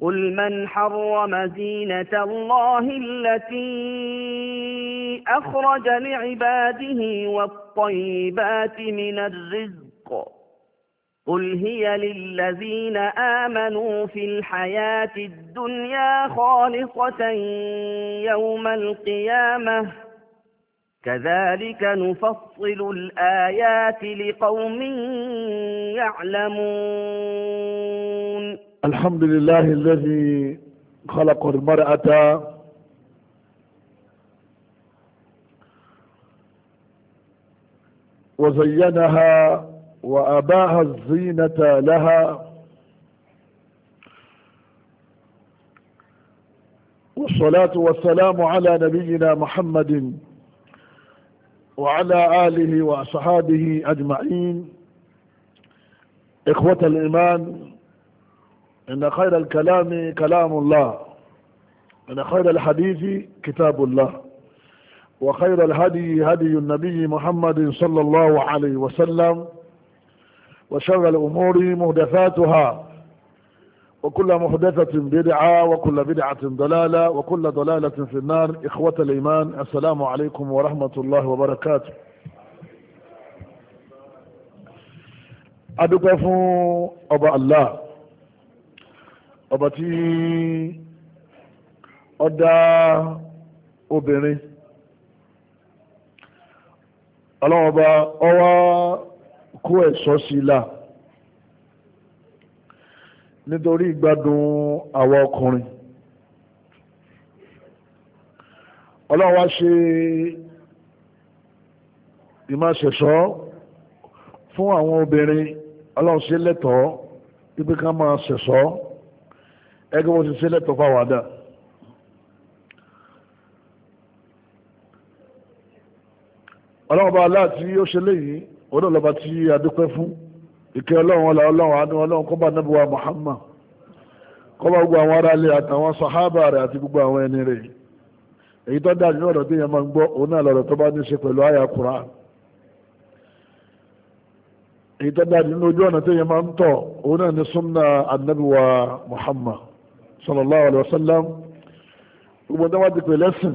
قل من حرم زينة الله التي أخرج لعباده والطيبات من الرزق قل هي للذين آمنوا في الحياة الدنيا خالصة يوم القيامة كذلك نفصل الآيات لقوم يعلمون الحمد لله الذي خلق المرأة وزينها وأباها الزينة لها والصلاة والسلام على نبينا محمد وعلى آله وأصحابه أجمعين إخوة الإيمان إن خير الكلام كلام الله إن خير الحديث كتاب الله وخير الهدي هدي النبي محمد صلى الله عليه وسلم وشر الأمور مهدثاتها وكل محدثة بدعة وكل بدعة ضلالة وكل ضلالة في النار إخوة الإيمان السلام عليكم ورحمة الله وبركاته أدوك فو أبا الله ọba tí ó dá obìnrin ọlọ́wọ́n ọba ọwá kó ẹ̀ṣọ́ sí i la nítorí ìgbádùn àwa ọkùnrin ọlọ́wọ́n wá ṣe ìmáṣẹ̀ṣọ́ fún àwọn obìnrin ọlọ́wọ́n ṣe lẹ́tọ̀ọ́ ibi ká máa ṣẹ̀ṣọ́. ẹgbẹ́ wọn ti ṣe lẹ́tọ̀ fáwọn ọlọ́run bá aláàtí ó ṣe ọlọba ọdún ọlọ́ba tí a dúpẹ́ fún ìkẹ́ ọlọ́run ọlá ọlọ́run àánú ọlọ́run kọ́ba nàbùwà Muhammad kọ́ba gbogbo àwọn ará ilé àtàwọn rẹ̀ àti gbogbo àwọn ẹni rẹ̀ èyí tó dáa ọ̀rọ̀ yẹn máa ń pẹ̀lú àyà kura èyí tó dáa ojú ọ̀nà yẹn máa ń tọ̀ òun sallallahu alaihi wasallam gbogbo ní wọ́n ti pè lẹ́sìn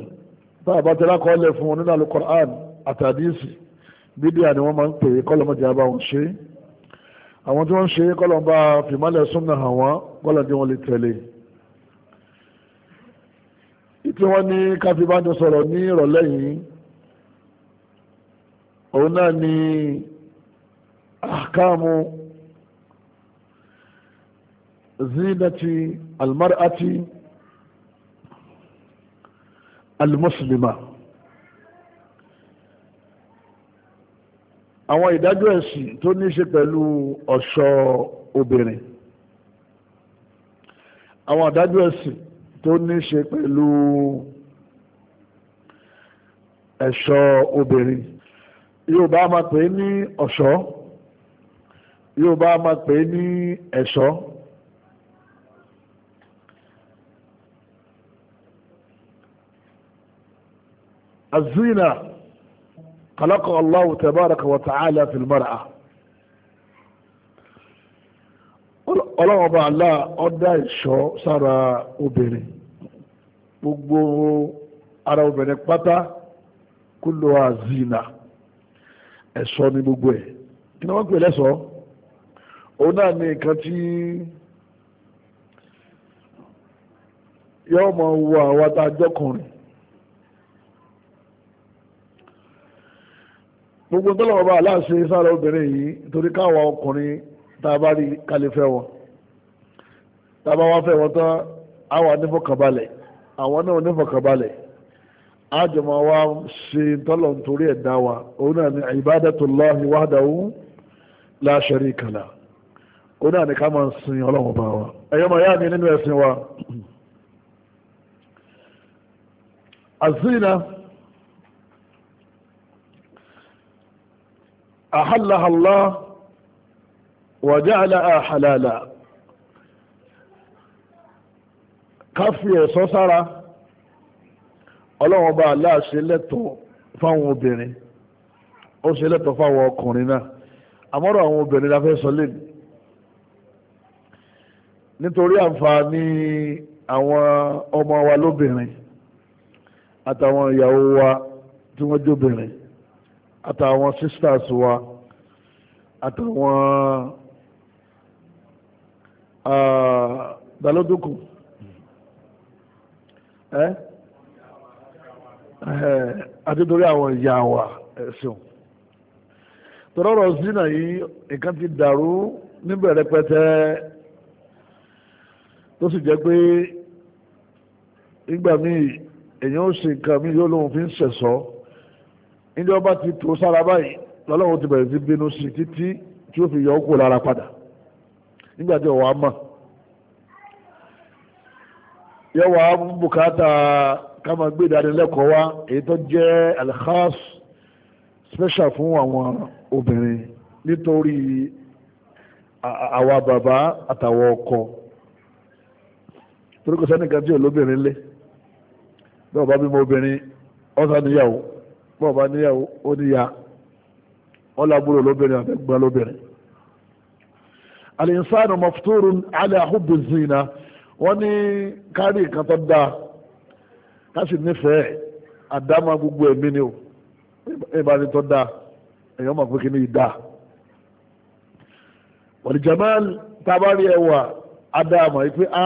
tá a bá tẹ́lá kọ́ lẹ̀ fún wọn nínú alukur'an àtàdísì bídíà ni wọ́n máa ń pè é kọ́lọ́mọdé àbá wọn ṣe àwọn tí wọ́n ń ṣe kọ́lọ́mọba fìmọ́lẹ̀ súnmọ́ hàn wọ́n kọ́lọ́dé wọn lè tẹ̀lé tí wọ́n ní káfí bá ń sọ̀rọ̀ ní ìrọ̀lẹ́ yìí òun náà ni àkàmù zinati almar'ati almuslima àwọn ìdájọ́ ẹ̀sìn tó ní ṣe pẹ̀lú ọ̀ṣọ́ obìnrin àwọn ìdájọ́ ẹ̀sìn tó ní ṣe pẹ̀lú ẹ̀ṣọ́ obìnrin Yorùbá máa pè é ní ọ̀ṣọ́ Yorùbá máa pè é ní ẹ̀ṣọ́ الزينة خلقها الله تبارك وتعالى في المرأة ọlọ́wọ́ bá ńlá ọ̀dá ìṣọ́ sára obìnrin gbogbo ara obìnrin pátá kó lọ àzìnà ẹ̀ṣọ́ ní gbogbo ẹ̀ kí ni wọ́n pè lẹ́ṣọ́ òun náà ní nǹkan tí yọ́ wọ àwọn adájọ́kùnrin gbogbo tọ́lọ́wọ́ bá aláṣẹ sára obìnrin yìí torí káwa ọkùnrin tá a bá rí kálí fẹ́ wọn tá a bá wá fẹ́ wọn tán àwa nífọ̀kànbalẹ̀ àwọn náà nífọ̀kànbalẹ̀ àjọ máa wá ṣe tọ́lọ̀ nítorí ẹ̀dá wa òun náà ní ibadatullahi wahdahu la sharika òun náà ní ká máa sin ọlọ́run wa ẹ̀yọ́ máa yá mi nínú ẹ̀sìn wa. azina أحلها الله وجعلها حلالا káfí ẹ̀sọ́ sára ọlọ́run bá aláàṣẹ lẹ́tọ̀ fáwọn obìnrin ó ṣe lẹ́tọ̀ fáwọn ọkùnrin náà àmọ́rọ̀ àwọn obìnrin la fẹ́ sọ lẹ́nu nítorí àǹfààní àwọn ọmọ wa lóbìnrin àtàwọn ìyàwó wa tí wọ́n jóbìnrin àtàwọn sisters wa àtàwọn dalódùkù ẹ́ àtìtorí àwọn ìyá wa ẹ̀sùn tọ́rọ̀rọ̀ zina yìí nǹkan ti dàrú níbẹ̀ rẹpẹtẹ tó sì jẹ́ pé ìgbà míì èèyàn ó ṣe nǹkan míì yóò lóun fi ń ṣẹ̀sọ́ níbi ọba ti tó sára báyìí lọ́lọ́run ti bẹ̀rẹ̀ sí bínú sí títí tí ó fi yọ kó lára padà nígbà tí ọ̀wá mọ̀ yẹ wàá bùkátà ká máa gbé ìdánilẹ́kọ̀ọ́ wa èyí tó jẹ́ alkhas special fún àwọn obìnrin nítorí àwa bàbá àtàwọn ọkọ torí kò sẹ́nìkan tí ò lé bí ọba bímọ obìnrin ọ̀sán níyàwó bọ́ọ̀ bá níyàwó ó níyà wọ́n lábúrò lóbìnrin àbẹ́gbọ́n lóbìnrin alinsanu mafturun ala hubbi zina wọ́n ní kárí nǹkan tó dáa ká sì nífẹ̀ẹ́ àdámà gbogbo ẹ̀mí ni o ìbáni tó dáa èèyàn mọ̀ pé kí ni ìdá wàlìjàmáàlì tábàárí ẹwà adáàmà yìí pé a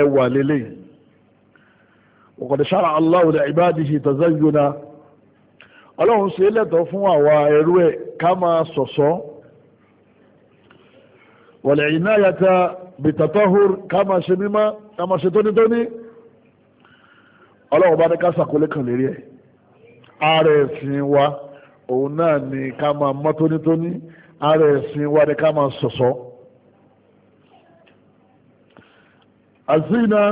ẹwà lélẹ́yìn wa qad shara'a Allahu li ọlọ́run ṣe lẹ́tọ̀ọ́ fún àwa ẹrú ẹ̀ ká máa ṣọ̀ṣọ́ wọ̀lẹ̀ iná yàtà bìtàtọ́hùr ká máa ṣe mima ká máa ṣe tónítóní ọlọ́run bá ní ká ṣàkólé kan lérí ẹ̀ ààrẹ ẹ̀sìn wa òun náà ni ká máa mọ́ tónítóní ààrẹ ẹ̀sìn wa ni ká máa ṣọ̀ṣọ́ àzínà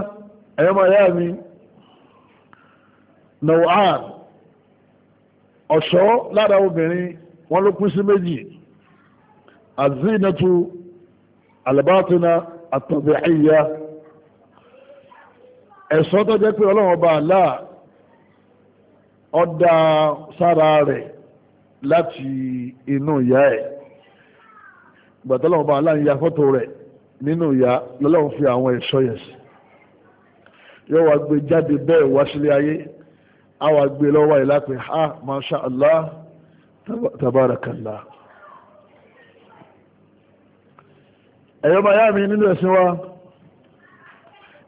ẹ̀yọ́mọ̀ mi ọ̀ṣọ́ lára obìnrin wọ́n ló pín sí méjì azinatu albatina atabi'iyya ẹ̀ṣọ́ tó jẹ́ pé ọlọ́run ọba àlá ọ̀dà sára rẹ̀ láti inú ìyá ẹ̀ gbàtọ́lọ́run ọba àlá ń ya fọ́tò rẹ̀ nínú ìyá lọ́lọ́run fi àwọn ẹ̀ṣọ́ yẹn sí yóò wá gbé jáde bẹ́ẹ̀ wá sílé ayé àwa gbé lọ́wọ́ yìí lápẹ́ ha masha allah tabarakallah. ẹ̀yọ́ máa yá mi nínú ẹ̀sìn wa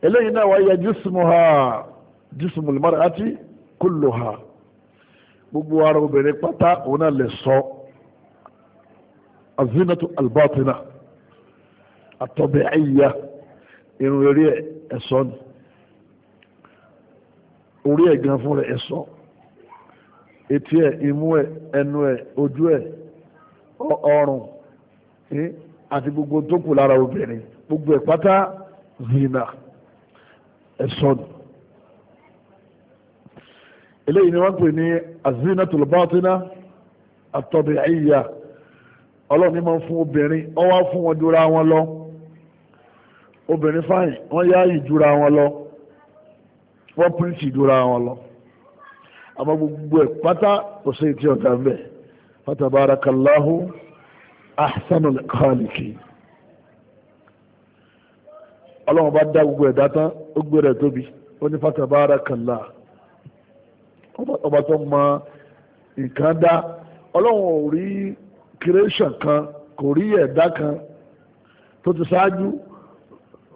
eléyìí náà wáyé jismuha jismul mar'ati kulluha gbogbo ara obìnrin pátá òun náà lè sọ azinatu albatina atọ́bẹ̀ irun eré ẹ̀sọ́ ni orí ẹ̀ gan fún rẹ̀ ẹ̀sọ́ etí ẹ̀ imú ẹ̀ ẹnu ẹ̀ ojú ẹ̀ ọrùn àti gbogbo tó kù lára obìnrin gbogbo ẹ̀ pátá zina ẹ̀sọ́ ni eléyìí ni wọ́n pè ní azinatul batina at-tabi'iyya ọlọ́ọ̀ni máa ń fún obìnrin ọwọ́ fún wọn jura wọn lọ obìnrin fáyìn wọ́n yáàyè jura wọn lọ. property dúra wọn lọ àmọ́ gbogbo ẹ̀ pátá kò sí ti ọ̀tá ń bẹ̀ fatabarakallahu ahsanul khaliqi ọlọ́run bá dá gbogbo ẹ̀ tán ó gbé rẹ̀ tóbi ó ní fatabarakallah ọba tó mọ nǹkan dá ọlọ́run ò rí kan kò rí ẹ̀dá kan tó ti ṣáájú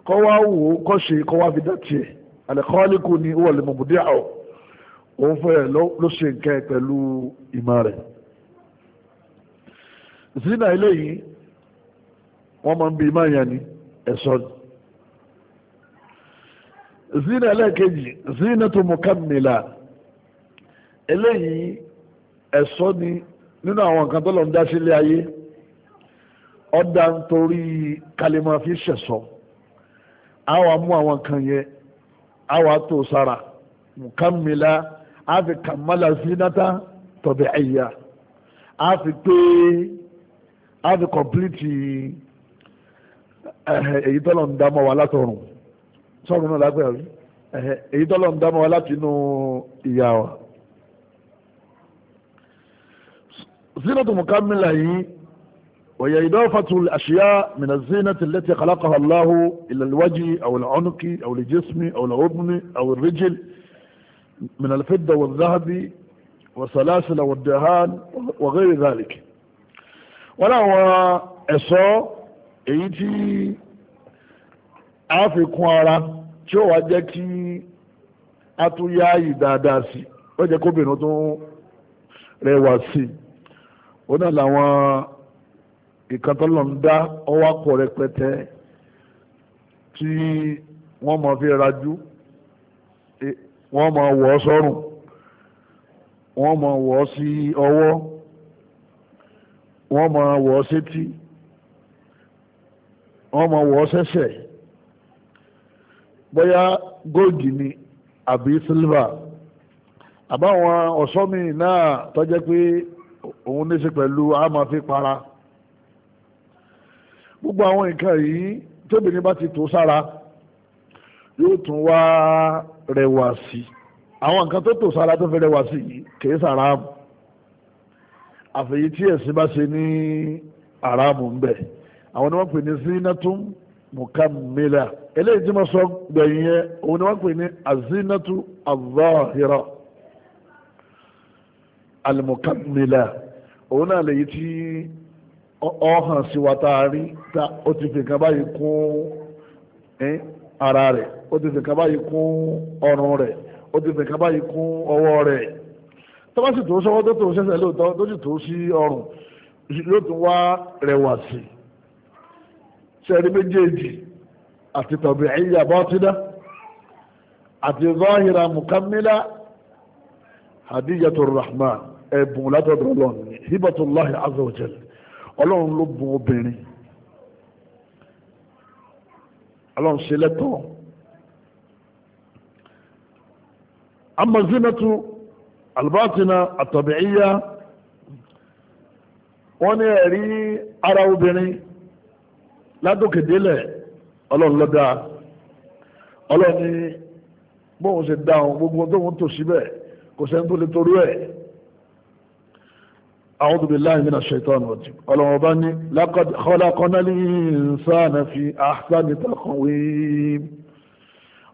kọ́ wá wò ó kọ́ ṣe kọ́ wá fi dá tiẹ̀ alikọ́ọ́líkù ni ó wà lè mọ̀mọ́dé àwọ̀ òun fẹ́ ló ṣe nǹkan pẹ̀lú ìmọ̀ rẹ̀ zina eléyìí wọ́n máa ń bi ìmọ̀ yẹn ni ẹ̀sọ́ ni zina ẹlẹ́ẹ̀kejì zina tó mú kámìlà eléyìí ẹ̀sọ́ ni nínú àwọn nǹkan tó lọ ń dá sílé ayé ọ̀dà nítorí kalima fi ṣẹ̀sọ́ àwọn amú àwọn kan yẹn àwa tó sára mùkàmmìlá a fi kàmmálà zinata tabi'iyya a fi pé a fi kọ̀pìlìtì eh, eh, èyí tọ́lọ̀ ń dámọ̀ wà látọ̀run sọ́run náà lágbẹ̀ẹ́ eh, èyí tọ́lọ̀ ń dámọ̀ wà látinú ìyá wa zinatu mùkàmmìlá yìí وهي إضافة الأشياء من الزينة التي خلقها الله إلى الوجه أو العنق أو الجسم أو العظم أو الرجل من الفضة والذهب وسلاسل والدهان وغير ذلك ولا هو ẹ̀ṣọ́ èyí tí a fi kún ara tí ó wá jẹ́ kí ìkan tó lọ ń dá ọwọ́ pọ̀ rẹpẹtẹ tí wọ́n máa fi rajú e, wọ́n máa wọ̀ ọ́ sọ́rùn wọ́n máa wọ̀ ọ́ sí ọwọ́ wọ́n máa wọ̀ ọ́ sétí wọ́n máa wọ̀ ọ́ sẹ́sẹ̀ bóyá góòdì ni àbí sílvà àbáwọn ọ̀ṣọ́ mi náà tó pé òun ní í ṣe pẹ̀lú a fi para gbogbo àwọn nǹkan yìí tóbìnrin bá ti tó sára yóò tún wá rẹwà sí àwọn nǹkan tó tò sára tó fi rẹwà sí kìí sára àfẹ̀yí tí ẹ̀sìn bá ṣe ní àràmù ń bẹ̀ àwọn ni wọ́n pè ní zinatu mukammila eléyìí tí mo sọ gbẹ̀yìn yẹn òun ni wọ́n pè ní azinatu azahira alimukammila òun náà lèyí tí ọ̀hàn sí wa tá a rí tá ó ti fi nǹkan báyìí kún ara rẹ̀ ó ti fi nǹkan báyìí kún ọrùn rẹ̀ ó ti fi nǹkan báyìí kún ọwọ́ rẹ̀ tọ́ba sì tó sọ́wọ́ tó tó sẹ́sẹ̀ lóòótọ́ tó sì tó sí ọrùn yóò tún wá rẹwà sí sẹ́ẹ̀rí méjèèjì àti tọ̀bì ẹ̀yà bọ́tídá àti zọ́hìrà mùkámílá hadiyatu rahman ẹ̀bùn látọ̀dọ̀ lọ́nà hibatulahi azawajal ọlọ́run ló bùn obìnrin ọlọ́run ṣe lẹ́tọ̀ọ́ amma zinatu albatina àtọ̀bẹ̀ẹ́yà wọ́n ní ẹ̀rí ara obìnrin ládòkèdélẹ̀ ọlọ́run ló dá ọlọ́run ní bóun ṣe dáhùn gbogbo tóun tò síbẹ̀ kò sẹ́ni lè torí ẹ̀ أعوذ بالله من الشيطان الرجيم قال رباني لقد خلقنا الإنسان في أحسن تقويم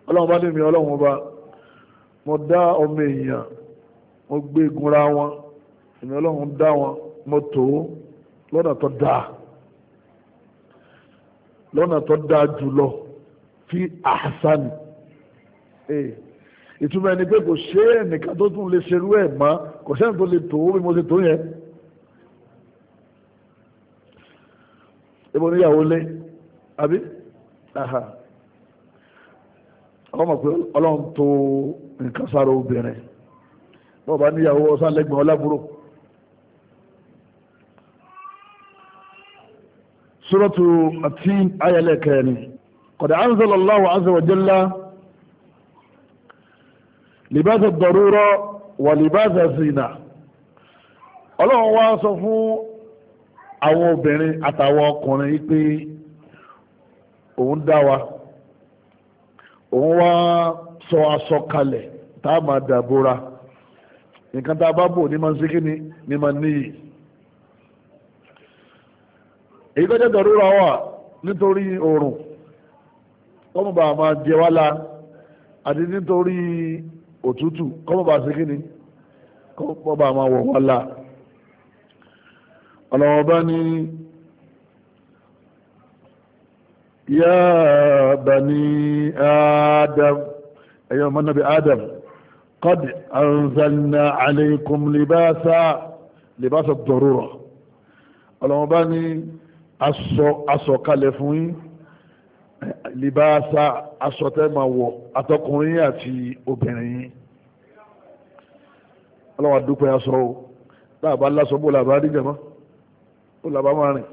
قال رباني من الله مبا مدى أمي مقبي قراوة من الله مدى متو لنا تدى لنا تدى جلو في أحسن إيه ìtumọ̀ ẹni pé kò ṣe é nìkan tó tún lè ṣerú ẹ̀ mọ́ kò sẹ́ni tó lè tó bí mo ṣe tó yẹn ebo níyàwó lé àbí ọmọ pé ọlọ́run tó nǹkan sára obìnrin bọ́ọ̀ bá níyàwó ọsán lẹ́gbẹ̀ẹ́ ọlábúrò suratu atin ayẹlẹ kẹrin kọ̀dà anzalallahu azza wa jalla libasa darura wa libasa zina ọlọ́run wá sọ fún àwọn obìnrin àtàwọn ọkùnrin yìí pé òun dá wa òun wá sọ aṣọ kalẹ̀ tá a máa dàbora nǹkan tá a bá bò ní máa ń ṣe kíni ní máa níyì èyí tó jẹ́ dọ̀rúra wà nítorí oòrùn kọ́mọ̀bà máa jẹ wá la àti nítorí òtútù kọ́mọ̀bà ṣe kíni kọ́mọ̀bà máa wọ̀ wá la ọlọ́wọ́bá ní yá bani adam ẹ̀yọ́ ọmọ nàbí adam qad anzalna alaykum libasa libasa ad-darura ọlọ́wọ́bá ní asọ̀kalẹ̀ fún yín libasa asọ̀tẹ́ máa wọ̀ àtọkùnrin àti obìnrin yín ọlọ́wọ́ dúpẹ́ aṣọ táàbá lásọ bó làbá rí ó làbá máa rìn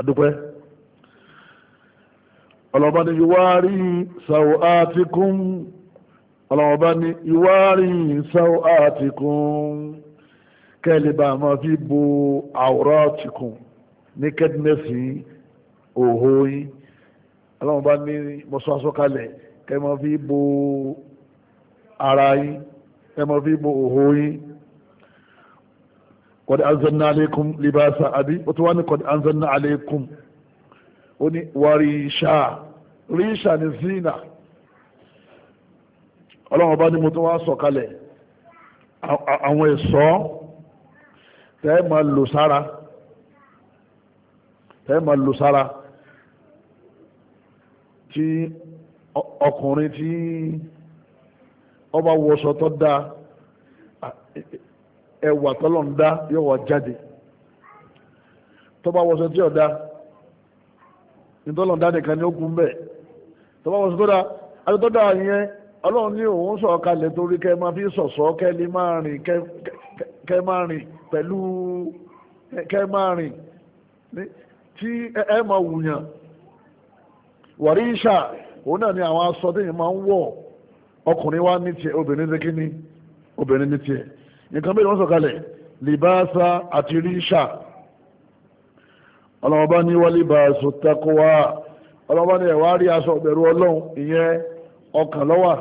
àdúpẹ́ ọlọ́ba ni ìwárí sàwọ́ àtikún ọlọ́ba ni ìwárí sàwọ́ àtikún kẹ́lẹ́bà máa fi bo àwòrán àtikún ní kẹ́dínẹ́sì òhó yín ọlọ́ba ni mọ́sọ́ asọ́kalẹ̀ kẹ́ máa fi bo ara yín kẹ́ máa fi bo òhó yín kọ̀dí anzanna aleikum libasa àbí ó tún wá ní kọ̀dí anzanna aleikum ó ní wàríṣà ríṣà ní zina ọlọ́run ọba ní mo tún wá sọ̀kalẹ̀ àwọn ẹ̀ṣọ́ tẹ́ máa lò sára tẹ́ máa lò sára tí ọkùnrin tí ọba wọṣọ tó dáa ẹwà tọ́lọ̀ ń dá yóò wá jáde tó bá tí ọ̀dá nítọ́lọ̀ dá nìkan ní okùn bẹ́ẹ̀ tó bá wọṣọ tó dá aṣọ tó dá yẹn ọlọ́run ní òun sọ̀ kalẹ̀ torí kẹ́ máa fi sọ̀sọ́ kẹ́ lè máa rìn kẹ́ máa rìn pẹ̀lú kẹ́ máa rìn tí ẹ máa wùyàn wàríṣà òun náà ni àwọn aṣọ tí máa ń wọ̀ ọkùnrin wá ní tiẹ̀ obìnrin ní kíní obìnrin ní tiẹ̀ nǹkan bẹ́ẹ̀ wọ́n sọ̀kalẹ̀ libasa àti ríṣà ọlọ́mọba ní wọ́n libasu taqwa ọlọ́mọba ní ẹ̀wá rí aṣọ ìbẹ̀rù ọlọ́run ìyẹn ọkàn lọ́wà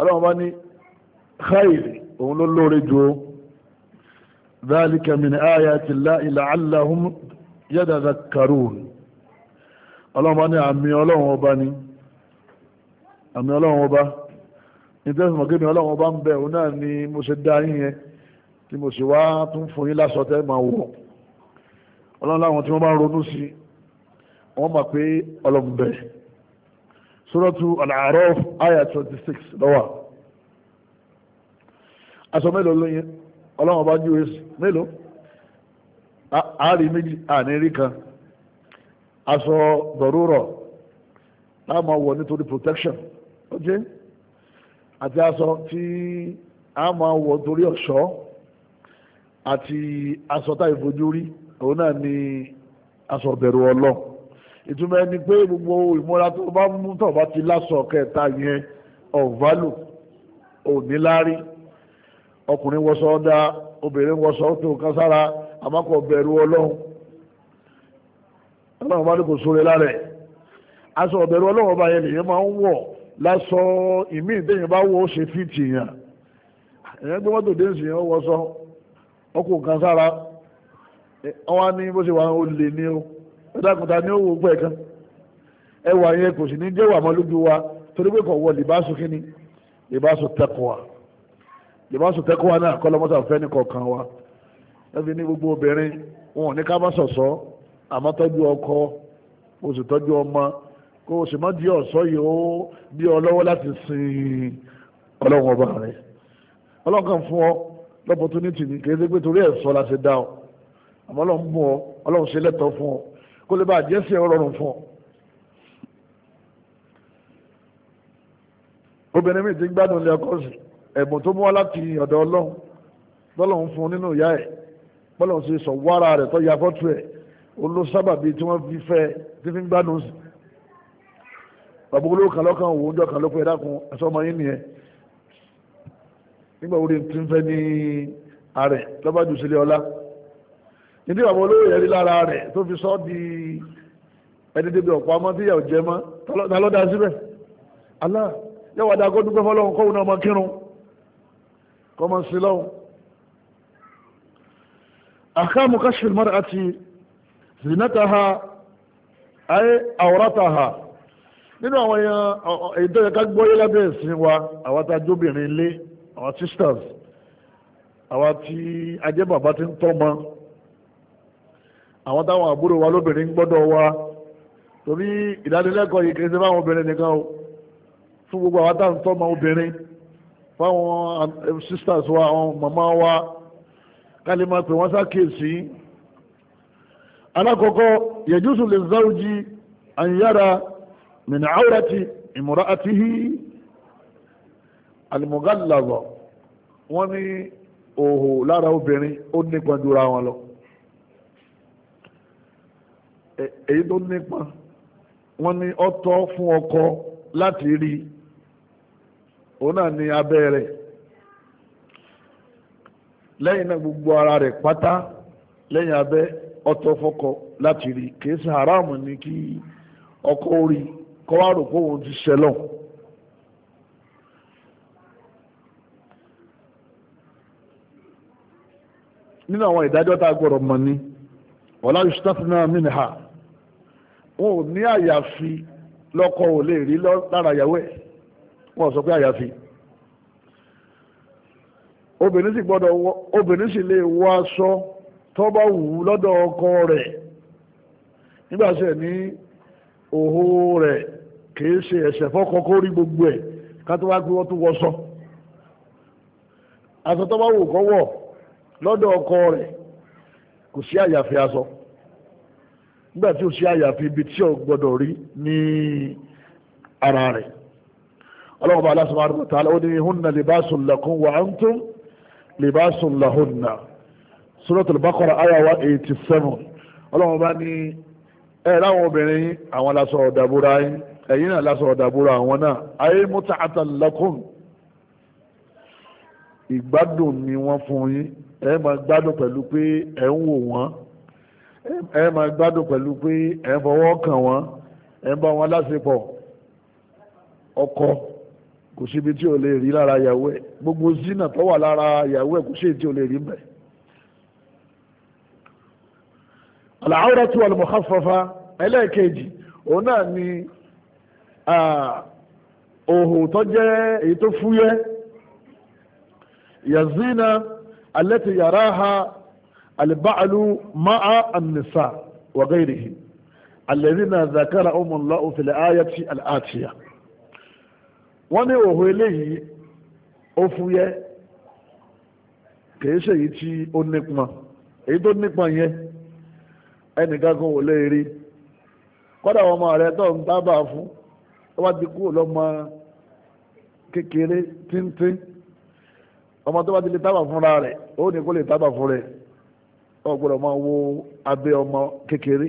ọlọ́mọba ní khairi òun ló lóore ju dhalika min ayati llahi la'allahum yatadhakkarun ọlọ́mọba ní àmì ọlọ́run ọba ní àmì ọlọ́run ọba nítorí mọ̀ kí mi ọlọ́run bá ń bẹ̀ òun náà ni mo ṣe dá yín yẹn tí mo sì wá tún fún yín lásọ tẹ́ máa wọ̀ ọlọ́run láwọn tí wọ́n bá ń ronú sí wọ́n mọ̀ pé ọlọ́run bẹ̀ Suratu Al-A'raf àyà 26 lọ́wọ́ aṣọ mélòó lóyún ọlọ́run bá ń júwe mélòó àárín méjì àní rí kan aṣọ dọ̀rúrọ̀ láwọn wọ̀ nítorí protection ó okay? àti aṣọ tí a máa wọ torí ọ̀ṣọ́ àti aṣọ tá ìfojú òun náà ni aṣọ bẹ̀rù ọlọ́run ìtumọ̀ ẹni pé gbogbo ìmúra tó bá mú tó bá ti lásọ kẹta yẹn ọ̀válù òníláárí ọkùnrin wọṣọ dá obìnrin wọṣọ tó kan sára àmọ́kọ̀ bẹ̀rù ọlọ́run ọlọ́run bá ní kò sóre lára aṣọ bẹ̀rù ọlọ́run ọba yẹn lèyẹn máa ń wọ̀ lásọ ìmí ìdẹ́yìn bá wọ́ ṣe fi tìyàn ẹ̀yẹ́ gbé mọ́tò dé ìsìn ọwọ́ sọ ọkọ̀ kan sára ọwọ́ ní bó ṣe wà ó lè ní o ẹ̀dàkùnta ní owó pẹ̀ kan ẹwà yẹn kò sì ní jẹ́wà mọ́ lójú wa torí pé kò wọ lìbáṣu kínní lìbáṣu tẹ́kọ̀ọ́ lìbáṣu tẹ́kọ̀ọ́ náà kọ́lọ́mọ́sà fẹ́ ní kọ̀ọ̀kan wa ẹbí ní gbogbo obìnrin wọn ò ní ká má sọ̀sọ́ àmọ́ tọ́jú ọkọ oṣù tọ́jú ọmọ kó o sì má di ọ̀sọ́ yìí ó bí ọ lọ́wọ́ láti sin ọlọ́run ọba rẹ ọlọ́run kan fún ọ lọ́pọ̀tunítì ní kì í ṣe pé torí ẹ̀ sọ la ṣe dá ọ àmọ́ ọlọ́run bùn ọ ọlọ́run ṣe lẹ́tọ̀ọ́ fún ọ kó lè bá àjẹsí ẹ rọrùn fún ọ. obìnrin mi ti ń gbádùn ilé ọkọ sí ẹ̀bùn tó mú wá láti ọ̀dọ̀ ọlọ́run lọ́lọ́run fún un nínú ìyá ẹ̀ bọ́lọ́run ṣe sọ wára rẹ̀ tó ya fọ́tù ẹ̀ olóṣàbàbí tí wọ́n fi fẹ́ tí fi ń gbádùn sí i bàbá olówó kan lọ́kàn òwò ọjọ́ kan lọ́kàn ẹ̀dákun ẹ̀sọ́ ọmọ yín nìyẹn nígbà wo ni tí ń fẹ́ ní ààrẹ lọ́ba jù sílẹ̀ ọlá níbi bàbá olówó yẹn rí lára rẹ̀ tó fi sọ́ di ẹni débi ọ̀pọ̀ amọ́ tí yàwó jẹ mọ́ ta ló dá síbẹ̀ alá yàwó adá kó dúpẹ́ fọlọ́run kóhun náà mọ́ kírun kọ́ mọ́ sí lọ́hùn. àkàmù kashfil mar'ati zinataha ay awrataha nínú àwọn èèyàn èdè ẹ̀ka gbọ́yé lábẹ́ ẹ̀sìn wa àwa tá a jóbìnrin àwọn sisters àwa tí ajé bàbá ti ń tọ́mọ àwọn táwọn àbúrò wa lóbìnrin gbọ́dọ̀ wa torí ìdánilẹ́kọ̀ọ́ yìí kìí ṣe fáwọn obìnrin nìkan o fún gbogbo àwa tá à tọ́mọ obìnrin fáwọn eh, sisters wa àwọn màmá wa kálí máa pè wọ́n sákèsí alákọ̀ọ́kọ́ yẹ̀júsùn lè záwùjí àyíyára. من عورة امرأته المغلظة wọ́n ní òhò lára obìnrin ó nípọn jura wọn lọ èyí tó nípọn wọ́n ní ọ̀tọ̀ fún ọkọ láti rí òun náà ní abẹ́ rẹ̀ lẹ́yìn gbogbo ara rẹ̀ pátá lẹ́yìn abẹ́ kọ́ wá rò pé òun ti ṣe lọ. nínú àwọn ìdájọ́ tá a gbọ́dọ̀ mọ̀ ni ọ̀la yustafna minha wọn ò ní àyàfi lọ́kọ ò lè rí lára ìyàwó ẹ̀ wọn ò sọ pé àyàfi obìnrin sì gbọ́dọ̀ obìnrin sì lè wọ aṣọ tó bá wù ú lọ́dọ̀ ọkọ rẹ̀ nígbà tí ẹ̀ ní òhó rẹ̀ kìí ṣe ẹ̀ṣẹ̀ rí gbogbo ẹ̀ ká wá pé wọ́n tún wọṣọ aṣọ bá wù wọ̀ lọ́dọ̀ ọkọ rẹ̀ kò sí àyàfi aṣọ nígbà tí ó sí àyàfi ibi tí ó gbọ́dọ̀ rí ní ara rẹ̀ ọlọ́run bá aláṣọ máa rúbọ̀tà ó ní hunna libasun lakum wa antum libasun lahunna 87 ọlọ́run bá ní. ẹ láwọn obìnrin yín àwọn lásọ ọ̀dàbúra yín ẹ̀yin náà lásọ ọ̀dàbúra àwọn náà ayé múta àtàlákùn ìgbádùn ni wọ́n fún yín ẹ máa gbádùn pẹ̀lú pé ẹ ń wò wọ́n ẹ máa gbádùn pẹ̀lú pé ẹ ń fọwọ́ kàn wọ́n ẹ ń bá wọn láṣepọ̀ ọkọ kò síbi tí ò lè rí lára yàwó ẹ gbogbo zina tó wà lára yàwó ẹ kò sí tí ò lè rí mbẹ al-awratu al-mukhaffafa ẹlẹ́ẹ̀kejì òun náà ni òhò tó jẹ́ èyí tó fúyẹ́ yazina allati yaraha al-ba'lu ma'a an-nisa wa ghayrihi alladhina dhakarahum Allahu fil ayati al-atiya wọ́n ní òhò eléyìí ó fúyẹ́ kìí ṣe èyí tí ó nípa èyí tó nípa yẹn ẹnìkankan ò lè rí kọ́dà àwọn ọmọ rẹ̀ tó ń tábà fún ó wá ti kúrò lọ́mọ kékeré tíntín ọmọ tó bá ti lè tábà fúnra rẹ̀ ó ní kó lè tábà fún rẹ̀ ó gbọ́dọ̀ máa wo abẹ́ ọmọ kékeré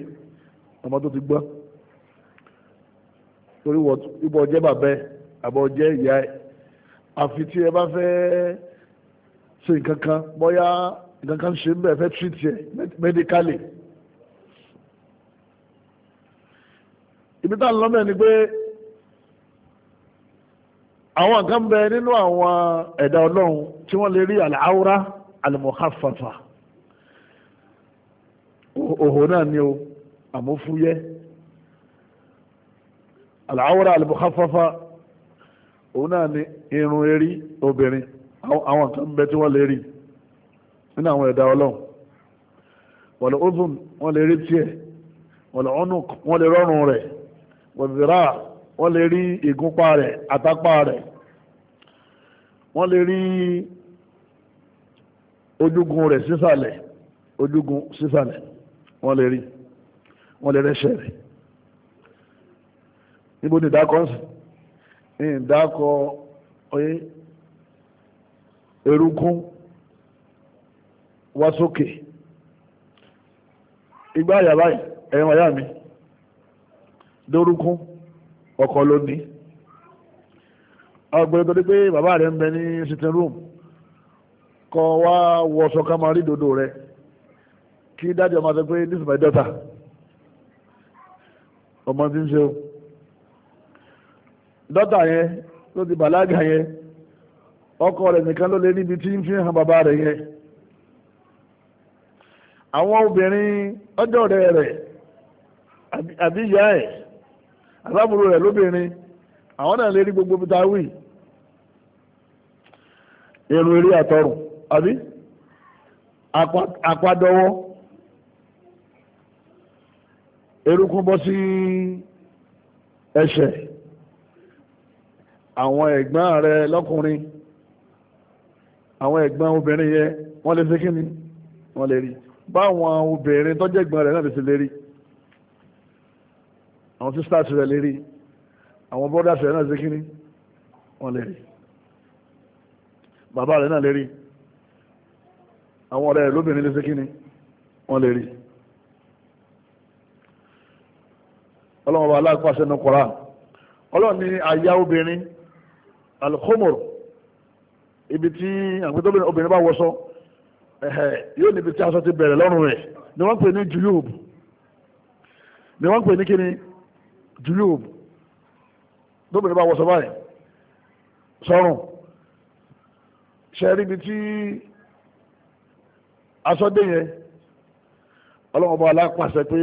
ọmọ tó ti gbọ́ torí ibò ọjẹ́ bàbẹ́ àbọ̀ ọjẹ́ ìyá ẹ̀ àfi tí ẹ bá fẹ́ ṣe nǹkan kan bóyá nǹkan kan ṣe ń bẹ̀ fẹ́ tírìtì ẹ̀ mẹ́díkálì. ibi tá à ń lọ ni pé àwọn kan bẹ nínú àwọn ẹ̀dá ọlọ́run tí wọ́n lè rí àlàáwúrá òhò náà ni o àmófúyẹ́ àlàáwúrá àlùmọ̀háfàfà òun náà ni irun erí obìnrin àwọn bẹ tí wọ́n lè rí nínú àwọn ẹ̀dá ọlọ́run wọ̀lẹ̀ ọdún wọ́n lè rí tiẹ̀ wọ̀lẹ̀ ọ̀nùk wọ́n lè rọrùn rẹ̀ wọ̀zìrà wọ́n lè rí ìgúnpá rẹ̀ àtàpá rẹ̀ wọ́n lè rí ojúgun rẹ̀ sísàlẹ̀ ojúgun sísàlẹ̀ wọ́n lè rí wọ́n lè rẹ́ṣẹ̀ rẹ̀ níbo ni ìdákọ́ sí ní ìdákọ́ oyé erukun wá sókè igbá àyàbáyì ẹ̀yìn wáyà mi dórúkún ọkọ ló ní tó dé pé bàbá rẹ̀ ń bẹ ní sitting room kọ wá wọṣọ ká máa rí rẹ kí dáàdi ọmọ sọ pé this is my daughter ọmọ tí ń ṣe o daughter yẹn ló ti bàlágà yẹn ọkọ rẹ̀ nìkan ló lé níbi tí ń fi hàn yẹn àwọn obìnrin ọjọ́ rẹ̀ rẹ̀ àbí ìyá àtàbùrò rẹ̀ lóbìnrin àwọn náà lè rí gbogbo bíta wí irun eré àtọrùn àbí àpadọwọ́ erukun bọ́ sí ẹsẹ̀ àwọn ẹ̀gbọ́n rẹ lọ́kùnrin àwọn ẹ̀gbọ́n obìnrin yẹ wọ́n lè ṣe kí ni wọ́n lè rí báwọn obìnrin tọ́jẹ̀gbọ́n rẹ̀ náà lè ṣe lè rí àwọn sisters rẹ̀ lérí àwọn brothers rẹ̀ náà ṣe kíní wọ́n lérí bàbá rẹ̀ náà lérí àwọn ọ̀rẹ́ rẹ̀ lóbìnrin lè ṣe kíní wọ́n lérí ọlọ́run wa aláàpàṣẹ ní kọ́ra ọlọ́run ní àyà obìnrin alkhomor ibi tí àpótí obìnrin bá wọṣọ yóò níbi tí aṣọ ti bẹ̀rẹ̀ lọ́rùn rẹ̀ ni wọ́n pè ní juyub ni wọ́n pè ní kíni julub tóbìnrin bá wọṣọ báyìí sọrùn ṣẹ́rí ibi tí aṣọ dé yẹn ọlọ́mọba alápàṣẹ pé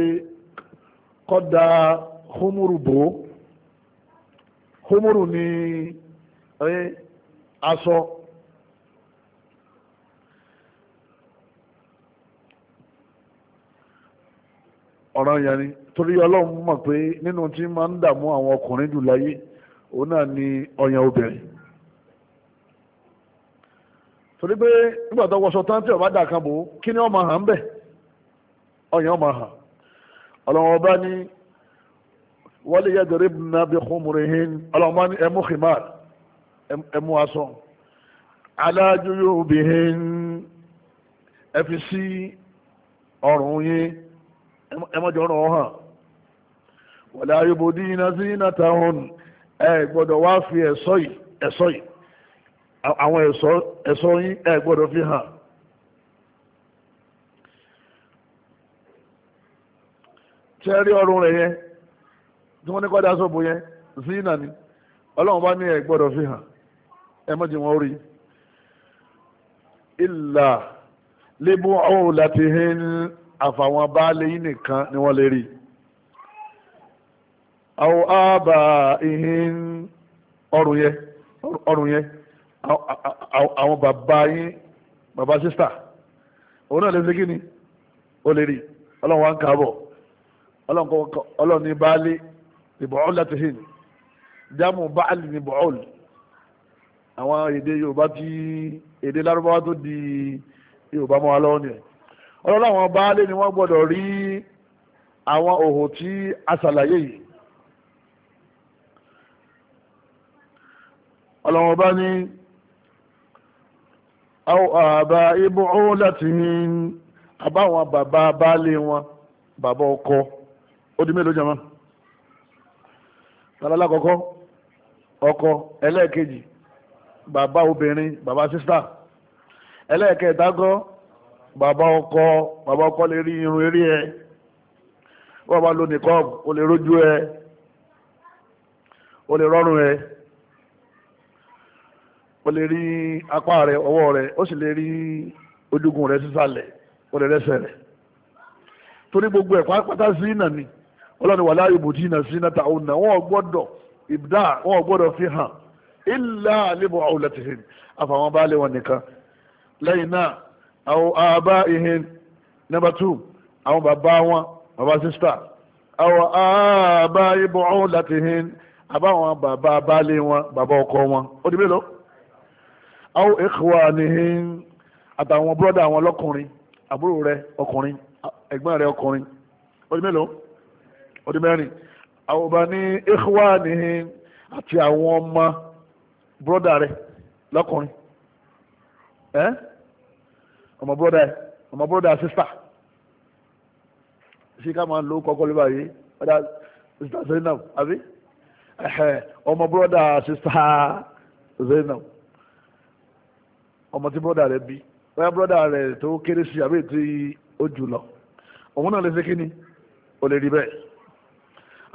kọ́dà hómúrù bò ó hómúrù ni aṣọ ọ̀ràn yẹn ni torí ọlọ́run mọ̀ pé nínú tí máa ń dààmú àwọn ọkùnrin jù láyé òun náà ni ọyàn obìnrin torí pé nígbà tó wọṣọ tán tí ọba dà kan bò ó kí ni ọmọ hàn bẹ́ẹ̀ ọyàn ọmọ hàn ọlọ́run ọba ní wọ́n lè yẹ dèrè bùnà ọlọ́run ọba ẹmú ẹmú aṣọ ẹ fi sí ọrùn yín. ẹ hàn wọ́n lè iná sí iná ẹ wá fi ẹ̀ṣọ́ yìí yìí àwọn ẹ fi hàn. tí ọrùn rẹ̀ yẹn tí wọ́n ní kọ́ yẹn sí iná ni ọlọ́run bá ní ẹ fi hàn ẹ mọ́jọ wọn rí ilà lébùn ọ̀hún láti àfàwọn baálé yín nìkan ni wọ́n lè rí àwọn àbà ìhìn ọrùn yẹn ọrùn yẹn àwọn bàbá yín bàbá sísà òun náà lè fi kíni ó lè rí ọlọ́run wa ń kààbọ̀ ọlọ́run ní baálé ìbọ̀ọ́lù láti hìn jámù baálé ní ìbọ̀ọ́lù àwọn èdè yorùbá tí èdè lárúbáwá tó di yorùbá mọ́ wa lọ́wọ́ nìyẹn ọlọ́run àwọn baálé ni wọ́n gbọ́dọ̀ rí àwọn òhò tí a ṣàlàyé yìí ọlọ́run ọba ní àbá ibò ọ̀hún láti ní àbáwọn bàbá baálé wọn bàbá ọkọ ó di mélòó jẹmọ́ tàlálà kọ́kọ́ ọkọ ẹlẹ́ẹ̀kejì bàbá obìnrin bàbá sísá ẹlẹ́ẹ̀kẹta gan bàbá ọkọ bàbá ọkọ lè rí irun eré ẹ wọ́n bá lo nìkọ́ọ̀bù o lè rójú ẹ o lè rọrùn ẹ o lè rí apá rẹ ọwọ́ rẹ o sì lè rí ojúgun rẹ sísàlẹ̀ o lè rẹsẹ̀ rẹ torí gbogbo ẹ̀ pátá sí ìnà ni ọlọ́run wà láàyè bòtí ìnà sí ìnà tàwọn ọ̀nà wọn gbọ́dọ̀ ìbdá wọn gbọ́dọ̀ fi hàn ilà àlébọ̀ àwòlẹ̀tìhìn àfàwọn baálé wọn nìkan lẹ́yìn náà àwọn àbá ihin number two àwọn bàbá wọn bàbá sísítà àwọn àbá ibò ọ̀hún láti hin àbá àwọn bàbá baálé wọn bàbá ọkọ wọn ó di mélòó àwọn ìkọwà nihin àtàwọn búrọ́dà àwọn lọ́kùnrin àbúrò rẹ ọkùnrin ẹ̀gbọ́n rẹ ọkùnrin ó di mélòó ó di mẹ́rin àwọn ọba ní ìkọwà nihin àti àwọn ọmọ búrọ́dà rẹ lọ́kùnrin ẹ́. Eh? ọmọ bọ́dà ẹ̀ ọmọ bọ́dà sísà ṣé ká máa lo kọ́kọ́ lóba yìí ọ̀dà sísà Zainab àbí ọmọ bọ́dà sísà Zainab ọmọ tí bọ́dà rẹ̀ bí bóyá bọ́dà rẹ̀ tó kéré sí àbí tí ó jù lọ òun náà lè ṣe kíni ó lè rí bẹ́ẹ̀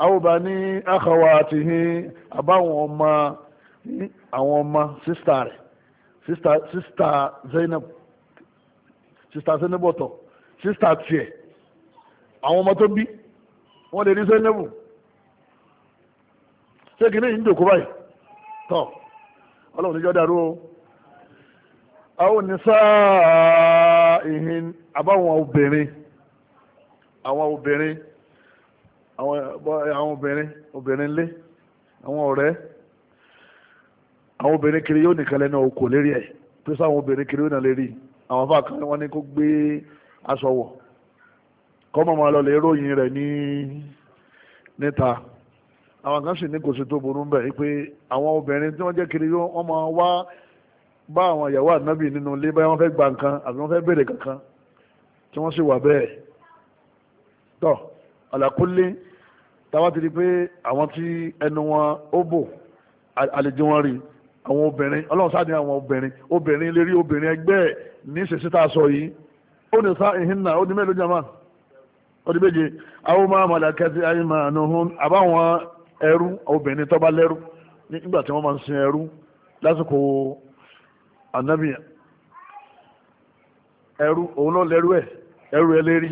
àwòbá ní àkàwà àti hin àbáwọn ọmọ àwọn ọmọ sísà rẹ̀ sísà Zainab. sista sẹ́nẹ́bọ̀tọ̀ sista tiẹ̀ àwọn ọmọ tó bí wọ́n lè rí sẹ́nẹ́bù ṣé kìíní yìí ń dòkó báyìí tọ́ ọlọ́run níjọ́ dàrú o àwọn nìṣá ìhìn àbáwọn obìnrin àwọn obìnrin àwọn obìnrin obìnrin lé àwọn ọrẹ àwọn obìnrin kiri yóò nìkan lẹ́nu okò lérí obìnrin kiri yóò nà àwọn afá kan wọ́n ní kó gbé aṣọ wọ̀ kọ́mọ̀ máa lọ lè ròyìn rẹ̀ ní níta àwọn kan sì ní kò sí tó burú bẹ́ẹ̀ pé àwọn obìnrin tí wọ́n jẹ́ kiri wọ́n máa wá bá àwọn ìyàwó ànábì nínú ilé báyọ̀ wọ́n fẹ́ gba nǹkan àbí wọ́n fẹ́ béèrè kankan tí wọ́n sì wà bẹ́ẹ̀ tọ́ àlàkúlé táwa ti di pé àwọn tí ẹnu wọn ó bò àlejò wọn rí i àwọn obìnrin ọlọ́run sáà ní àwọn obìnrin obìnrin lérí obìnrin ẹgbẹ́ ẹ̀ ní ìṣesí tá a sọ yìí ó ní sá ìhìnnà ó ní mélòó jama ó ní méje àwọn máa màlàkẹ́sí ayé máa àbáwọn ẹrú obìnrin lẹ́rú nígbà tí wọ́n máa ń sin ẹrú lásìkò ànábìyà ẹrú òun náà lẹ́rú ẹ̀ ẹrú ẹ lérí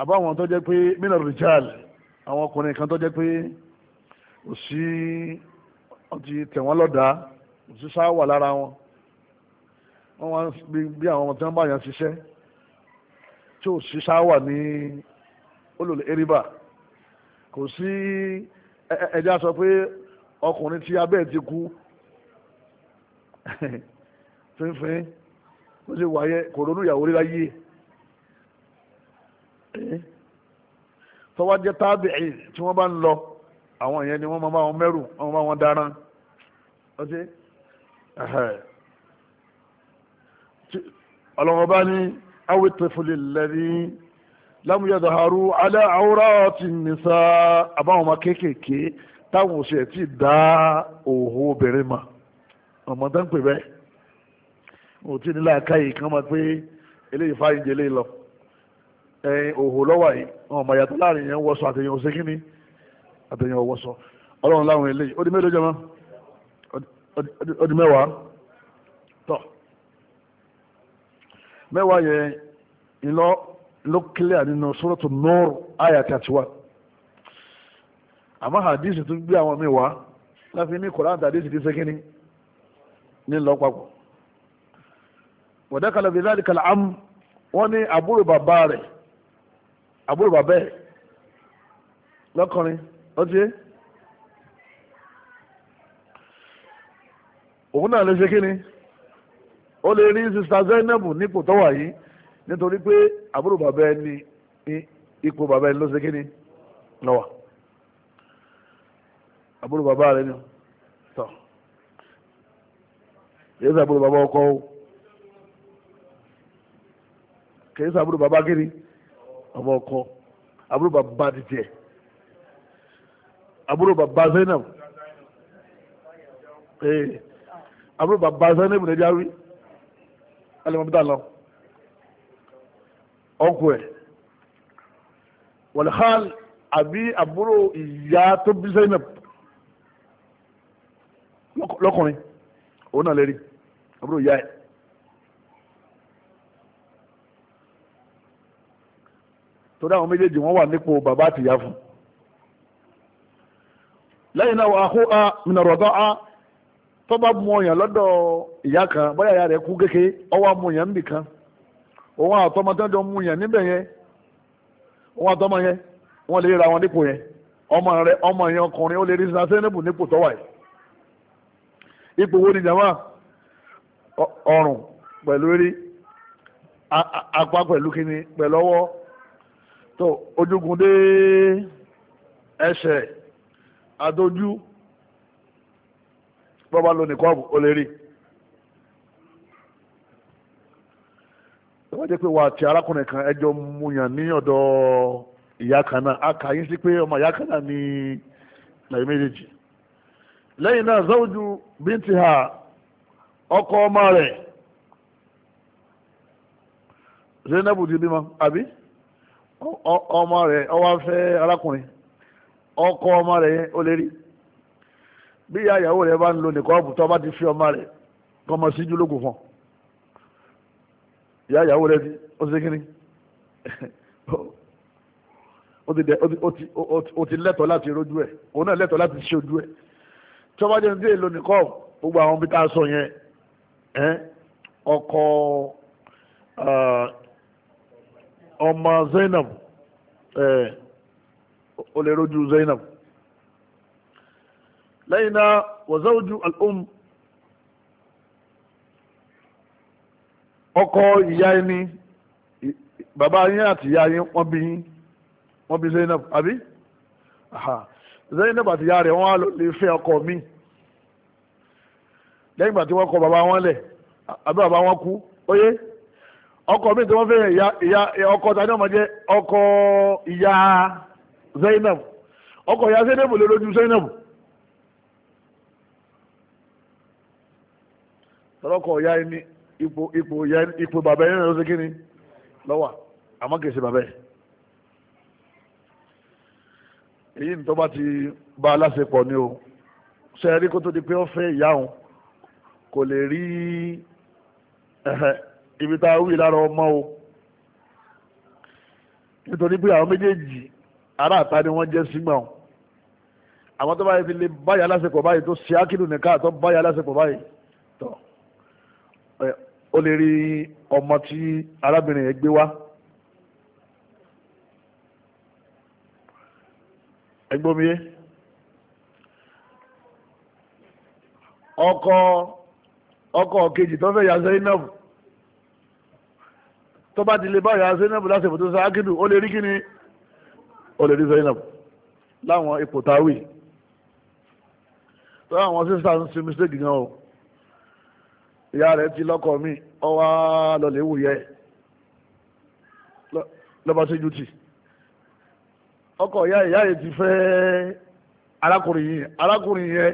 àbáwọn tó jẹ́ pé mina rijal àwọn ọkùnrin kan tó jẹ́ pé kò sí ọtí tẹ̀wọ́n lọ́dà kò sí sáwà lára wọn wọ́n wá bí àwọn ọmọ tí wọ́n bá yàn ṣiṣẹ́ tí ò sí sáwà ní olùlẹ̀ eriba kò sí ẹja sọ pé ọkùnrin tí abẹ́ ti kú fínfín ó sì wáyé kò ronú ìyàwó rí láyé tọ́wọ́ jẹ́ tábìlì tí wọ́n bá ń lọ àwọn yẹn ni wọ́n máa bá wọn mẹ́rù wọ́n bá wọn dáná ọtí ọlọ́wọ́ bá ní awitefuli lẹ́rí lámúyẹ̀dọ̀ haru alẹ́ àwòrán ti nìsa àbáwọn ọmọ kéékèèké táwọn òṣèlú ti dá òhò obìnrin mà ọmọ tó ń pè bẹ́ẹ̀ òtí nílẹ̀ àkáyè kan máa pé eléyìí fáyín jẹ́ eléyìí lọ. ẹyin òhò lọ́wọ́ yìí wọn mọ̀ yàtọ̀ láàrin yẹn wọ́sọ àtẹ̀yìn òsè kínní àtẹ̀yìn ọ̀wọ́sọ ọlọ́run láwọn eléyìí ó di mélòó jọmọ́ ó di mẹ́wàá tọ̀ mẹ́wàá yẹn ìlọ ló kílẹ̀ nínú sọ́rọ́tù nọ́ọ̀rù àmọ́ hadisi tún gbé àwọn míì wá láfi ní kòrán nílọ papọ̀ fi dáàdì kàlà ám wọ́n ní àbúrò bàbá rẹ̀ àbúrò bàbá ẹ̀ lọ́kùnrin ó ti òun náà lè ṣe kí ni ó lè rí sista Zainab nípò tó wà yìí nítorí pé àbúrò bàbá ẹ ní ipò bàbá ẹ ló ṣe kí ni lọ́wọ́ àbúrò bàbá rẹ ni tọ́ kìí sàbúrò bàbá ọkọ o kìí sàbúrò bàbá kiri àbọ̀ ọkọ àbúrò bàbá ti tiẹ̀ àbúrò bàbá Zainab ee àbúrò bàbá Zainab ní ẹjáwí alimọ̀bítà lọ ọkọ ẹ̀ wàlhálì àbí àbúrò ìyá tó bí Zainab lọ́kùnrin òun náà lérí àbúrò ìyá ẹ̀. torí àwọn méjèèjì wọ́n wà nípò bàbá ya ìyá fún lẹ́yìn náà a mìnà a tó bá mú ọyàn lọ́dọ̀ ìyá kan bóyá ìyá rẹ̀ kú kéke ọwọ́ mú ọyàn níbì kan òun àtọmọtẹ́jọ mú ọyàn níbẹ̀ yẹn òun àtọmọ yẹn wọ́n lè ra wọn nípò yẹn ọmọ rẹ̀ ọmọ yẹn ọkùnrin ó lè rí sinasẹ́ níbù tọ́wà yìí ipò wo ni jama ọrùn pẹ̀lú eré apá pẹ̀lú kíni pẹ̀lú ọwọ́ tó ojúgun dé ẹsẹ̀ adójú bọ́ba lónìí kọ́ọ̀bù ó lè rí ti arákùnrin kan ẹjọ́ múyàn ní ọ̀dọ̀ ìyá kan náà a kà yín sí pé ọmọ ìyá kan náà ní méjèèjì lẹ́yìn náà ọkọ ọmọ rẹ̀ Zainabu ti bímọ àbí. ọmọ rẹ̀ ó wá fẹ́ arákùnrin ọkọ ọmọ rẹ̀ o ó lè rí bí ìyá ìyàwó rẹ̀ bá ń lo nìkan ọ̀bùtọ́ bá ti fi ọmọ rẹ̀ kọ́mọ síjú lógun fún ìyá ìyàwó rẹ̀ ti o ti kíni o ti lẹ́tọ̀ọ́ láti rojú ẹ̀ òun náà lẹ́tọ̀ọ́ láti ṣe ojú ẹ̀ tí wọ́n bá jẹun díẹ̀ lónìí kọ́ gbogbo àwọn bí tá a sọ yẹn ọkọ ọmọ Zainab ẹ̀ o lè rojú Zainab lẹ́yìn náà wa zawju al-um ọkọ ìyá ẹni bàbá yín àti ìyá yín wọ́n bí wọ́n bí Zainab àbí Zainab àti ìyá rẹ̀ wọ́n á lè fẹ́ ọkọ mi lẹ́yìn ìgbà tí wọ́n kọ bàbá wọn lẹ̀ àbí bàbá wọn kú ó yé ọkọ mi tí wọ́n fẹ́ ìyá ìyá ọkọ tani ọmọ jẹ́ ọkọ ìyá Zainab ọkọ ìyá Zainab ló lójú Zainab tọ́lọ́kọ̀ ìyá ẹni ipò ipò ìyá ẹni ipò bàbá ẹni ló ṣe kí ni lọ́wọ́ àmọ́ kìí ṣe bàbá ẹ̀ èyí ní tó ti bá aláṣepọ̀ ni o ṣe rí kó tó di pé ó fẹ́ ìyá òun kò lè rí ẹ̀hẹ́ ibi tá a wí lára ọmọ o nítorí pé àwọn méjèèjì ará àta ni wọ́n jẹ́ sígbà wọn àwọn tó báyìí ti lè báyà lásìkò báyìí tó ṣe ákìlù nìkan àtọ́ báyà lásìkò báyìí tó ó lè rí ọmọ tí arábìnrin yẹn gbé wá ẹgbọ́mìyé ọkọ ọkọ kejì tó fẹ́ yà Zainab tó bá ti lè bá ìyá Zainab lásìkò tó sá ákìdù ó lè rí kíni ó lè rí Zainab láwọn ipò táwì tó àwọn sísá ń sin mistake gan o ìyá rẹ̀ ti lọ́kọ̀ mi ọ wá lọlẹ̀ wù yẹ lọ́ba sí jùtì ọkọ ìyá ìyá yẹn ti fẹ́ arákùnrin yìí arákùnrin yẹn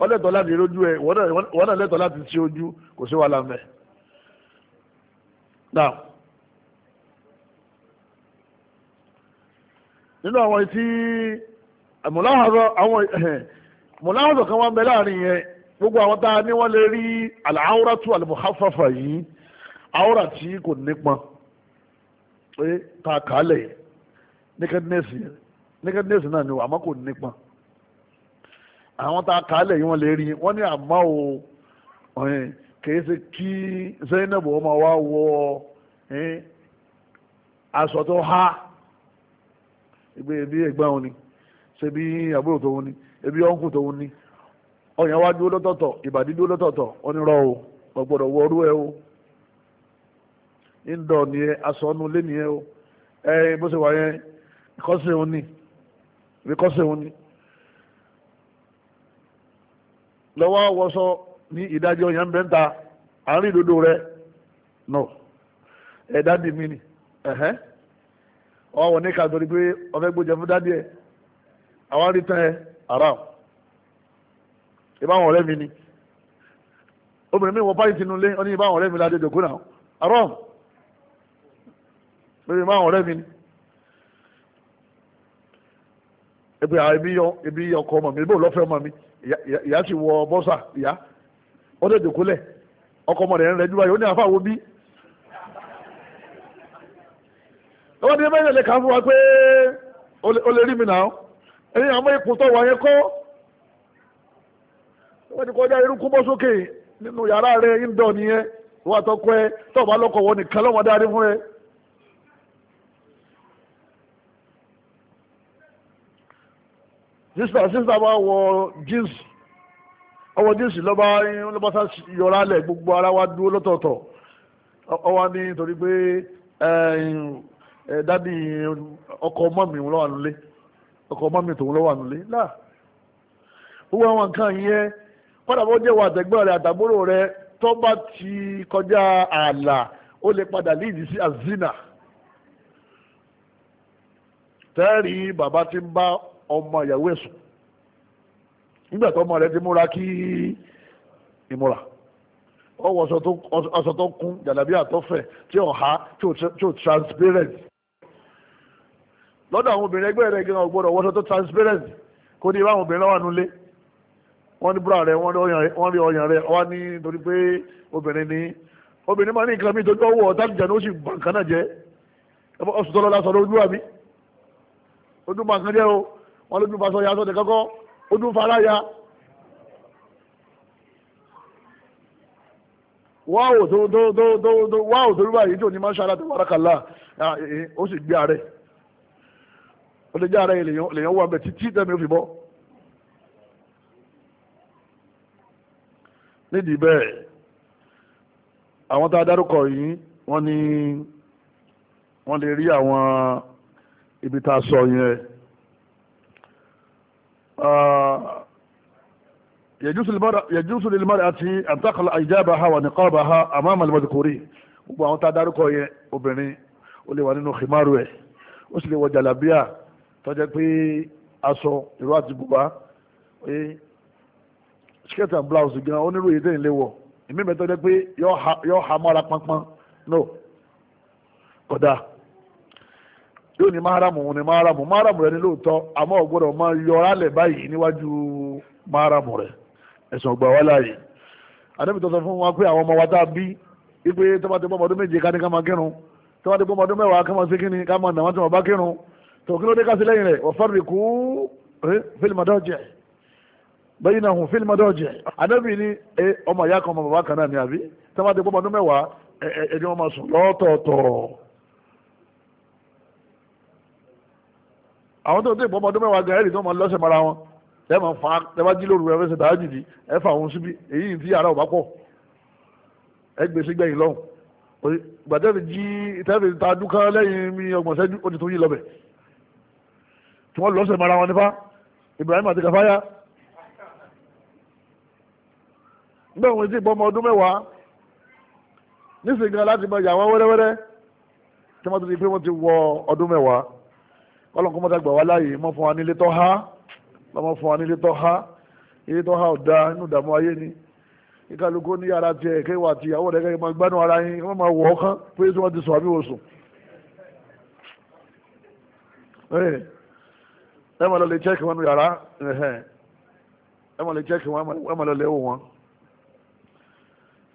wọ́n lẹ́tọ̀ọ́ láti rojú ẹ̀ wọ́n náà láti ṣe ojú kò sí wàhálà mẹ́. now nínú àwọn tí eh, mùláhàzọ àwọn eh, mùláhàzọ kan wọ́n bẹ láàrin yẹn gbogbo àwọn tá a ní wọ́n lè rí àlàáwúrátù àlùmọ̀háfàfà yìí àwúrà tí kò nípọn pé ta kàálẹ̀ nakedness nakedness náà ni àmọ́ kò nípọn àwọn tá a kàálẹ̀ yìí wọ́n lè rí wọ́n ní àmọ́ o eh, kìí ṣe kí Zainab ọmọ wa wọ aṣọ tó há ìgbé ebi ẹ̀gbọ́n òun ni ṣe bí àbúrò tòun ni ebi ọ̀nkù tòun ni ọ̀yàn wá dúró lọ́tọ̀ọ̀tọ̀ ìbàdí dúró lọ́tọ̀ọ̀tọ̀ onírọ̀ o ọ̀gbọ̀dọ̀ wọ orú ẹ o ńdọ̀ ni ẹ asọ́nu lé ni ẹ o ẹ bó ṣe wà yẹn kọ́sẹ̀ òun ni ìbí kọ́sẹ̀ ni lọ́wọ́ wọ́sọ ní ìdájọ́ yẹn ń bẹ́ ń ta àárín ìdodo rẹ nọ ẹ̀dá dì mí ni ẹ̀hẹ́n ọwọ́ wọn ní ká torí pé ọfẹ́ gbójẹ fún dádì ẹ̀ àwọn rí tán ẹ haram ìbáwọn ọ̀rẹ́ mi ni obìnrin mi wọ páyì sínú ilé ó ní ìbáwọn ọ̀rẹ́ mi ládé dògún náà haram lórí ìbáwọn ọ̀rẹ́ mi ni ebi ebi yọ ebi yọ ọkọ ọmọ mi ebi olọfẹ ọmọ mi ìyá ti wọ bọ́sà ìyá ó dé dògún ọkọ ọmọ rẹ̀ ń rẹ̀ jù báyìí ó ní àfáwọ́ bíi. ó dé bẹ́ẹ̀ lè kà fún wa pé o lè rí mi náà ẹ̀yìn àwọn ipò tó wà yẹn kọ́ wọ́n ti kọjá irú sókè nínú yàrá rẹ̀ indoor nìyẹn wọ́n àtọ́kọ́ ẹ tó bá lọ́kọ̀ wọ́n nìkan lọ́wọ́ dáadé fún ẹ. sísà sísà bá wọ jíǹsì jíǹsì lọ́ba lọ́ba gbogbo ara wa dúró lọ́tọ̀ọ̀tọ̀ ọwọ́ ẹ dádì ọkọ ọmọ mi ló wà nílé ọkọ ọmọ mi tòun ló wà nílé là gbogbo àwọn nǹkan yẹn padà bó jẹ́ wà àtẹ̀gbọ́n rẹ àtàbúrò rẹ tó bá ti kọjá ààlà ó lè padà líìdì sí azina tẹ́ẹ̀rí bàbá ti ń bá ọmọ ìyàwó ẹ̀sùn nígbà tó ọmọ rẹ ti múra kí ìmúra ọwọ́ aṣọ tó kún jàdàbí àtọ́fẹ̀ tí ò tí ò transparent lọ́dọ̀ àwọn obìnrin ẹgbẹ́ rẹ̀ gan ọgbọ́dọ̀ wọ́ṣọ tó transparent kó ní ìbáwọn obìnrin lọ́wọ́ nulẹ̀ wọ́n ní búra rẹ̀ wọ́n rí ọyàn rẹ̀ wọ́n ní torí pé obìnrin ni obìnrin máa ní nǹkan mi tójú ọwọ́ ọ̀tá ìjà ni ó sì bà nǹkan náà jẹ́ ọ̀sùn tó lọ́la sọ̀rọ̀ ojú àmì ojú bà nǹkan jẹ́ o wọ́n lójú fasọ ya sọ̀tẹ̀ kọ́kọ́ ojú fara ya wáwò tó tó tó tó wáwò tó rí báyìí tó ní máa ń ṣe ara tó wàrákàlà ah, eh, eh, ó sì gbé àárẹ̀ ó lè jẹ́ ara èèyàn wà bẹ̀ títí tẹ́mi ó fi bọ́. nídìí bẹ́ẹ̀ àwọn tá a dárúkọ yìí wọ́n ní wọ́n lè rí àwọn ibi tá a sọ yẹn. يجوز للمرأة أن تخلع حجابها ونقابها أمام المذكورين gbogbo àwọn tá a dárúkọ yẹn obìnrin ó lè wà nínú khimaru ẹ̀ ó sì lè wọ jàlábíà tọ́jẹ́ pé aṣọ ìró àti bùbá skirt and blouse gan oníròyìn tẹ̀yìn lè wọ̀ èmi mẹ́tọ́ jẹ́ pé yọ ha mọ́ra pánpán no kódà yóò ní maharamu ní maharamu maharamu rẹ ní lóòótọ́ àmọ́ ọ̀gbọ́dọ̀ máa yọra lẹ̀ báyìí níwájú maharamu rẹ ẹ̀sùn ọgbà wà láàyè àdébí tó sọ fún wa pé àwọn ọmọ wa tá a bí wípé tó bá ti pọ́ ọmọdún méje ká ní ká máa kírun tó ti pọ́ ọmọdún mẹ́wàá ká máa ṣe kí ni ká máa nà wọ́n tí wọ́n bá kírun tó kí ló dé kásí lẹ́yìn rẹ̀ wọ́n fẹ́rẹ̀ kú fílmù dọ́jẹ̀ bẹ́yìn náà hùn fílmù dọ́jẹ̀ anábì ni ọmọ ìyá kan ọmọ bàbá kan náà ni àbí sábà ti gbọ́mọdún mẹ́wàá ẹ̀ẹ́dẹ́ wọn máa sùn lọ́tọ̀ọ̀tọ̀ àwọn tó ń tẹ̀ gbọ́mọdún mẹ́wàá gan ẹ̀rì tó máa lọ́sẹ̀ mara wọn ẹ máa fa ẹ bá jí lóru ẹ fẹsẹ̀ dájú di ẹ fa òun síbi èyí tí yàrá ò bá pọ̀ ẹ gbèsè gbẹ̀yìn lọ́hùn gbàdẹ́rì jí tẹ́rì ta dúkọ́ lẹ́yìn mi ọgbọ̀n ó ti tún yí lọ́bẹ̀ tí wọ́n lọ́sẹ̀ mara wọn nípa Ibrahim àti Kàfáyà nígbà wọn ti bọ́mọ ọdún mẹ́wàá nísìnyí gan láti mọ ìyàwó wẹ́rẹ́wẹ́rẹ́ tí wọ́n ti di pé wọ́n ti wọ ọdún mẹ́wàá kọ́lọ́nkọ́ mọ́ta gbà wá láàyè mọ́ fún wa nílé tọ́ ha lọ́mọ fún wa nílé tọ́ ha ilé tọ́ ha ò da inú ìdààmú ayé ni ìkàlùkù ní ara tiẹ̀ kéwà àti ìyàwó rẹ̀ kẹ́kẹ́ máa gbádùn ara yín wọ́n máa wọ̀ ọ́ kán pé tí wọ́n ti sọ àbí wò sùn ẹ máa lọ lè chẹ́kì wọn nu yàrá ẹ máa lè chẹ́kì wọn ẹ máa lọ lè wò wọn.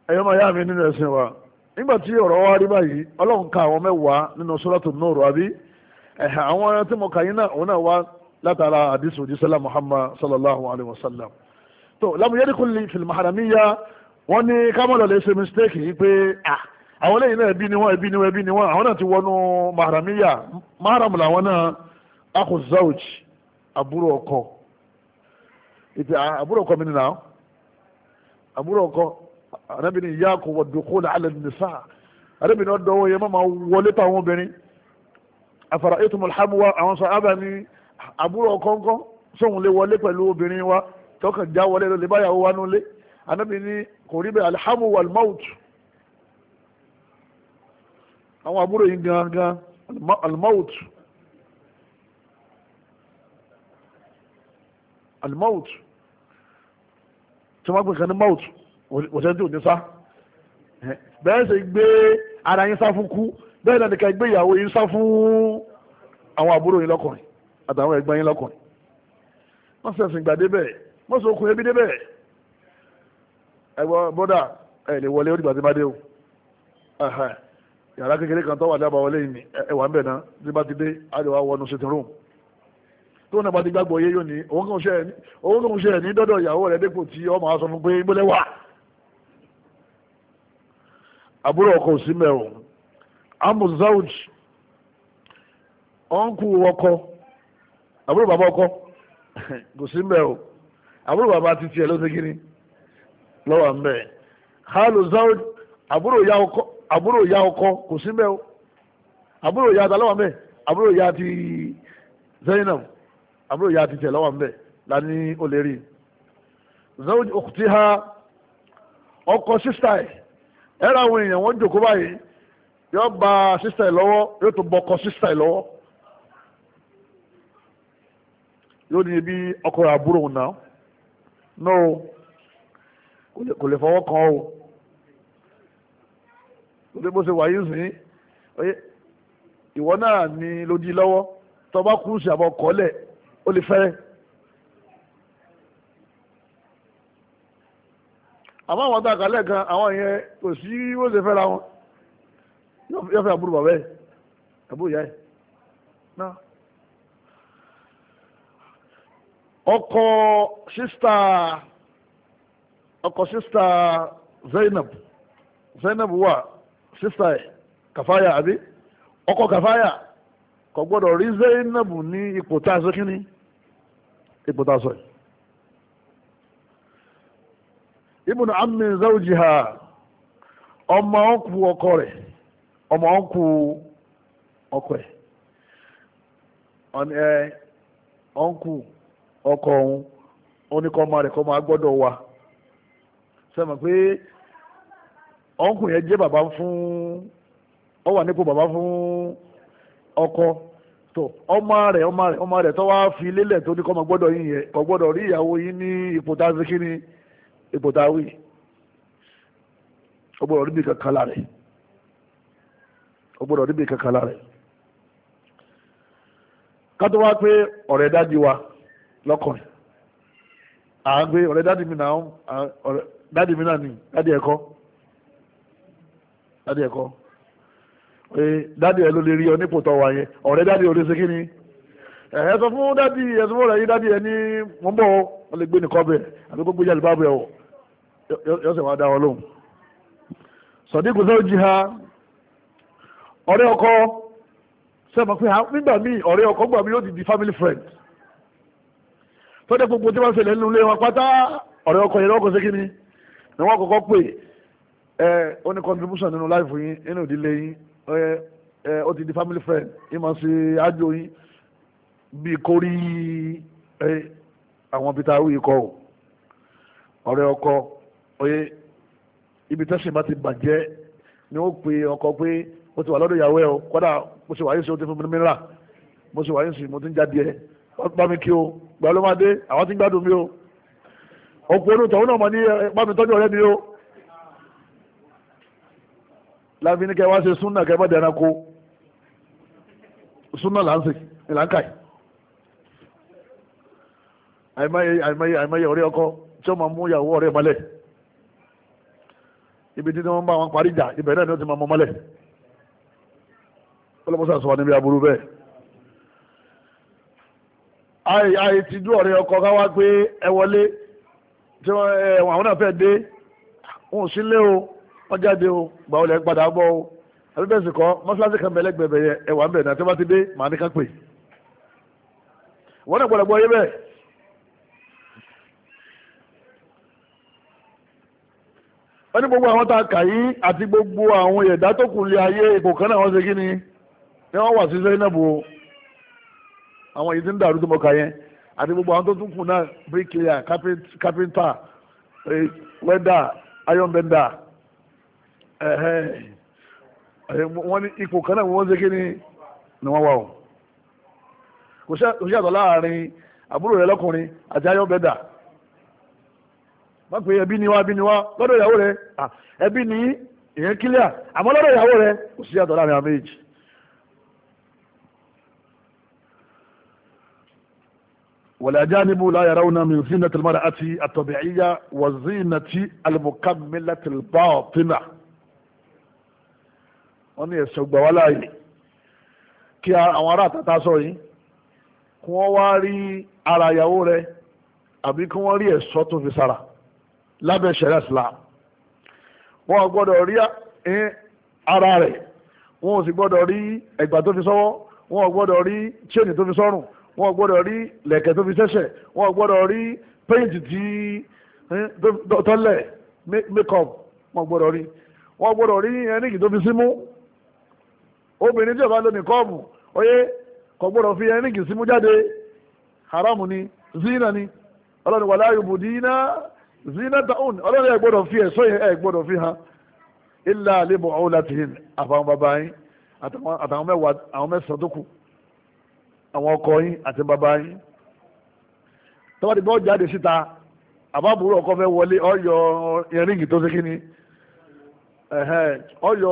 ẹ̀yọ́ máa yá mi nínú ẹ̀sìn wa nígbà tí ọ̀rọ̀ wa rí báyìí ọlọ́run ka àwọn mẹ́wàá nínú sọ́lọ́tò nóòrò àbí àwọn tí mo kà yín náà òun náà wá látara àdìsí òjísọ́lá muhammad sallallahu alayhi wa sallam. tó lámúyẹ́rì kò lè fìlìmọ̀hàràmíyá wọ́n ní kámọ́lọ̀ lè ṣe mistake yìí pé ah àwọn lẹ́yìn náà ẹbí ni wọ́n ẹbí ni wọ́n ẹbí ni wọ́n àwọn náà ti wọnú maharamiya maharam làwọn náà akuzawj àbúrò ọkọ ìpè àbúrò ọkọ mi nìyà àbúrò ọkọ arábìnrin ìyá kò wọ dùkú ní alẹ́ nìfà arábìnrin ọdọwọ yẹn máa wọlé pa àwọn obìnrin afara ètò mọ̀lẹ́hàmúwa àwọn sọ ábà ní àbúrò ọkọ ńkọ́ sóhun lè wọlé pẹ̀lú obìnrin wa tọkàn já wọlé lọ lè báyàwó wa nulẹ̀ arábìnrin kò rí bẹ́ẹ̀ alhamu walmaut àwọn àbúrò yìí gangan almaut. الموت. tí wọ́n gbé kan ní mout òṣèlú tí ò ní sá bẹ́ẹ̀ ṣe gbé ara yín sá fún kú bẹ́ẹ̀ náà nìkan gbé ìyàwó yín sá fún àwọn àbúrò yín lọ́kùnrin àtàwọn ẹ̀gbọ́n yín lọ́kùnrin wọ́n sẹ̀sìn gbà débẹ̀ wọ́n sọ okùn ebi débẹ̀ ẹ̀gbọ́n bọ́dà ẹ̀ lè wọlé ó dìgbà tí bá dé o yàrá kékeré kan tó wà dábàá wọlé yìí ẹ̀wà ń bẹ̀ náà tí bá ti dé á lè wá wọnú sitting room tó náà bá ti gbàgbọ́ yé yóò ní òun kàn ṣe ẹ̀ ní dọ́dọ̀ ìyàwó rẹ̀ dépò tí ọmọ wa sọ fún pé gbọ́dẹ̀ wà. àbúrò ọkọ ò sí mẹ́rùn amu zawj ọ̀nkù ọkọ àbúrò bàbá ọkọ kò sí mẹ́rùn àbúrò bàbá ti tiẹ̀ ló ti kiri lọ́wọ́ ń bẹ̀ halu àbúrò ìyá ọkọ kò sí mẹ́rùn àbúrò ìyá ta lọ́wọ́ ń àbúrò ìyá ti Zainab àbúrò ìyá àti tiẹ̀ lọ́wọ́ ń bẹ̀ lání ó lè rí zawj ukhtiha ọkọ sísá ẹ̀ ẹ̀rọ àwọn èèyàn wọ́n jòkó báyìí yóò ba sísá ẹ̀ lọ́wọ́ yóò tó bọ ọkọ sísá ẹ̀ lọ́wọ́ yóò ní ibi ọkọ àbúrò náà no kò lè fọwọ́ kan o lórí bó ṣe wáyé sìn ìwọ náà ni ló di lọ́wọ́ tó bá kú sí àbọ̀ kọ́lẹ̀ ó lè fẹ́rẹ́ àmọ́ àwọn àtàkà lẹ́ẹ̀kan àwọn yẹn kò sí ó lè fẹ́ra wọn yóò àbúrò bàbá ẹ̀ àbúrò ìyá ẹ̀ náà. ọkọ sísítà ọkọ sísítà Zainab Zainab wà sísítà ẹ̀ Kàfáyà àbí ọkọ Kàfáyà kò gbọ́dọ̀ rí Zainab ní ipò tá ni. ipò tá ịbụ na amị ibùn ammi zawjiha ọmọ ọkụ ọkọ rẹ̀ ọmọ ọkụ ọkọ ẹ̀ ẹ ọ̀nkù ọkọ ọ̀hún oníkọ́mọ rẹ̀ kọ́mọ agbọ́dọ̀ wa sẹ́mi pé ọkụ yẹn jẹ́ bàbá fún ọ wà nípò bàbá fún ọkọ tó ọmọ rẹ ọmọ rẹ̀ ọmọ rẹ̀ tó wá fi lélẹ̀ tó ní kọ́ ọmọ gbọ́dọ̀ yín yẹn kò gbọ́dọ̀ rí ìyàwó yín ní ipò tá a fi kíni ipò tá a wí ó gbọ́dọ̀ ríbi kankan lára rẹ̀ gbọ́dọ̀ ríbi kankan Eh, dádì ẹ ló lè rí ọ nípò tọ́ wa yẹn ọ̀rẹ́ dádì ò lè ṣe kí ni eh, ẹ sọ fún dádì ẹ sọ fún ọ̀rẹ́ yìí dádì ẹ ní mò ń bọ̀ ọ lè gbé nìkan bẹ̀ àbí kó gbé yàrá bẹ̀ ọ yọ̀ọ́sẹ̀ wàá dá ọ lóhùn sọ̀díkù sọ́ọ́ jí ha ọ̀rẹ́ ọkọ sẹ́mọ̀ pé nígbà míì ọ̀rẹ́ ọkọ gbà mí yóò ti di family friend tọ́jà gbogbo tí wọ́n ṣẹlẹ̀ nínú ilé wọn pátá ọ̀rẹ́ ọkọ yẹn lọ́kọ̀ ṣe kí ni ni wọ́n kọ́kọ́ pè ẹ eh, ó ní contribution nínú life yín nínú ìdílé yín ẹ ẹ ti di family friend ẹ máa ṣe ájò yín bíi kórí ẹ àwọn peter awi kọ o ọ̀rẹ́ ọkọ oye ibi tẹ́sán bá ti bàjẹ́ ni ó pe ọkọ pé ó ti wà lọ́dọ̀ ìyàwó ẹ o kódà mo ṣe wà yín sí o ti fún mi ní mìíràn mo ṣe wà sí mo ti ń jáde ẹ bá mi kí o gbà ló máa dé àwọn ti ń gbádùn mi o òpó onítọ̀hún náà mọ̀ ní bá mi tọ́jú ọ̀rẹ́ mi o. láàbí ní kẹ́ wá ṣe súnà kẹ́ ko. kó súnà là ń yìí àìmáyé àìmáyé àìmáyé ọ̀rẹ́ ọkọ tí ó máa mú ìyàwó ọ̀rẹ́ mọ́lẹ̀ ibi tí wọ́n bá wọn parí ibẹ̀ náà ni ó ti máa mọ mọ́lẹ̀ ọlọ́mọsá sọ wà níbi aburú bẹ́ẹ̀ àì ti tìjú ọ̀rẹ́ ọkọ ká wá pé ẹ wọlé tí wọ́n àwọn náà ọjáde o gbà ó lẹ padà bọ o àbí bẹ́ẹ̀ sì kan bẹ̀lẹ́ gbẹ̀bẹ̀ yẹ ẹ̀wà ń náà tí wọ́n ti dé màá ní ká pè wọ́n náà gbọ́dọ̀ gbọ́ wọ́n ní gbogbo àwọn tá a kà àti gbogbo àwọn ẹ̀dá tó kù lé ayé ipò kan náà wọ́n ṣe kí ni ni wọ́n wà sí Zainab o àwọn yìí ti ń dàrú tó mọ̀ yẹn àti gbogbo àwọn tó tún kù náà bricklayer wọ́n ní ipò kan náà wọ́n ń segin wọ́n wà o kò sí àtọ̀ láàrin àbúrò rẹ lọ́kùnrin àti ayọ́bẹ̀dà wọ́n pe ẹbí ni wá ẹbí ni wá lọ́dọ̀ ìyàwó rẹ ẹbí ni ìyẹn kílíà àmọ́ lọ́dọ̀ ìyàwó kò àtọ̀ láàrin wọ́n ní ẹ̀sìn ọgbà wá láàyè kí àwọn ará àtàtà sọ yìí kí wọ́n wá rí ara ìyàwó rẹ àbí kí wọ́n rí ẹ̀sọ́ tó fi sára lábẹ́ ṣẹ̀rẹ́ Islam wọ́n gbọ́dọ̀ rí ara rẹ̀ wọn ò sì gbọ́dọ̀ rí ẹ̀gbà tó fi sọ́wọ́ wọn gbọ́dọ̀ rí chain tó fi sọ́rùn wọn gbọ́dọ̀ rí lẹ̀kẹ̀ tó fi ṣẹ̀ṣẹ̀ wọn gbọ́dọ̀ rí paint tí tọ́lẹ̀ make up gbọ́dọ̀ rí wọn gbọ́dọ̀ rí ẹnìkì tó fi símú obìnrin tí ó bá lo nìkọ́ọ̀mù oyé kò gbọ́dọ̀ fi ẹni gìsí mú jáde haramu ni zina ni ọlọ́ni wàlá yòbù dínà zina taun ọlọ́ni ẹ̀ gbọ́dọ̀ fi ẹ̀sọ́ yẹn ẹ̀ gbọ́dọ̀ fi hàn ilà àlebù ọ̀hún láti hin àfàwọn bàbá yín àtàwọn mẹ́wàá àwọn mẹ́sàn-án tó kù àwọn ọkọ yín àti bàbá yín tọ́wọ́ ti bọ́ jáde síta àbábùrú ọkọ fẹ́ wọlé ọyọ ẹ̀ríngì tó ṣe kí ni ọyọ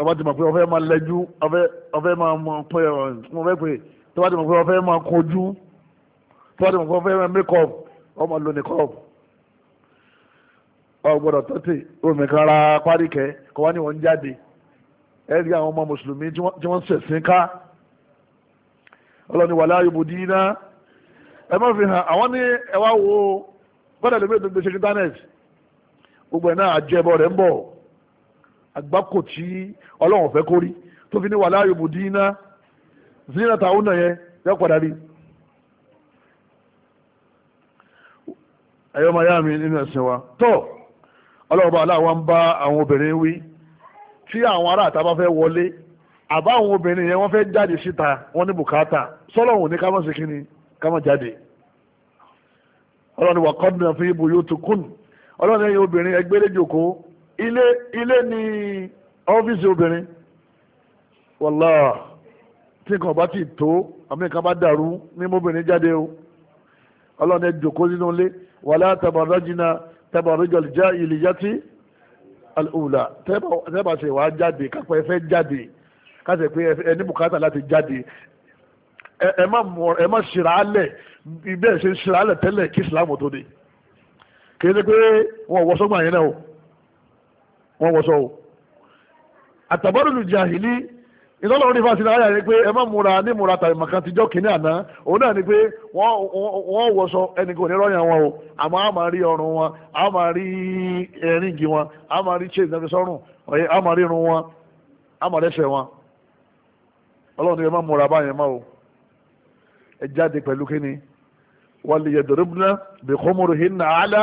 ọba ti mọ̀ pé ọfẹ́ máa lẹ́jú ọfẹ́ máa mọ pé eh, mo fẹ́ pé tọ́ba ti mọ̀ pé ọfẹ́ máa kojú tọ́ba ti mọ̀ pé ọfẹ́ máa mékọ̀p ọmọ lò ní kọ́p ọgbọ́dọ̀ tọ́tì omìkan ra parí kẹ́ wá ní wọ́n jáde ẹ àwọn ọmọ mùsùlùmí tí wọ́n ń ṣẹ̀sìn ká ọlọ́ni wàlá yubudina ẹ má fi hàn àwọn ní ẹ wá wo gbọ́dọ̀ lómi ètò gbèsè internet gbogbo ẹ̀ náà àjẹbọ rẹ̀ ń bọ̀ àgbákò tí ọlọ́run fẹ́ kórí tó fi ní wàhálà yòbù dínà zina tàwọn náà yẹn yọ padà rí. ẹ̀yọ́ maya mi nínú ẹ̀sìn wa tó ọlọ́run bá aláwa ń bá àwọn obìnrin wí tí àwọn ará àtàbá fẹ́ wọlé àbá àwọn obìnrin yẹn wọ́n fẹ́ jáde síta wọ́n ní bùkátà sọ́lọ́hún ní kámọ́ sí kínní kámọ́ jáde ọlọ́run wà kọ́dùnà fún ibùyó tó kùn ọlọ́run ẹ̀yin obìnrin ẹgbẹ́rẹ́ jòkó ilé ilé ni ọ́fíìsì obìnrin wàlá tí nǹkan bá ti tó àmì nǹkan bá dàrú ní mọ́bìnrin jáde o ọlọ́run ẹ jòkó nínú ilé wàlá tabarajina tabarujọ ìjà ìlìyàtì alùlà tẹ́bà ṣe wàá jáde kápẹ́ ẹ fẹ́ jáde kásẹ̀ pé ẹ ní bùkátà láti jáde ẹ má mọ̀ ẹ má ṣìrà álẹ̀ ibẹ̀ ṣe ṣìrà álẹ̀ tẹ́lẹ̀ kí ìsìlámù tó dé kì í ṣe pé wọn ò sọ́gbà yẹn náà o. wọ́n wọsọ o ya jàhìlì ìtọ́lọ́run ní fásitì ayà ni pé ẹ má múra ní múra tàbí màkàn tíjọ́ kìíní àná òun náà ni pé wọ́n wọ́sọ ya kò ní rọ́yìn wọn o àmọ́ a rí ọrùn wọn a máa rí ẹ̀ríngì wọn a máa rí chain sọ́rùn rí irun wọn a máa rẹ́sẹ̀ wọn ọlọ́run ní ẹ má múra báyẹn má o ẹ jáde pẹ̀lú kíni wàlẹ̀ yẹ̀dọ̀rọ̀bùnà bí kọ́mọ̀rò hinna àlá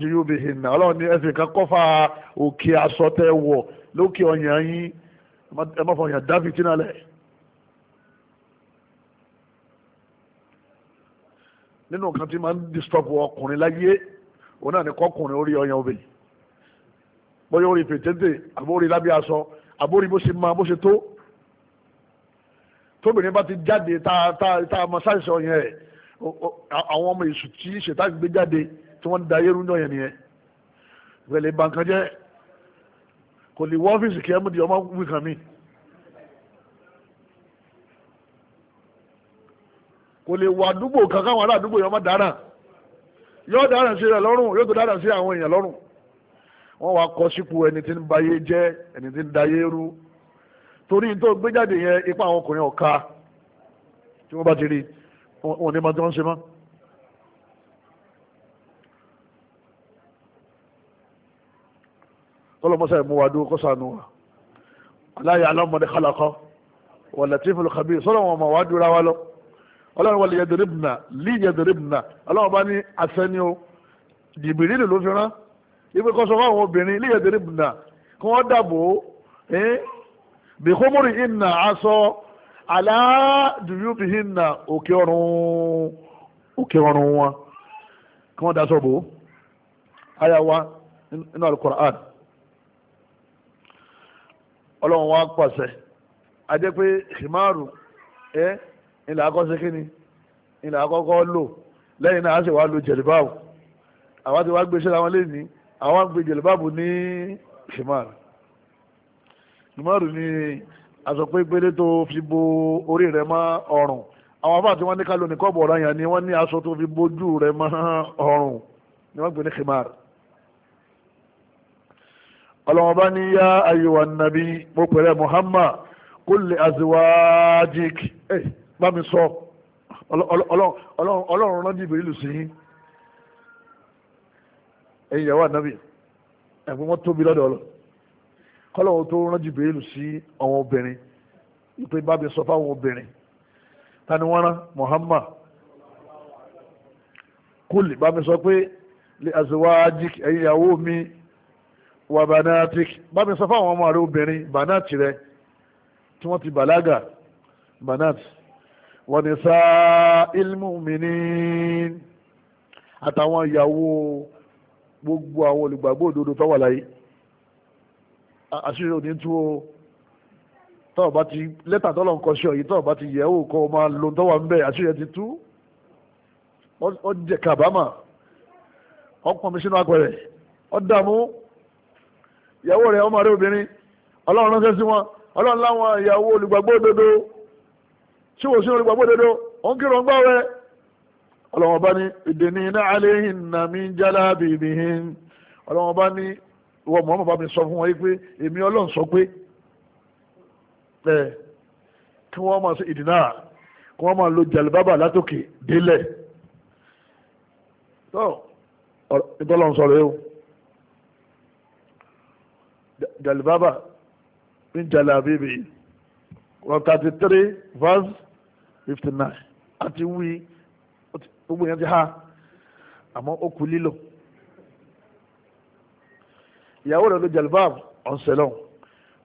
jùyọ̀bì hinna ọlọ́run ní ẹ̀fìn kan kọ́fà òkè aṣọ tẹ wọ̀ lókè ọ̀yàn yín ẹ má fọyàn dá fìtínà lẹ̀. nínú nǹkan tí máa ń disturb ọkùnrin láyé òun náà ni kọkùnrin orí ọyàn obìnrin bóyá orí fètèdè àbórí lábẹ́ aṣọ àbórí bó ṣe máa bó ṣe tó tóbìnrin bá ti jáde tá a mọ sáìsọ yẹn àwọn ọmọ èṣù tí ṣètá gbé jáde tí wọ́n ń da ayérú náà yẹn nìyẹn ìrẹ̀lẹ̀ ìbànkan jẹ́ kò lè wọ ọ́fíìsì kí ẹmúdi ọmọ wí kan mi kò lè wà àdúgbò kankan wọn àdúgbò yẹn ọmọ dára yóò dára sí rẹ lọ́rùn yóò tó dára sí àwọn èèyàn lọ́rùn wọ́n wá kọ sípò ẹni tí ń bayé jẹ́ ẹni tí ń dayé rú torí tó gbé jáde yẹn ipa àwọn ọkùnrin ọ̀ka tí wọ́n bá ti rí i wọn ní ma tí wọ́n ń ṣe mọ́. kọlọmọsá ìmú wa dúró kọsànù wa aláya alámọdé kálakọ wà latiful khabir sọlọ wọn ma wà dúró wa lọ ọlọ́run wà lè yẹdẹrẹ bùnà lè yẹdẹrẹ bùnà ọlọ́run bá ní asẹni o jìbìrì ló fi rán ibi kọsọ fún àwọn obìnrin lè yẹdẹrẹ bùnà kí wọn dàbò ẹ bìkọ́mọ́rì ìnà aṣọ aláàdúyúbìhìn na òkè ọrùn òkè ọrùn wọn kí wọ́n daṣọ bò ó àyà wa nínú alukur'an ọlọ́run wa pàṣẹ ajẹ́ pé himaru ẹ ilà akọ́ṣe kínni ilà akọ́kọ́ lò lẹ́yìn náà a sì wá lo jẹ̀lìbáàbù àwọn ti wá gbé iṣẹ́ làwọn lè ní àwọn gbé jẹ̀lìbáàbù ní himaru himaru ní aṣọ pépélé tó fi bo orí rẹ̀ mọ́ ọrùn àwọn afáà tí wọ́n ní kálọ̀ nìkọ́ bọ̀ ọ̀ranyàn ni wọ́n ní aṣọ tó fi bojú rẹ̀ mọ́ ọrùn ni wọ́n gbé ní khimar. ọlọ́wọ́n bá ní yá ayyuhan nabi mo pẹ̀lẹ́ Muhammad kul li azwajik ẹ eh, bá mi sọ ọlọ́run rán jìbìrì lù sí yín ẹ̀yin ìyàwó ànábì ẹ̀gbọ́n wọn tóbi lọ́dọ̀ ọlọ́run kọ́lọ́wọ́ tó rán jìbìrìlù sí àwọn obìnrin ìpè bá mi sọ fáwọn obìnrin tani wọ́n rán Muhammad kúlì bá mi sọ pé lè azwajik ẹ̀yin ìyàwó mi wà banatik bá mi sọ fáwọn ọmọ rẹ obìnrin banat rẹ tí wọ́n ti bàlágà banat wa ilmu mu'minin àtàwọn ìyàwó gbogbo àwọn olùgbàgbọ́ òdodo tó wà láyé. àṣírí òní tú o tọ́ ọba ti lẹ́tà tọ́lọ̀ nǹkan ṣe ọ̀yìn tọ́ ọba ti yẹ kọ́ ọ máa lo ń bẹ̀ àṣírí ẹ ti tú ọ jẹ kàbámà ọ pọnmi sínú ọ dààmú ìyàwó rẹ ọmọ rẹ obìnrin ọlọ́run ránṣẹ́ sí wọn ìyàwó olùgbàgbọ́ òdodo tí wò olùgbàgbọ́ òdodo kírun rẹ ọlọ́run ọba ìwọ Muhammad bá mi sọ fún wọn yìí pé èmi ọlọ́run sọ pé ẹ kí wọ́n máa ṣe ìdìnnà kí wọ́n máa lo jàlùbábà látòkè délẹ̀ tó ìtọ́lọ́run sọ̀rọ̀ yìí o jàlùbábà ní jàlàbíbì one thirty three verse fifty nine àti wí gbogbo yẹn ti ha àmọ́ ó kú lílò ìyàwó rẹ̀ ló jalbab ọ̀nsẹ̀lọ́n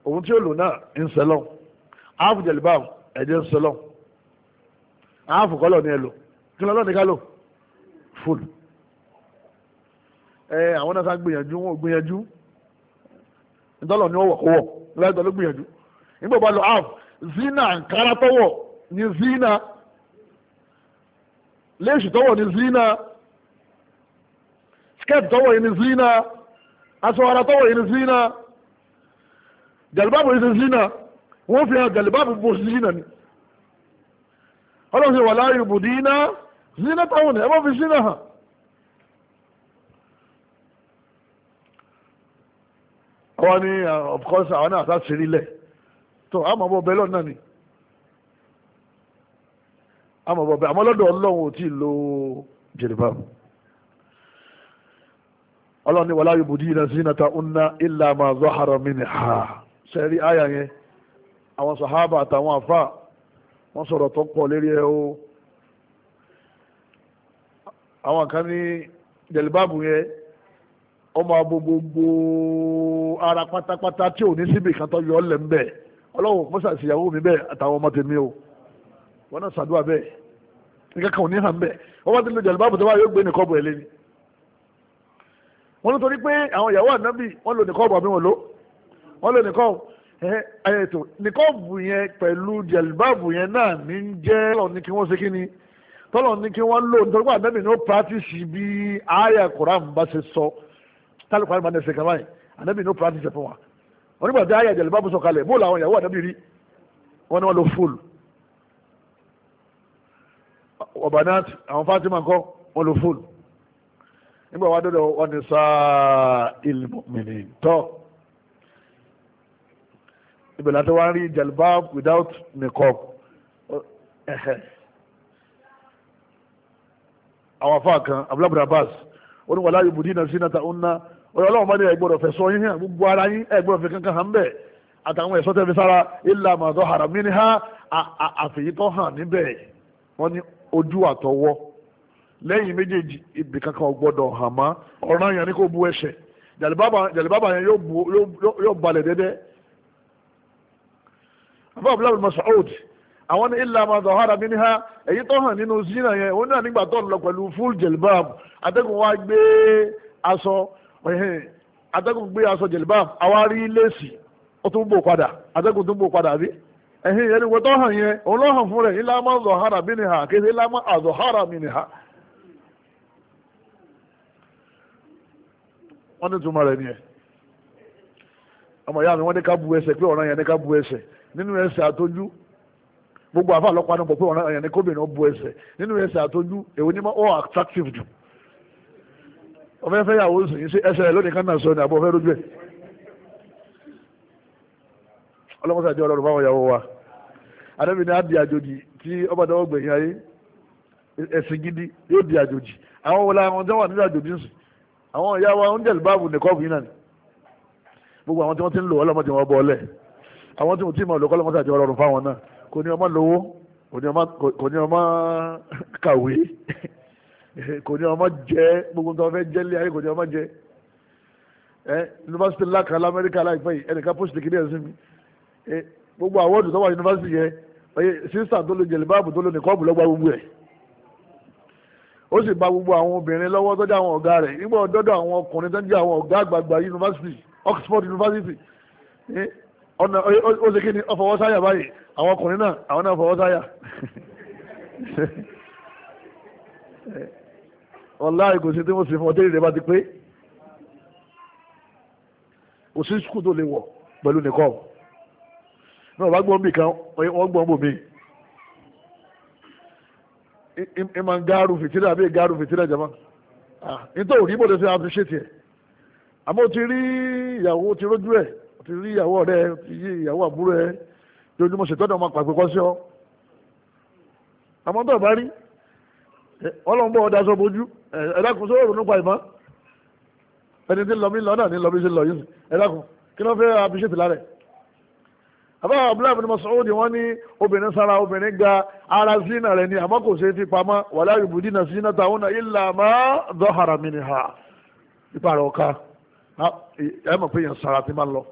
òun tí ó lò náà ńsẹ̀lọ́n áàfù jalbab ẹ̀jẹ̀ ńsẹ̀lọ́n áàfù kọ́lọ̀ ni ẹ lò kí lọ́lọ́ ní ká lò fúlù ẹ àwọn náà sá gbìyànjú wọn gbìyànjú ntọ́lọ̀ ni ó wọ̀ kówọ̀ lẹ́tọ̀ ló gbìyànjú nígbà bá lọ áàfù zina nkárá tọ́wọ̀ ni zina léṣù tọ́wọ̀ ni zina skẹ́ẹ̀tì tọ́wọ̀ ni zina aṣọ ara tọ́wọ̀ yìí sí náà jàlùbáàbù yìí sí náà wọ́n fi hàn jàlùbáàbù bó sí náà ni ọlọ́run ṣe wà láàyè ibùdí náà sí náà táwọn ẹ̀ wọ́n fi sí náà hàn àwọn ní of course àwọn náà sáà lẹ̀ tó àmọ́ bọ́ bẹ́ẹ̀ lọ́nà ni àmọ́ bọ́ bẹ́ẹ̀ àmọ́ lọ́dọ̀ ọlọ́run ò tí ì lo jàlùbáàbù ọlọ́ni wàlá yóò bùdí iná sínú ta unna ilà máa zọ́hara mini ha sẹ́rí àyà yẹn àwọn sàhábà àtàwọn àfà wọ́n sọ̀rọ̀ tó pọ̀ lérí ẹ o àwọn kan ní jẹ̀lìbáàbù yẹn ó máa bo gbogbo ara pátápátá tí ò ní síbi kan tó yọ ọ́ ń bẹ̀ ọlọ́wọ́ mọ́sà síyàwó mi bẹ́ẹ̀ àtàwọn ọmọ tèmi o wọ́n náà ṣàdúrà bẹ́ẹ̀ nǹkan kan ò ní hàn bẹ́ẹ̀ wọ́n bá jẹ̀lìbáàbù tó bá yóò gbé nìkan bọ̀ ẹ̀ lẹ́ni wọ́n ló torí pé àwọn ìyàwó ànábì wọ́n lò nìkọ́ọ̀bù àbí wọn lò wọ́n lò nìkọ́ọ̀bù ẹ̀ tó nìkọ́ọ̀bù yẹn pẹ̀lú jẹ̀lbáàbù yẹn náà ní ń jẹ́ tọ́lọ̀ ní kí wọ́n ṣe kí ni tọ́lọ̀ ní kí wọ́n lò nítorí pé ànábì ní ó pàtísì bí àyà Kùránì bá ṣe sọ tálùkù àyè máa ń ẹsẹ̀ kàmá yìí ànábì ní ó pàtísì fún wa onígbà tí àyà jẹ̀lbáàbù sọ kalẹ̀ bóòlù nígbà wá dọ́dọ̀ wọn ni sáà ilmọ̀mìnì tọ́ ìbẹ̀lẹ̀ àti wọn rí jalbab without niqab àwọn afa kan abdulabdul abbas ó ní wàlá ibùdí náà sínú ta ọ̀nà ọ̀rọ̀ ọlọ́run bá ní ẹgbọ́dọ̀ fẹ́ sọ yín hàn gbogbo ara yín ẹgbọ́dọ̀ fẹ́ kankan hàn bẹ́ẹ̀ àtàwọn ẹ̀sọ́ tẹ́ fi sára ilà màdọ́ haramínihà àfẹ̀yìntọ́ hàn níbẹ̀ wọ́n ní ojú àtọwọ́ lẹ́yìn méjèèjì ibi kankan ò gbọ́dọ̀ hàn mọ́ ọ̀ràn yẹn ni kò bu ẹsẹ̀ jàlibaba yẹn yóò balẹ̀ dẹ́dẹ́ Abúlé Abúlé masoud àwọn ní ilà máa zọ hara ha èyí tó hàn nínú zina yẹn òun náà nígbà tó ń lọ pẹ̀lú full jelibab atẹ́gùn wa gbé aṣọ atẹ́gùn gbé aṣọ jelibab àwa rí lẹ́sì ó tún bò padà atẹ́gùn tún bò ha. wọ́n ní túmọ̀ rẹ̀ ni ẹ̀ ọmọ ìyá mi wọ́n ní ká bu ẹsẹ̀ pé ọ̀ràn yẹn ní ká bu ẹsẹ̀ nínú ẹsẹ̀ àtọ́jú gbogbo àfa lọ́pàá náà bọ̀ pé ọ̀ràn yẹn ní kóbìnrin bu ẹsẹ̀ nínú ẹsẹ̀ àtọ́jú èwo ni ó attractive jù ọ̀fẹ́ fẹ́ yàwó sì yín sí ẹsẹ̀ rẹ̀ lónìí kan náà sọ ní àbọ̀ ọ̀fẹ́ lójú ẹ̀ ọlọ́mọsá jẹ́ ọlọ́run báwọn yàwó wa adébí ni á di àjòjì tí ọba dáwọ́ gbẹ̀yìn ayé ẹ̀sìn gidi yóò di àjòjì àwọn wọlé àwọn tí wọ́n wà nínú àjòjì ń sìn àwọn ìyá wa ń jẹ̀lú báàbù nìkan fún yín náà ni gbogbo àwọn tí wọ́n ti ń lò ọlọ́mọ tí wọ́n bọ́ ọlẹ̀ àwọn tí wọ́n ti mọ̀ lò kọ́lọ́mọ tí àti ọlọ́run fáwọn náà kò ní ọmọ lówó kò ní ọmọ kàwé kò ní ọmọ jẹ gbogbo tó fẹ́ jẹ́ lé kò ní ọmọ jẹ ẹ yunifásitì lákà lamẹ́ríkà láìpẹ́ yìí ẹnìkan pósìtì kìnìyàn sí mi gbogbo àwọ̀dù tó wà yunifásitì yẹn sísà tó lo jẹ̀lú báàbù tó lo nìkan ọ̀bùn ó sì bà gbogbo àwọn obìnrin lọ́wọ́ tọ́jú àwọn ọ̀gá rẹ̀ nígbà dọ́dọ̀ àwọn ọkùnrin tọ́jú àwọn ọ̀gá àgbààgbà yunifásitì Oxford University ọ̀nà ó ṣe kí ni ọ̀fọwọ́ sáyà báyìí àwọn ọkùnrin náà àwọn náà fọwọ́ sáyà ọ̀la ìgòsí tí wọ́n sì fún ọdẹ́rì rẹ̀ bá ti pé òsì skul tó lè wọ̀ pẹ̀lú nìkan náà wọ́n gbọ́n bì kan wọ́n gbọ́n bò míì ìmọ̀ gáàrú fìtírà àbí gáàrú fìtírà jama ah, nítorí òní bòde sí appreciate ẹ̀ àmọ́ ti rí ìyàwó ti rójú ẹ̀ ti rí ìyàwó ọ̀rẹ́ ti yí ìyàwó àbúrò ẹ̀ lójúmọ̀ ṣètọ́jú ọmọ pàpẹ́ kọ́ sí ọ àmọ́ tó o bá rí ọlọ́run bọ̀ ọ̀dà sọ bójú ẹ̀dákun sọ̀rọ̀ nípa ìmọ̀ ẹni tí lọ́mí lọ́nà ní lọ́mí sí lọ́yún ẹ̀dákun kí ló fẹ́ appreciate lára ẹ̀ àbáwọ̀ abúlé ibn Mas'ud wọ́n ní obìnrin sára obìnrin ga ara zina rẹ̀ ni àmọ́ kò ṣe ti pamọ́ wala yubdina zinatahunna illa ma zahara minha ipa rẹ̀ ọ̀ka ẹ mọ̀ pé yẹn sára ti máa lọ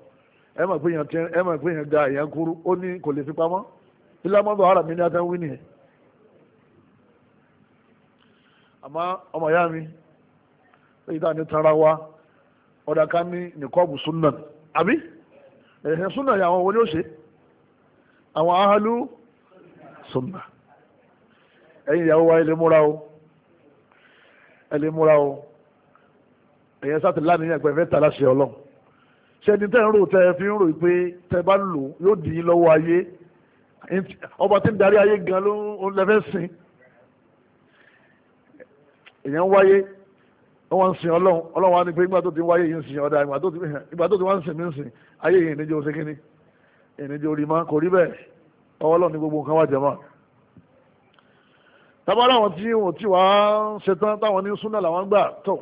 ẹ mọ̀ pé yẹn tẹ́rín ẹ mọ̀ pé yẹn ga èèyàn kúrú ó ní kò lè fi pamọ́ illa ma zahara minha tẹ́ ń wí nìyẹn. àmọ́ ọmọ ìyá mi èyí tá tara wa ọ̀dà ká ní nìkọ́ọ̀bù sunnah àbí ẹ̀hìn súnà àwọn wo ni ó àwọn ahalu súnà ẹ̀yin ìyàwó wa ilé múra o ẹ̀lẹ́ múra o ẹ̀yẹn sá ti lánìyàn pẹ̀fẹ́ ta láṣẹ ọlọ́run ṣé ẹni tẹ́ ń rò tẹ́ fi ń rò pé tẹ́ bá lò yóò dì í lọ́wọ́ ayé ọba tí ń darí ayé gan ló ń lẹ́fẹ́ sìn èèyàn ń wáyé wọ́n ń sin ọlọ́run ọlọ́run wa ni pé ìgbà tó ti wáyé yìí ń sin ọ̀dà ìgbà tó ti ìgbà tó ti wá ń sin mí ń sin ayé yìí níjó ṣe kíní ìníjó rí ma kò rí bẹ́ẹ̀ ọwọ́ ọlọ́run ní gbogbo nǹkan wá jẹ mọ́. tábàárà àwọn tí wọn ti wá ń ṣetán táwọn ní súnà làwọn gbà tó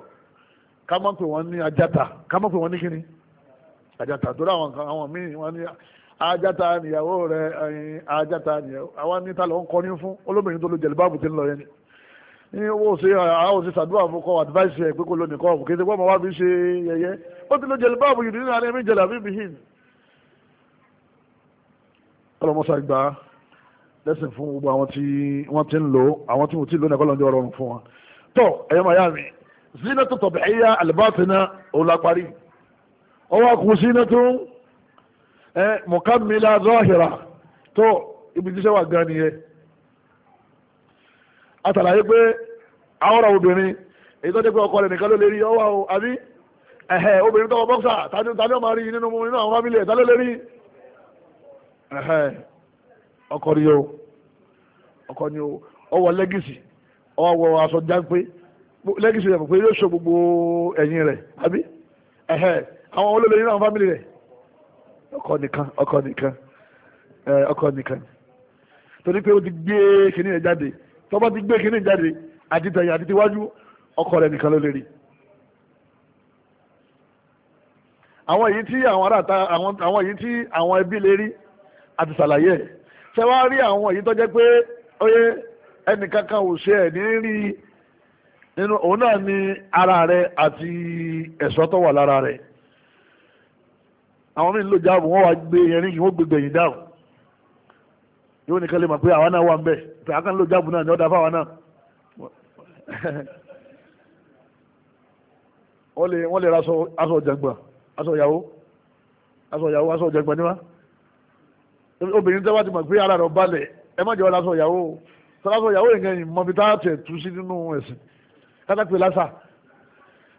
ká má pè wọ́n ní ajáta ká má pè wọ́n ní kíní ajáta tó dáwọn kan àwọn míì wọ́n ní ajáta nìyàwó rẹ̀ ajáta nìyàwó ní owó ṣe àwọn òṣìṣẹ́ àdúrà fún kọ́ advice ẹ̀ pé kó lónìí kọ́ ọ̀bù kí n ti pọ́ ọmọ wa fi ṣe yẹyẹ ó ti lo jẹ̀lẹ̀ báàbù yìí nínú àárín mi jẹ̀lẹ̀ àbí bìhín. ọlọmọṣà gba lẹ́sìn fún gbogbo àwọn tí wọ́n ti ń lò àwọn tí mo ti lò náà kọ́lọ́njọ́ ọlọ́run fún wọn. tó ẹ̀yọ́ màá yá mi zinatu tabi'iyya albatina òun la parí ọwọ́ kù zinatu mukammila zahira tó ibi jíṣẹ́ wà gan nìyẹn àtàlàyé pé àwòrán obìnrin èyí tó dé pé ọkọ rẹ̀ nìkan ló lè rí ọwọ́ o àbí ẹ̀hẹ̀ obìnrin tọwọ́ bọ́ksà tani ọmọ nínú nínú àwọn fámìlì tani lè rí ọkọ rí o ọkọ ni o ọwọ́ lẹ́gìsì ọwọ́ aṣọ gbogbo àbí àwọn olólè nínú àwọn fámìlì ọkọ nìkan ọkọ nìkan ọkọ nìkan torí pé ti gbé jáde tọ́ba ti gbé kínní jáde àdìtẹ̀yìn àdìtẹ̀wájú ọkọ rẹ̀ nìkan ló lè rí. àwọn èyí tí àwọn ará ta àwọn èyí tí àwọn ẹbí lè rí àti ṣàlàyé ẹ̀ ṣé wàá rí àwọn èyí tó jẹ́ pé oyè ẹnìkankan ò ṣe ẹ̀ ní rí nínú òun náà ni ara rẹ̀ àti ẹ̀ṣọ́ tó wà lára rẹ̀ àwọn míì ń lò jáàbù wọ́n wá gbé yẹn ní kí wọ́n gbégbẹ̀yìn dáhùn yóò ní kẹ́lẹ́ mọ̀ pé àwa náà wà ń bẹ̀ pé àwa kan ló jáàbù náà ni ó da fáwa náà wọ́n lè wọ́n lè ra aṣọ ọ̀jàngbà aṣọ ìyàwó aṣọ ìyàwó aṣọ ọ̀jàngbà níwá obìnrin tẹ́wá ti mọ̀ pé ara rẹ̀ balẹ̀ ẹ má jẹ́ wọn aṣọ ìyàwó tọ́lá aṣọ ìyàwó yẹn yìí mọ̀bi tá a tẹ̀ tú sí nínú ẹ̀sìn kátàpé lásà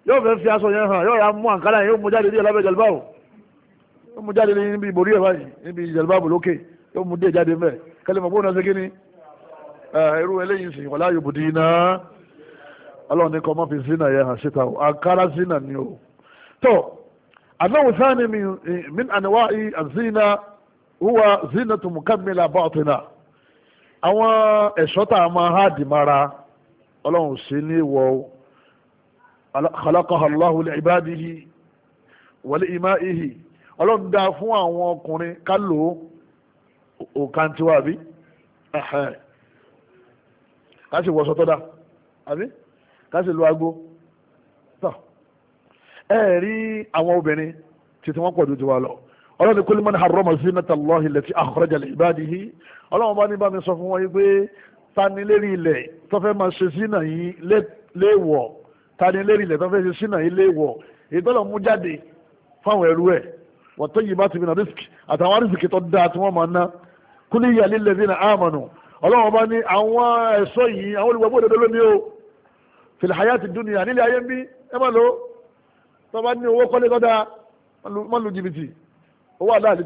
yóò fẹ́ fi aṣọ yẹn hàn yóò ra mú àǹkárá yẹn yóò mú jáde ní ẹ̀lábẹ́ jẹ̀lbáwò yóò mú jáde níbi ìbòrí ẹ̀ báyìí níbi jẹ̀lbáwò lókè yóò mú dé jáde mẹ́rẹ̀ kẹ́lẹ́ mọ̀ bóun náà ṣe kí ni eh, irú eléyìí sì wọ́n láàyò bùdí iná ọlọ́run ní kọ́ mọ́ fi zina yẹn hàn síta o àkàrà zina ni o tó anáwó sáni min àníwá zina huwa zina tó mú kámílà báàtínà àwọn ẹ̀ṣọ́ tá a máa háàdì mara ọlọ́run sí ní ìwọ̀ khalaqaha Allahu li ibadihi wa li ọlọ́run dáa fún àwọn ọkùnrin ká lò ó òkan tiwa àbí ká sì wọṣọ tọ́da àbí ká sì lu aago tọ́ ẹ rí àwọn obìnrin títí wọ́n pọ̀ ju tiwa lọ ọlọ́run ní kul man harrama zinata Allahi allati akhraja li ibadihi ọlọ́run bá ní bá mi sọ fún wọn yìí pé tani lérí ilẹ̀ tó fẹ́ máa ṣe sínà yìí léèwọ̀ tani lérí ilẹ̀ tó fẹ́ ṣe sínà yìí léèwọ̀ ìtọ́lọ̀ mú jáde fáwọn ẹrú ẹ̀ wọ́n tó yìí bá ti fi nà rísìkì àtàwọn rísìkì tó dáa tí wọ́n máa ná kúlíyà lílẹ̀ sí na àmànù ọlọ́run bá ní àwọn awọn yìí àwọn olùgbàgbọ́ òdodo lónìí o fìlàyà ti dùn ní ànílẹ̀ ayé ń bí ẹ má lò ó ní owó kọ́lé má lu jìbìtì owó aláàlì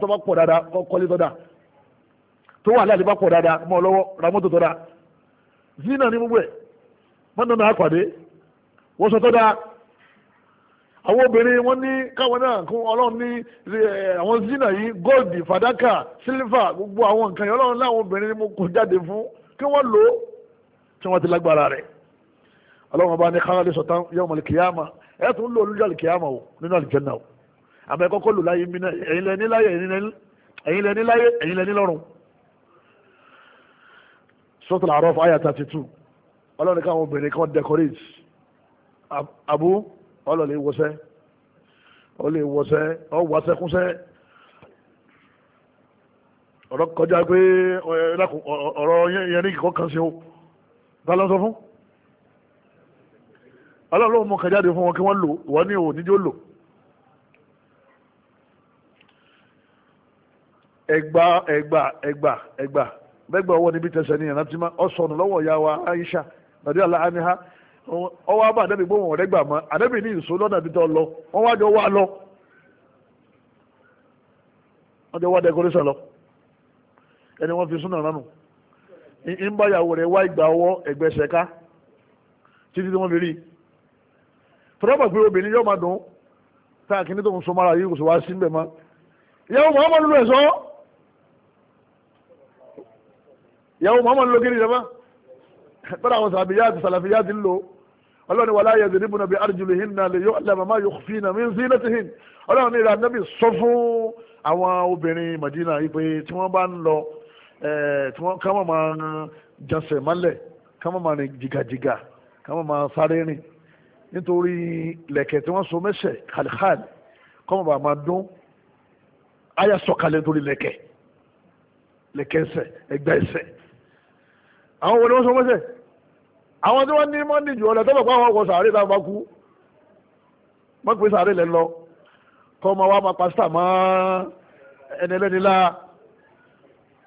pọ̀ àwọn obìnrin wọn ní káwọn náà kún ọlọ́run ní àwọn zina yìí góòdì fàdákà sílífà gbogbo àwọn nǹkan yìí ọlọ́run láwọn obìnrin mo kò jáde fún kí wọ́n lò ó tí wọ́n ti lágbára rẹ̀ ọlọ́run ọba ní káwọn lè sọ̀tà yọmọ kìyàmà ẹ̀ tún lò lójú àlìkìyàmà o nínú àlìjẹ́nà o àmọ́ ẹ̀ kọ́kọ́ lò láyé ẹ̀yin lẹ́ni láyé ẹ̀yin lẹ́ni lọ́run sọ́tàlá àrọ́f àyà 32 ọlọ́run káwọn obìnrin kan decorate abu ọlọ́lẹ̀ wọṣẹ́ ọlọ́lẹ̀ wọṣẹ́ ọwọ́ṣẹ́ kúnṣẹ́ ọ̀rọ̀ kọjá pé ọ̀rọ̀ yẹn ní kíkọ́ kan sí o bá lọ sọ fún ọlọ́run mú kan jáde fún wọn kí wọ́n lò wọ́n ní òní lò ẹgbà ẹgbà ẹgbà ẹgbà bẹ́gbà ọwọ́ níbi tẹ̀sẹ̀ ní ìrántí má ọ̀sọ̀nù lọ́wọ́ ìyá wa Aisha nàdí àlá àníhá ọwọ́ abá àdẹ́bí pé wọn ò rẹ́gbà mọ́ àdẹ́bí ní ìṣó lọ́nà bí tó lọ wọ́n wájọ wá lọ wọ́n jọ wá dẹkọrẹ́sọ̀ lọ ẹni wọ́n fi súnà ránu ń bá ìyàwó rẹ̀ wá ìgbà ọwọ́ ẹ̀gbẹ́ ṣẹ̀ká títí tí wọ́n fi rí tọ́lọ́pọ̀ pé obìnrin yóò máa dùn táà kí ní tó ń so mara yìí kò sì wá sí mbẹ̀ mọ́ ìyàwó Muhammadu ló ẹ̀sọ́ ìyàwó Muhammadu ló kiri ìjọba tọ́lá àwọn sàbíyá àti sàlàfíyá ti ń lò ó ọlọ́run wàlá yẹ zèrè bùnà bí arjulu hin na lè yọ alama má yọ fi na mí sí létí hin ọlọ́run ní ìrànlẹ́bí sọ fún àwọn obìnrin Madina yìí pé tí wọ́n bá ń lọ tí wọ́n ká mọ̀ máa jẹsẹ̀ mọ́lẹ̀ ká mọ̀ máa rìn jìgàjìgà ká mọ̀ máa sáré rìn nítorí lẹ̀kẹ̀ tí wọ́n so mẹ́sẹ̀ kàlíkàlí kọ́mọ̀ bá máa dún ayé sọ̀kalẹ̀ nítorí lẹ̀kẹ̀ lẹ̀kẹ̀ ẹsẹ̀ ẹgbẹ́ ẹsẹ̀ àwọn wo ni so mẹ́sẹ̀ àwọn tí wọ́n ní mọ́ndì jù ọ̀lẹ́ tọ́lọ̀ pàwọn ọkọ̀ sàárè tá a bá kú wọ́n pè sàárè lẹ́ lọ kọ́ ọmọ wa máa pásítà mọ́ ẹni ẹlẹ́ni lá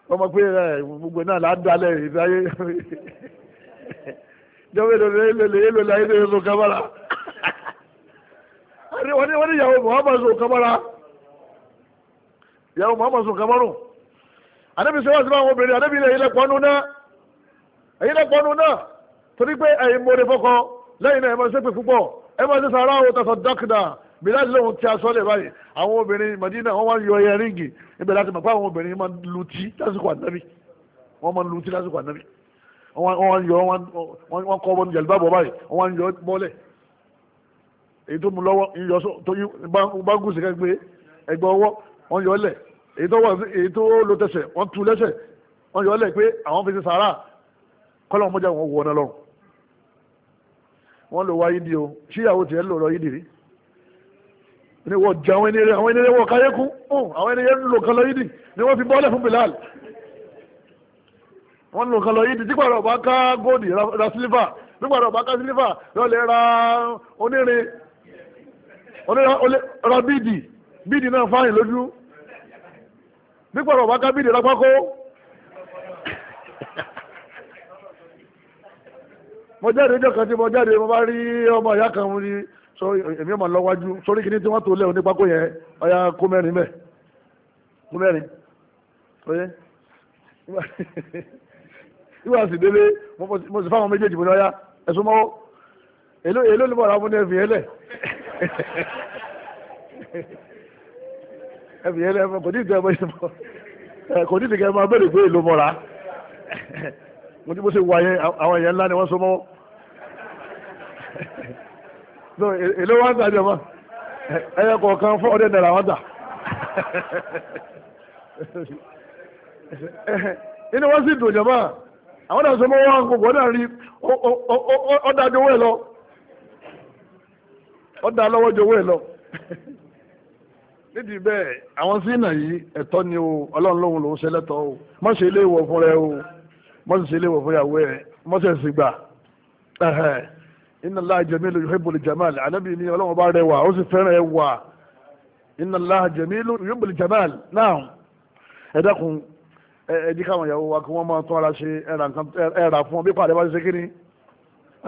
wọ́n mọ̀ pé gbogbo náà là á dalẹ̀ ìdáyé jọ́wọ́ èlò lè èlò lè èlò èlò kábàrà wọ́n ní wọ́n ní ìyàwó Muhammad sùn kábàrà ìyàwó Muhammad sùn kábàrà àdébísẹ́wọ́n sí máa obìnrin àdébílẹ̀ ilẹ̀ pọ́nú náà èyí lẹ́pọ̀nù náà torí pé ẹ̀yin mọ̀rẹ́ fọ́kọ lẹ́yìn náà ẹ máa ṣépè púpọ̀ ẹ máa ṣe sàrà o tàṣà dọ́kítà mílíọ̀nù lóhun tí a sọ lè báyìí àwọn obìnrin Madina wọ́n wá ń yọ ẹyẹ ríǹgì ibẹ̀ láti mọ̀ pé àwọn obìnrin máa ń lutí lásìkò ànábì wọ́n máa ń lutí lásìkò ànábì wọ́n wá ń yọ wọ́n kọ́ ọmọ jàlúbà bọ̀ báyìí wọ́n wá ń yọ mọ́lẹ̀ èyí tó mú lọ́wọ́ yíyọ tó yí báńgùsì kan gbé ẹgbẹ́ àwọn fi ti náà lọ́rùn wọ́n lò wáyé di o ṣíyàwó tiẹ̀ lò lọ yídì rí ni wọ́n jẹ àwọn ènìyàn àwọn ènìyàn wọ̀ káyé kú àwọn ènìyàn lò kan lọ yídì ni wọ́n fi bọ́ọ̀lẹ̀ fún Bilal wọ́n lò kan lọ yídì nígbà rẹ̀ ọba ká góòdì ra sílífà nígbà rẹ̀ ọba ká sílífà lọ́lẹ̀ ra onírin ra bídì bídì náà fáyìn lójú nígbà rẹ̀ ọba ká bídì ra pákó. mo jáde ọjọ́ kan tí mo jáde mo bá rí ọmọ ìyá kan mo ní sọ èmi ọmọ lọ́wájú sórí kìíní tí wọ́n tó lẹ́wọ̀n nípa kó yẹn ọya kó mẹ́rin mẹ́ kó mẹ́rin oyé ìwà sì délé mo sì fáwọn méjèèjì mo ní ọya ẹ̀sùn mọ́wọ́ èló èló ló bọ̀rọ̀ amúnú ẹ̀fìn ẹlẹ̀ ẹ̀fìn ẹlẹ̀ kò ní ìtẹ̀ kò ní ìtẹ̀ kẹ́ máa bẹ̀rẹ̀ pé èló mọ́ra mo ti mo ṣe wà yẹn àwọn èèyàn ńlá ni wọ́n so mọ́wọ́. E, èlé wọn tà jọba ẹyẹ kọ̀ọ̀kan fún ọdẹ náírà wọn tà inú wọn sì dùn jọba àwọn náà sọ mọ wọn gbogbo ọdẹ rí ọdà jọ̀wọ́ ẹ lọ ọdà lọ́wọ́ jọ̀wọ́ ẹ lọ nídìí bẹ́ẹ̀ àwọn sínà yìí ẹ̀tọ́ ni o ọlọ́run lóhun lòún ṣe lẹ́tọ́ o má ṣe ilé ìwọ̀ fún rẹ o má ṣe ilé ìwọ̀ fún ìyàwó ẹ má ṣe sì gbà inna Allaha jamilun yuhibbul jamal ànábì ni ọlọ́run bá rẹwà ó sì fẹ́ràn ẹwà inna Allaha jamilun yuhibbul jamal náà ẹ dákun ẹ jí káwọn ìyàwó wa kí wọ́n máa tún ara ṣe ẹ̀rà fún ọ bí pàdé bá ṣe kí ni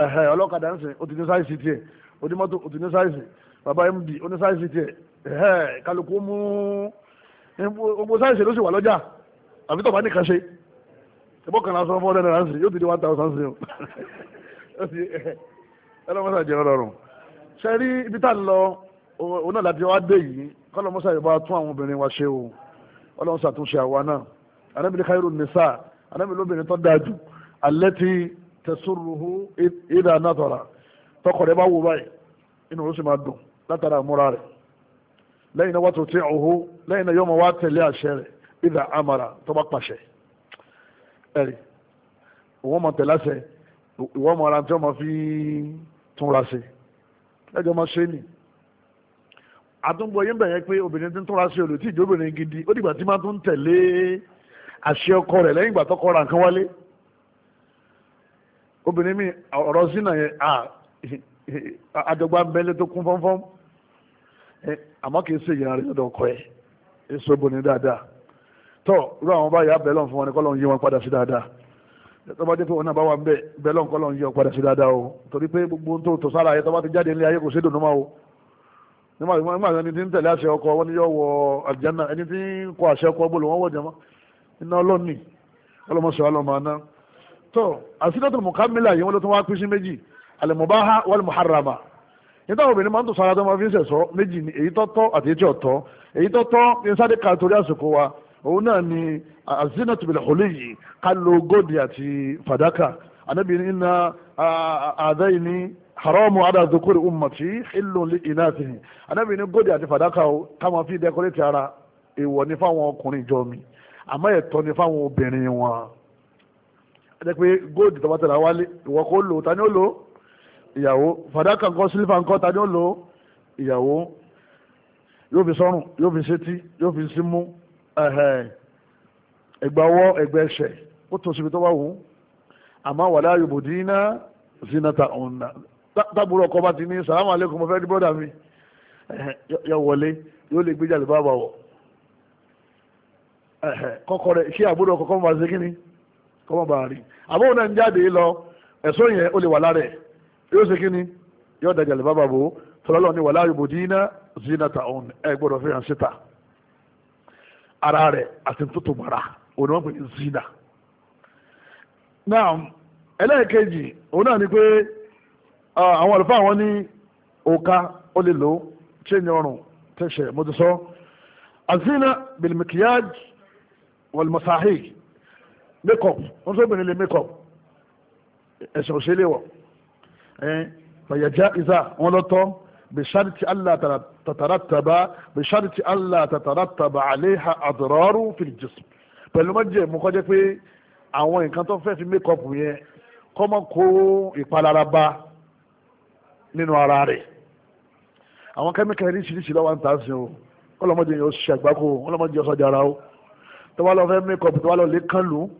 ẹ̀hẹ̀ ọlọ́kadà ń sìn ó ti ní sáìsì tiẹ̀ onímọ́tò ó ti ní sáìsì bàbá md ó ní sáìsì tiẹ̀ ẹ̀hẹ̀ kálukú mú gbogbo sáìsì ló sì wà lọ́jà àbí tọ́ba nìkan ṣe ìbọ̀kànlá sọ fún ọ̀dẹ́ náírà ń sìn yóò ti di one thousand sìn ó ti ẹ̀hẹ̀ ẹlọ́mọ́sá jẹ́ ọlọ́run ṣe rí ibi tá a lọ òun náà láti wá dé yìí kọ́lọ́mọ́sá yìí bá tún àwọn obìnrin wa ṣe o ọlọ́run ṣàtúnṣe àwa náà anábìlẹ̀ káyọ̀rọ̀ nìṣà anábìlẹ̀ obìnrin tó dáa jù alẹ́ ti tẹ̀sùrùhù ìdá anátọ̀ra tọkọ rẹ bá wò báyìí inú oṣù máa dùn látara àmúra rẹ lẹ́yìn náà wà tó tí òhù lẹ́yìn náà yóò máa wá tẹ̀lé àṣẹ rẹ ìdá amara tó bá pàṣẹ ẹ̀rí ìwọ́n máa tẹ̀lé àṣẹ ìwọ́n máa ra tí wọ́n máa fi túnra ṣe ẹjọ́ máa ṣe nì àtúngbọ̀ yín bẹ̀yẹn pé obìnrin ti ń túnra ṣe olùtí ìjóbìnrin gidi ó dìgbà tí máa tún tẹ̀lé àṣẹ ọkọ rẹ̀ lẹ́yìn ìgbà tọkọ ra nǹkan wálé obìnrin mi ọ̀rọ̀ sínà yẹn àjọgbá bẹ́lẹ̀ tó kún fọ́nfọ́n àmọ́ kìí ṣe ìyára rẹ̀ lọ́dọ̀ ọkọ ẹ̀ èso obìnrin dáadáa tọ́ irú àwọn báyìí abẹ́lẹ̀ fún wọn ni kọ́ lọ́n tọ́ba jẹ́ pé ọ̀nà bá wà bẹ́ẹ̀ bẹ́ẹ̀ lọ́nkọ́ lọ́n yọ padà sí dáadáa o torí pé gbogbo tó tó sára ayé tọ́ba ti jáde nílé ayé kò sédùn náà o nígbà tí wọ́n ní ti ń tẹ̀lé àṣẹ ọkọ wọn ni yọ wọ àlùjánnà ẹni tí ń kọ àṣẹ ọkọ bó lò wọ́n wọ̀ jẹ́mọ́ iná ọlọ́ọ̀nì ọlọ́mọṣọ ọlọ́mọaná tó àsídọ́tò mùkámílà yìí wọ́n ló tún wá pín sí wal muharrama yìí táwọn obìnrin máa ń tò sára tó ni èyí tọ́tọ́ àti èyí tí ọ̀tọ́ èyí tọ́tọ́ ní sádẹ́ka torí àsìkò wa ni azina tó bẹ̀rẹ̀ xolé yìí ká lo góòdì àti fàdákà anabi ní iná àdáyé ní haramu ada zokori ummati hillun li inasihi anabi ní góòdì àti fàdákà o ká máa fi dẹkọrẹ́tì ara èèwọ̀ ní fáwọn ọkùnrin jọ mi àmọ́ ẹ̀tọ́ ní fáwọn obìnrin wọn jẹ́ pé góòdì tó bá tẹ̀lé wálé ìwọ kó lò ta ni ó lò ìyàwó fàdákà ńkọ́ sílífà ńkọ́ ta ni ó lò ìyàwó yóò fi sọ́rùn yóò fi sétí yóò fi símú ẹ̀hẹ́ ẹ̀gbà ọwọ́ ẹ̀gbà ẹsẹ̀ ó tó síbi tó bá wù ú àmọ́ wàlá yubudina zinata ọ̀nà tábùrù ọkọ bá ti ní salamu aleykum mo fẹ́ bọ́dà mi yọ wọlé yóò lè gbé jàlè bábà wọ̀ kọ́kọ́ rẹ̀ ṣé àbúrò ọkọ kọ́ mọ̀ bá ṣe kí ni kọ́ mọ̀ bá rí àbúrò náà ń jáde lọ ẹ̀sọ́ yẹn ó lè wà lára ẹ̀ yóò ṣe kí ni yóò da jàlè bábà bò tọ́lọ́lọ́ ni wàlá yubudina zinata ọ̀nà ẹ̀ gbọ́dọ̀ fi hàn síta ara rẹ̀ àti tó tó mara òun ni wọ́n pè ní zina now ẹlẹ́ẹ̀kejì òun náà ni pé àwọn àlùfáà wọn ní òka ó lè lò chain ọrùn tẹ̀sẹ̀ mo ti sọ azina bilmikiyaj wàlmọ̀sáhì makeup wọ́n sọ bìnrin lè makeup ẹ̀sìn òṣèlè wọ̀ fàyàjá ìzà wọn lọ tọ́ بشرط ألا تترتب بشرط ألا تترتب عليها أضرار في الجسم pẹ̀lú mọ́jẹ̀mú kó jẹ́ pé àwọn nǹkan tó fẹ́ fi make up yẹn kó má kó ìpalára bá nínú ara rẹ̀ àwọn kẹ́míkà oríṣiríṣi lọ́wọ́ ń tà sí o ọlọ́mọdé yẹn ó ṣe àgbákò ọlọ́mọdé yẹn sọ́jà ara o tó wá lọ fẹ́ make tó wá lọ lè kán lù ú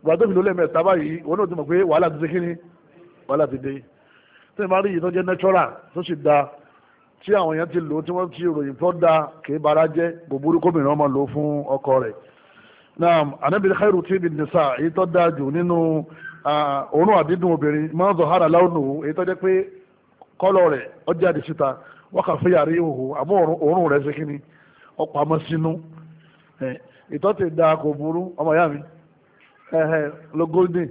ìgbà tó fi lólè náà ti mọ̀ pé wàhálà ti dé kí ni wàhálà ti dé tí ìmọ̀ rí yìí tó jẹ́ natural tó sì da tí àwọn èèyàn ti lò tí wọ́n ti ròyìn tó da kì í bara jẹ́ gbogbo orúkọ mìíràn máa lò fún ọkọ rẹ̀ naam anabi khairu ti bi nisa èyí tó dáa jù nínú òórùn àdídùn obìnrin máa ń zọ hara láwùnù èyí tó jẹ́ pé kọ́lọ̀ rẹ̀ ó jáde síta wọ́n kà fún yàrá ìhòhò àmọ́ òórùn rẹ̀ ṣe kíni ó pamọ́ ìtọ́ ti da kò burú ọmọ ìyá mi lo golden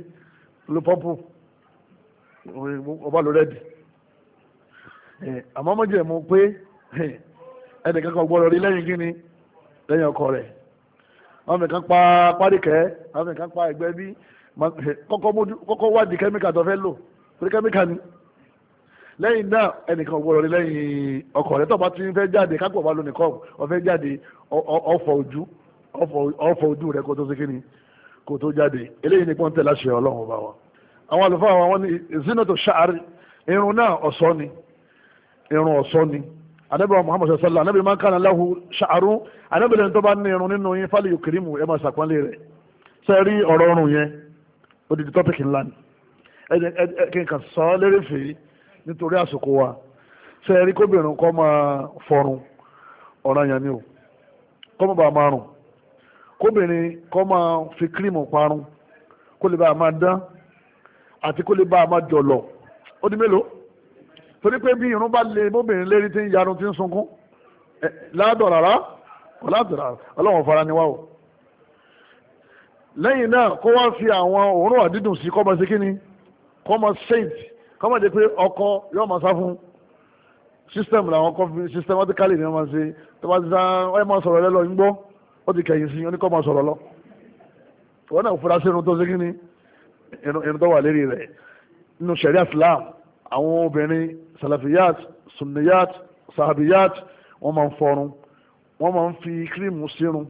lo purple ọba lo red àmọ́ mọ́jẹ̀ mú pé ẹnìkan kan gbọ́dọ̀ rí lẹ́yìn kíni lẹ́yìn ọkọ rẹ̀ àwọn nìkan pa páríkẹ́ àwọn nìkan pa ẹ̀gbẹ́ bí eh, kọ́kọ́ wádìí kẹ́míkà tó fẹ́ lò torí kẹ́míkà ni lẹ́yìn náà ẹnìkan gbọ́dọ̀ ní lẹ́yìn ọkọ̀ rẹ̀ tọ́ba tí ń fẹ́ jáde kápò ọba lónìí kọ́ọ̀bù ọ̀fẹ́ jáde ọ̀fọ̀ ojú ọ̀fọ̀ ojú rẹ̀ kó tó sékí ni kó tó jáde eléyìí ni pọ́ńtẹ́ láṣẹ ọlọ́run ọba wa. àwọn àlùfáà wọn ní zinato ṣáárì irun náà ọ̀ṣọ́ ni irun ọ̀ṣọ́ ni anabi wa muhammadu sallallahu anabi man kana lahu sha'arun anabi lẹni tó bá ní irun nínú yín fali yukirimu ẹ máa ṣàpọ́nlé rẹ̀ sẹ́ẹ̀rí ọ̀rọ̀ ọ̀run yẹn ó di tọ́pìkì ńlá ni kí n kà sọ ọ́ lérè fè é nítorí àsìkò wa sẹ́ẹ̀rí kóbìnrin kọ́ máa fọrun ọ̀ràn yẹn ni o kọ́ máa bá a kóbìnrin kọ́ máa fi kírímù parun kó lè bá a dán àti kó lè bá a máa ó di mélòó torí pé bí irun bá lè bóbìnrin lérí tí ń yanu tí ń sunkún ládọ̀rọ̀rá kò ládọ̀rọ̀rá ọlọ́run fara ni wá o lẹ́yìn náà kó wá fi àwọn òórùn àdídùn sí kọ́mọ sí kíni kọ́mọ saint kọ́mọ dé pé ọkọ yóò máa sá fún system làwọn kọ́ fi systematically ni wọ́n máa ṣe tó bá ti sá ẹ máa sọ̀rọ̀ lẹ́lọ́ ń gbọ́ ó ti kẹ̀yìn sí oníkọ́ máa sọ̀rọ̀ lọ wọ́n náà fura sí irun tó sí kíni irun tó wà lérí rẹ̀ nínú sẹ̀rí àsìláàmù àwọn obìnrin salafiyat sunniyat sahabiyat wọ́n máa ń fọrun wọ́n máa ń fi kírímù sírun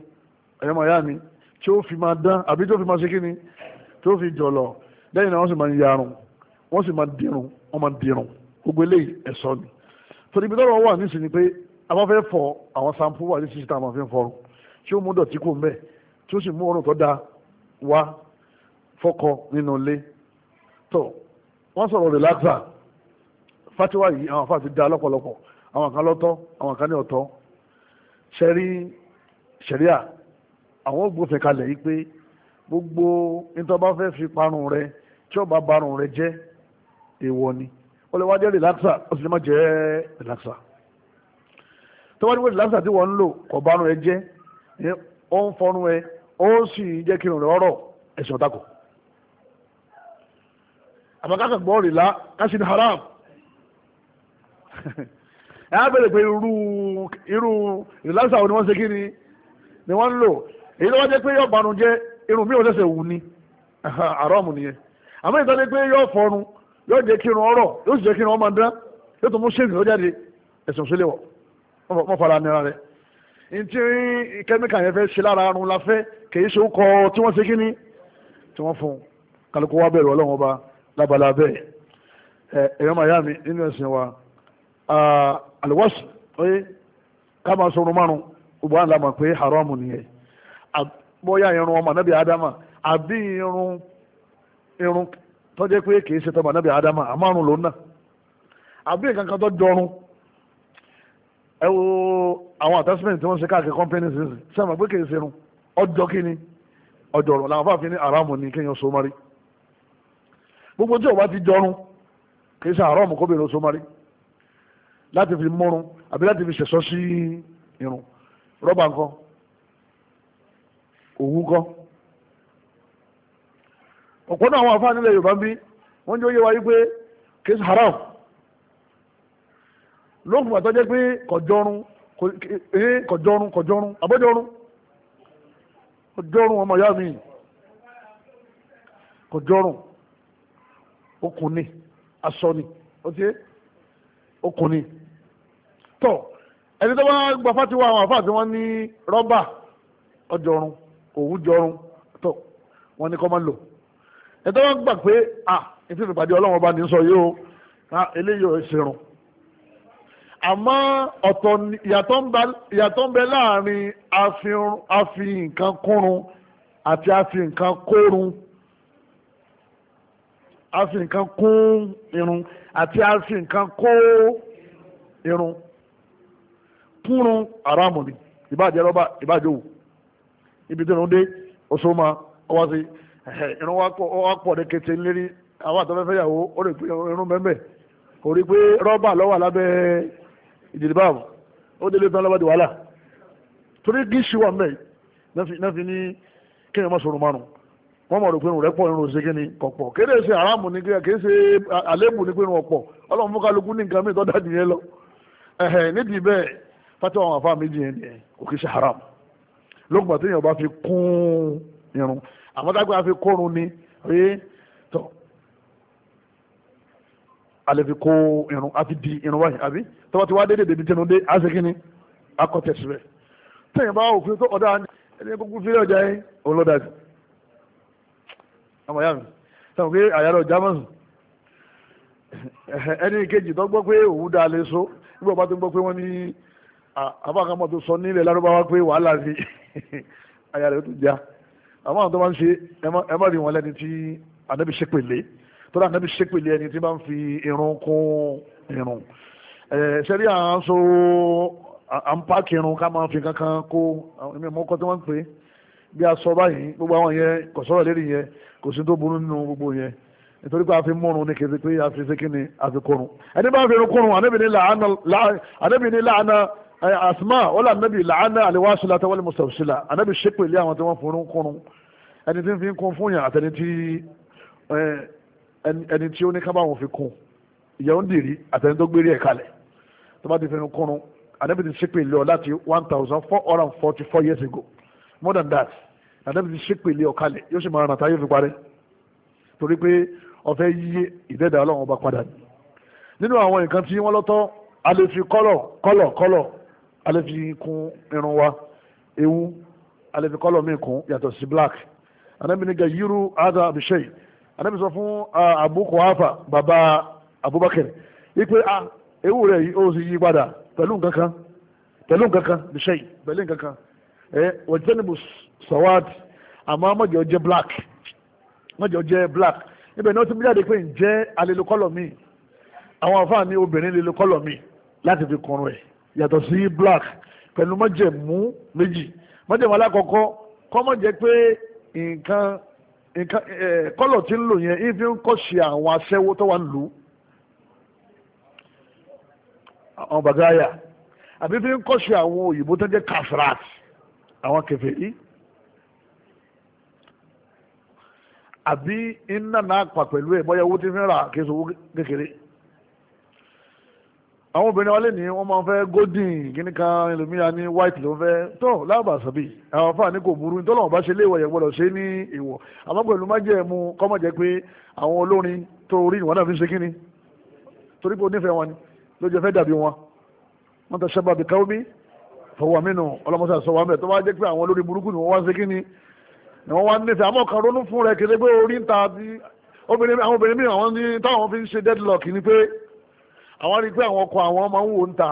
ẹ̀yọ́mọ̀ ìyá mi tí ó fi máa dán àbí tí ó fi máa ṣe kíni tí ó fi jọ̀lọ̀ lẹ́yìn náà wọ́n sì máa ń yarun wọ́n sì máa dirun wọ́n máa dirun gbogbo eléyìí ẹ̀sọ́ ni torí ibi tọ́rọ̀ wà nísìnyí pé a máa fọ àwọn sampo wà ní sísítà máa fi fọrun tí ó mú dọ̀tí kò mbẹ́ tí ó sì mú ọrùn tó da wá fọ́kọ nínú ilé tó wọ́n sọ̀rọ̀ relaxer fatiwa yìí àwọn afáàtì dá lọ́pọ̀lọpọ̀ àwọn kan lọ́tọ̀ àwọn kan ní ọ̀tọ̀ ṣẹ́rí ṣẹ̀ríà àwọn ògbófin kalẹ̀ yìí pé gbogbo nítorí fẹ́ fi parun rẹ tí ọba barun rẹ jẹ́ èèwọ̀ ni ó lè wá jẹ́ relaxer ó sì lè má jẹ́ relaxer tó wá ní wọ́n relaxer tí wọ́n ń lò kò barun rẹ jẹ́ ó ń fọrun ẹ ó sì jẹ́ kírun rẹ ọ̀rọ̀ ẹ̀sìn ọ̀tàkùn àbákàkà gbọ́ rìlá káṣí haram ẹ á bẹ̀rẹ̀ pé irú irú ìlàsà wo ni wọ́n ṣe kí ni ni wọ́n ń lò èyí tó wá jẹ́ pé yóò banu jẹ́ irun mi ò ṣẹ̀ṣẹ̀ wù ni àrọ́ọ̀mù nìyẹn àmọ́ ìtọ́jú pé yóò fọrun yóò jẹ́ kírun ọ̀rọ̀ yóò sì jẹ́ kírun ọmọ dán yóò tún mú ṣéèkì ó jáde ẹ̀sùn sílé wọ̀ wọ́n fara nira rẹ̀ ntí kẹ́míkà yẹn fẹ́ ṣe lára arun la fẹ́ kèyí ṣe ó kọ tí wọ́n ṣe kí ni tí wọ́n fún kálukú wa bẹ̀rù ọlọ́run ọba lábala bẹ́ẹ̀ ẹ̀yọ́ màyá mi nínú ẹ̀sìn wa àlùwọ́sì oye kama máa sọ̀rọ̀ márùn gbogbo àwọn làmọ̀ pé haram bóyá irun ọmọ anábì ádámà àbí irun irun tó pé kìí ṣe tọmọ anábì ádámà àmárùn lòún náà àbí nǹkan kan tó dọrùn ẹ wo àwọn attachment tí wọ́n ṣe káàkiri company pé kìí gbogbo tí bá ti kìí ṣe haram kóbìnrin láti fi múrun àbí láti fi ṣẹ̀ṣọ́ sí irun rọ́bà ńkọ́ òwú ńkọ́ ọ̀pọ̀ náà àwọn afáà nílẹ̀ Yorùbá ń bí wọ́n jẹ́ oyé wa yí pé kìí haram lókùn àtọ́jẹ́ pé kọjọ́rún kọjọ́rún eh, kọjọ́rún àbọ́jọ́rún kọjọ́rún ọmọ ìyá mi kọjọ́rún okùn ni aṣọ ni ó ti okùnrin tọ ẹni tó bá gba fatiwa àwọn àfáà tí wọ́n ní rọ́bà ọjọ́run òun jọrun tọ wọ́n ní kọ́ máa lò ẹni tó bá gbà pé à ètò ìpàdé ọlọ́run ọba ní sọ yìí o eléyìí ò ṣerun àmọ́ ọ̀tọ̀ ìyàtọ̀ ń bẹ láàrin àfi nǹkan kúrun àti àfi nǹkan kórun a fi nǹkan kún irun àti a fi nǹkan kó irun kúrun aráàmù ni ìbàjẹ́ rọ́bà ìbàjẹ́ òwò ibi tí irun dé oṣù ma ọwọ́ sí irun wa pọ̀ ní kété lérí àwọn àtọ́fẹ́fẹ́ yàwó ó lè pe irun bẹ́ẹ̀ kò rí pé rọ́bà lọ́wọ́ lábẹ́ ìdìdìbáàbò ó délé tán lọ́wọ́ di wàhálà torí gíṣì wà mẹ́ẹ̀ náà fi ní kéèyàn má sọ̀rọ̀ márùn-ún wọ́n mọ̀ rò pé rẹ̀ pọ̀ irun ò ni kọ̀pọ̀ kéde ṣe aráàmù ni kéde ṣe àlébù ni pé irun ọ̀pọ̀ ọlọ́run fún kálukú ní nǹkan mìíràn tó dájú yẹn lọ ẹ̀hẹ̀ nídìí bẹ́ẹ̀ fátí àwọn àfa méjì yẹn nìyẹn kò kí ṣe haram lókùnbà tí èèyàn bá fi kún irun àmọ́ tá a gbé a fi kórun ni oyè tọ́ a fi kó irun a fi di irun wáyé àbí tọ́wọ́ ti wá dédé débi tẹnu dé a ṣe kí ni a kọ́ tẹ̀síwẹ̀ tẹ̀yìn bá òfin tó ọ̀dà ẹni gbogbo fi ọjà yẹn òun lọ́dà sí ọmọ yá mi sọ pé àyàrá ọjà mọ̀ ẹni kejì tó gbọ́ pé òun dá lè so nígbà bá tó gbọ́ pé wọ́n ní abákanmọ́ tó sọ nílẹ̀ lárúbáwá pé wàhálà sí àyàrá ó tún já àwọn àwọn tó máa ń ṣe ẹ má rí wọn lẹ́ni tí ànábì ṣépèlé tó dá ànábì ṣépèlé ẹni tí máa ń fi irun kún irun ṣẹ́rí à ń à ń pàkì irun ká máa fi kankan kó ẹ̀mí ọmọkọ tí wọ́n ń pè é bí a sọ báyìí gbogbo àwọn yẹn kò sọ̀rọ̀ lérí yẹn kò sí tó burú nínú gbogbo yẹn nítorí pé a fi mọ́run ní kété pé a fi ṣe kí ni a fi kọrun ẹni bá fi irun kọrun ànábì ní làánà asma ọlọ ànábì làánà àlewàsílà tẹwọlé mùsàlùsílà ànábì ṣépè lé àwọn tí wọn fún irun kọrun ẹni tí ń fi kún fún yàn àtẹni tí ẹni tí ó ní kábàáwọn fi kún ìyàwó ń dìrí àtẹni tó gbérí ẹ̀ kalẹ̀ tó bá ti fi irun kọrun ànábì ti ṣépè lọ láti one thousand four hundred and forty four years ago more than that nàdẹ́bí ti ṣépèlé ọ̀kalẹ̀ yóò ṣe máa ràn táyé fi parẹ́ torí pé ọ̀fẹ́ yí ìdẹ́dà ọlọ́run ọba padà ní. nínú àwọn nǹkan tí wọ́n lọ́tọ́ a lè fi kọ́lọ̀ kọ́lọ̀ kọ́lọ̀ a lè fi kún irun wa ewu a lè fi kọ́lọ̀ míì kún yàtọ̀ sí black anabi ni gayiru ada abishai anabi sọ fún Abu Kuhafa baba Abubakar ipe a ah, ewu rẹ̀ yìí ó sì yí padà pẹ̀lú nǹkan kan pẹ̀lú nǹkan kan bishai pẹ̀lú nǹkan kan wọ́n jẹ́ níbo sọ̀wáàdì àmọ́ mọ̀jọ́ jẹ́ black mọ̀jọ́ jẹ́ black níbẹ̀ náà ti bí jáde pé ǹjẹ́ alelo kọ́lọ̀ mi àwọn àfáàní obìnrin lelo kọ́lọ̀ mi láti fi kọrun ẹ̀ yàtọ̀ sí black pẹ̀lú mọ̀jẹ̀mú méjì mọ̀jẹ̀mú alákọ̀ọ́kọ́ kọ́ mọ̀ jẹ́ pé nǹkan nǹkan kọ́lọ̀ tí ń lò yẹn ìfi ń kọ́ ṣe àwọn aṣẹ́wó tó wà ń lò àwọn bàgáyà àbí fi ń kọ́ ṣe àwọn òyìnbó tó jẹ́ kafrat àwọn kèfèrí àbí iná náà pa pẹ̀lú ẹ̀ bọ́yá owó tí fi ń rà kí sowó kékeré àwọn obìnrin wa ní wọ́n máa ń fẹ́ golden kíní kan ẹlòmíya ní white ló ń fẹ́ tó láàbà sàbí àwọn afáà ní kò burú nítorí àwọn bá ṣe léèwọ̀ yẹn gbọ́dọ̀ ṣe ní ìwọ̀ àmọ́ pẹ̀lú má jẹ́ ẹ̀mú kọ́mọ̀ jẹ́ pé àwọn olórin tó rí ìwọ̀n náà fi ń ṣe kíni torí pé onífẹ̀ẹ́ wọn ni ló jẹ́ fẹ́ dàbí wọn wọ́n tẹ sábà bí káwọ́ fọwọ́ mínú ọlọ́mọṣà sọ wà mẹ́ẹ̀ tó bá jẹ́ pé àwọn olórí burúkú ni wọ́n wá ń ṣe kí ni ni wọ́n wá ń nífẹ̀ẹ́ àmọ́ kan ronú fún rẹ̀ kété pé orí ń ta bí obìnrin àwọn obìnrin mìíràn àwọn ní táwọn fi ń ṣe deadlock ni pé àwọn rí i pé àwọn ọkọ àwọn máa ń wò ń ta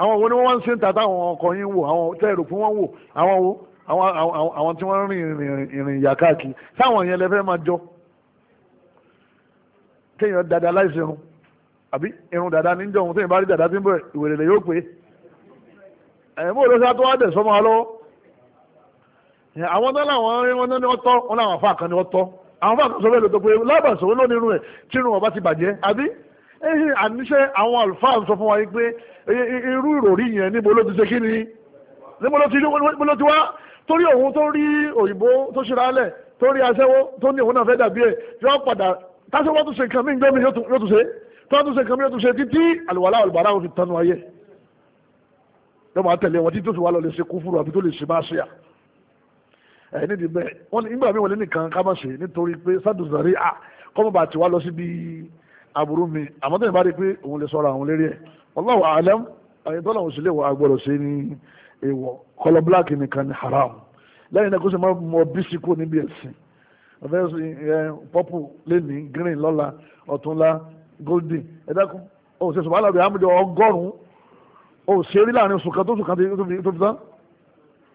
àwọn òwò ni wọ́n wá ń ṣe ń ta táwọn ọkọ yín wò àwọn tẹ́ èrò fún wọn wò àwọn wo àwọn tí wọ́n rìn ìrìn ìyà káàkiri táwọn yẹn lè fẹ́ máa jọ kéèyàn dada láìsí irun àbí irun dada níjọ òun téèyàn bá rí dada tí ń bọ̀ ìwèrè lè yóò pé ẹ̀bú olóṣà tó wá dẹ̀ sọ́mọ́ alọ́ àwọn tó láwọn wọn ní ọtọ́ wọn láwọn afá kan ní ọtọ́ àwọn afá kan sọ fẹ́ lọ́tọ́ pé lábàṣọ lónìí rẹ̀ tínú ọba ti bàjẹ́ àbí ẹ̀hìn àníṣe àwọn àlùfáà sọ fún wa pé irú ìròrí yẹn níbo ló ti ṣe kí ni níbo ló ti wá torí òun tó rí òyìnbó tó ṣe rálẹ̀ tó rí aṣẹ́wó tó ní òun náà fẹ́ dàbí ẹ̀ yọ padà táṣẹ́wó tó ṣe nǹkan mí ń gbẹ́mí yóò tún ṣe yọ máa tẹ̀lé wọn títí tó sì wá lọ lè ṣe kúfúrú àbí tó lè ṣe bá ṣe à ẹ̀ nídìí bẹ́ẹ̀ wọ́n ní nígbà míì wọlé nìkan ká má ṣe nítorí pé sádùzọ̀rí à kọ́mọ̀ bá ti wá lọ síbi aburú mi àmọ́ tẹ̀yìn bá rí i pé òun lè sọ̀rọ̀ àwọn lérí ẹ̀ wallahu a'lam ẹ̀yìn tó làwọn òṣèlè wọ agbọ̀rọ̀ sí ní èèwọ̀ kọlọ black nìkan ni haram lẹ́yìn náà kó sì má mọ bísí kúrò níbi ẹ̀sìn ọ̀fẹ́ pọ́pù lẹ́nìí green lọ́la ọ̀túnla golden ẹ̀dákun òun ṣe sùpàlà bíi àmì ọgọ́rùn o ṣe rí láàrin oṣù kan tó oṣù kan tó fi tán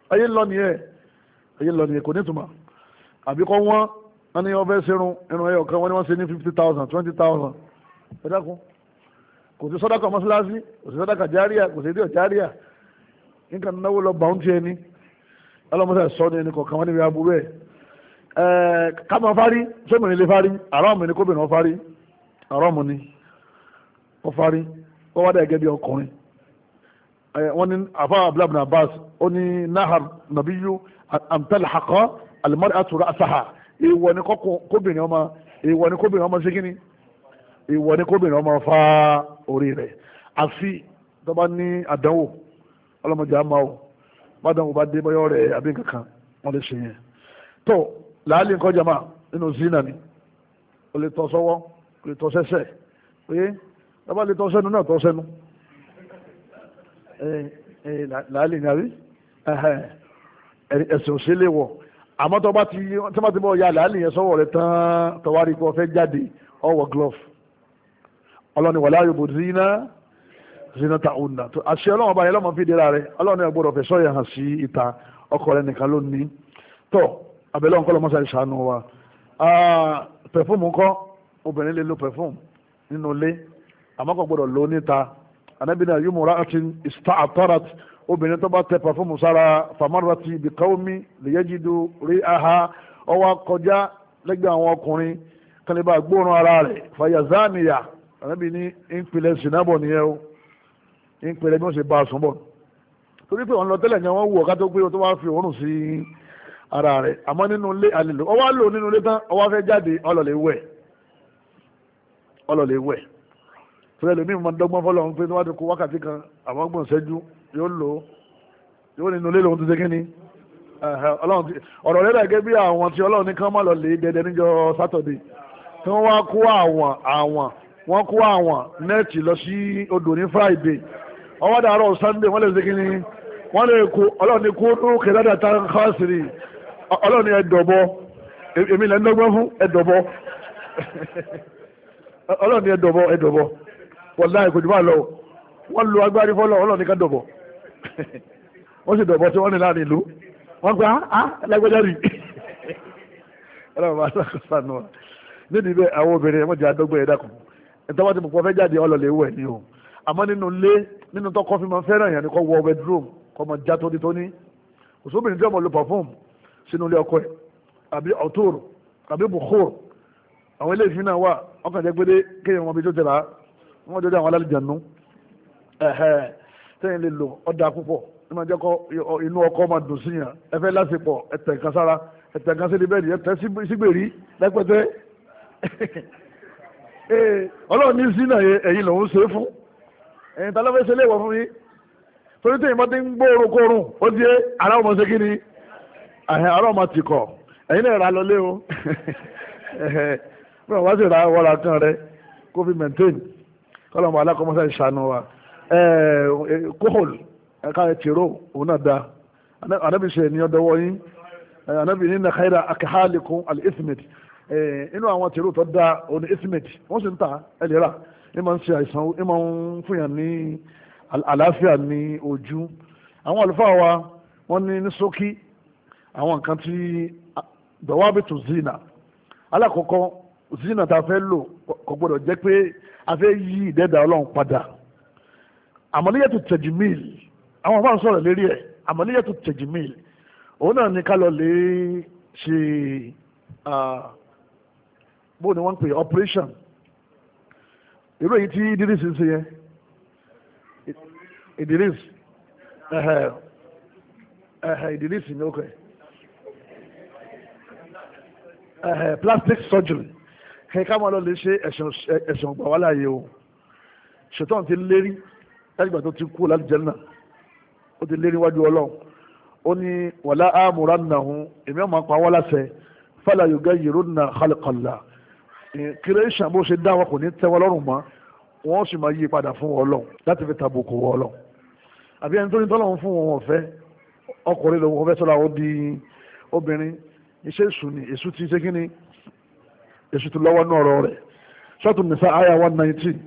ayé lọ nìyẹn ayé lọ nìyẹn kò ní ìtumọ̀ àbí kọ́ wọ́n wọ́n ní wọ́n ṣerun ẹnu ẹyọ kan wọ́n ní wọ́n ṣe ní fifty thousand twenty thousand ẹ dákun kò sí sọ́dákà mọ́ṣáláṣí kò sí sọ́dákà járíà kò sí ìdíyọ̀ járíà nǹkan náwó lọ bàún tiẹ̀ ni ọlọ́mọṣẹ́ sọ ní ẹnì kọ̀ọ̀kan wọn níbi aburú ẹ̀ ẹ̀ kámọ́ fárí sómìnir lè fárí àrọ́ọ̀mù ni kóbìnrin wọn fárí àrọ́ọ̀mù ni wọ́n fárí wọ́n wá dà gẹ́gẹ́ bí ọkùnrin Eh, wọ́n ní afa abdulhamid abbas ó ní nahar nabiyu amtal haqa alimari atura asaha ìwọ ni kóbìnrin ọmọ ìwọ ni kóbìnrin ọmọ ṣégini ìwọ ni kóbìnrin ọmọ fa orí rẹ̀ àfi dọba ní àdánwò ọlọmọdé àmà o bàdánwò bá dé bọyọ rẹ àbí kankan wọ́n lè ṣe yẹn tó làálì nǹkan nínú zina ni o lè tọ́ sọ́wọ́ o lè tọ́ dọba lè tọ́ sẹ́nu náà tọ́ sẹ́nu làálì ní àrí ẹ̀sìn òṣèlè wọ̀ àmọ́ tó bá ti tó bá ti bọ̀ ya làálì yẹn sọ́wọ́ rẹ̀ tán tọ́wárí kó fẹ́ jáde ọwọ́ glove ọlọ́ni wàlá yòbò zina zina ta ọ̀nà àṣẹ ọlọ́wọ́n bá yẹn lọ́mọ fi dira rẹ̀ ọlọ́ni ọgbọ́dọ̀ fẹ́ sọ́yà hàn sí ìta ọkọ rẹ̀ nìkan ló ní tọ́ abẹ́lẹ́ ọ̀nkọ́ lọ́mọ́sá ìṣàánú wa pẹ̀fúmù ńkọ́ obìnrin lè lo pẹ̀fúmù nínú ilé àmọ́ kò gbọ́dọ̀ lò níta anabina yu mura'atin ista'tarat obìnrin tó bá tẹ pàfọ́mù sára famarati bi qawmi liyajidu ri'aha ó wá kọjá lẹ́gbẹ̀ẹ́ àwọn ọkùnrin kálíbà gbóòórùn ara rẹ̀ fayazaniya anabi ní ìpìlẹ̀ sinabọ̀ nìyẹn o ìpìlẹ̀ bí wọ́n ṣe bá a sùn bọ̀ torí pé ọ̀nà tẹ́lẹ̀ ni wọ́n wù ọ́ ká tó pé o tó wá fi òórùn sí ara rẹ̀ àmọ́ nínú ilé àlelò ó wá lò nínú ilé tán ó wá jáde ó lọ fúlẹ̀ lómi máa dọ́gbọ́n fọlọ́ ń pé tó bá ti kó wákàtí kan àwọn ọgbọ̀n ṣẹ́jú yóò lò ó yóò nínú ilé lòun ti ṣe kíni ọ̀rọ̀ rẹ̀ gẹ́gẹ́ bí àwọn tí ọlọ́run ní kán má lọ lè dẹdẹ níjọ sátọ̀dé tí wọ́n kó àwọn àwọn wọ́n kó àwọn nẹ́ẹ̀tì lọ sí odò ní friday ọwọ́ dàárọ̀ sunday wọ́n lè ṣe kíni wọ́n lè kó ọlọ́run ní kó tó kẹ́dàdà tá n kọ́ sí i ọlọ́run ní ẹ̀dọ̀bọ èmi lẹ́nu ní ẹ̀dọ̀bọ ẹ̀dọ̀bọ wọ́lá ìkòjú bá lọ wọ́n lu agbárí fọ́lọ́ ọlọ́ ní ká dọ̀bọ̀ wọ́n sì dọ̀bọ̀ tí wọ́n ní láàrin ìlú wọ́n gba á lágbájá rí ọlọ́run bá sọ sànù wa nídìí bẹ́ẹ̀ àwọn obìnrin ẹ̀mọ́jà àdọ́gbẹ́ ẹ̀dá kan ẹ̀tọ́ bá ti pọ̀ fẹ́ jáde ọlọ́lẹ̀ wẹ̀ ni o àmọ́ nínú ilé nínú tọkọ fi máa fẹ́ràn yẹn ni kọ́ wọ bedroom kọ́ máa já tóní tóní kò sóbìnrin tí ọmọ lo perfume sínú ilé ọkọ ẹ̀ àbí ọ̀tòrò àbí bùkúrò àwọn ilé ìfínà wà ọkàn jẹ́ gbédé kéèyàn mọ ibi tó tẹ̀ láà wọ́n jọjọ́ àwọn alálìjẹ̀nu tẹ́yìn lè lò ọ̀dà púpọ̀ jẹ́ kọ́ inú ọkọ máa dùn síyàn ẹ fẹ́ lásìpọ̀ ẹ̀tẹ̀ kan sára ẹ̀tẹ̀ kan síbi bẹ́ẹ̀ ẹ̀tẹ̀ sígbèrí eh, ọlọ́run ní ẹ̀yìn lòún ṣe fún ẹ̀yìn tá ló fẹ́ ṣe fún torí tẹ́yìn kọ́lọ́mù alákọ̀ọ́mọ́sá ìṣàánú wa kóhol ẹ̀ka tìró òun náà da anabi ṣe ní ọdọ wọ̀nyí anabi ní nàkàìrà akahalikum al-ismit inú àwọn tìró tó da òun ismit wọ́n sì ń ta ẹ̀ lera máa ń ṣe àìsàn ẹ̀ máa ń fún yàn ní àlàáfíà ní ojú àwọn àlùfáà wa wọ́n ní ní ṣókí àwọn nǹkan tí dọ̀wábìtù zina alákọ̀ọ́kọ́ zina tá a fẹ́ lò kò gbọ́dọ̀ jẹ́ pé a fẹ́ yí ìdẹ́dà ọlọ́run padà àmọ́lẹ́yẹ̀tò tẹ̀jìmíìl àwọn afáàn sọ̀rọ̀ lérí ẹ̀ àmọ́lẹ́yẹ̀tò tẹ̀jìmíìl òun náà ní ká lọ lè ṣe bó ni wọ́n ń pè operation irú èyí tí Idris ń ṣe yẹn Idris Idris ní ó kẹ́ plastic surgery ẹ ká máa lọ lè ṣe ẹ̀sìn ọ̀gbà wà láàyè o ṣètọ́n ti lérí láti gbà tó ti kú láti jẹ́nà ó ti lérí wájú ọlọ́run ó ní wàlá àmúra nàhún èmi ọmọ pa wọ́n láṣẹ fàlà yorùbá yìíró nà kálíkàlà kírẹ́ṣà bó ṣe dá wọn kò ní tẹ́wọ́ lọ́rùn mọ́ wọ́n sì máa yí padà fún wọn ọlọ́run láti fi tàbùkù wọn ọlọ́run àbí ẹni tó ní tọ́lọ́run fún wọn ọ̀fẹ́ ọkùnrin lòun ọ̀fẹ́ sọ́la ó di obìnrin iṣẹ́ èṣù ni èṣù ti ṣe kí ni èṣù ti lọ́wọ́ náà ọ̀rọ̀ rẹ̀ ṣọ́ọ̀tù nìsa àyà one nineteen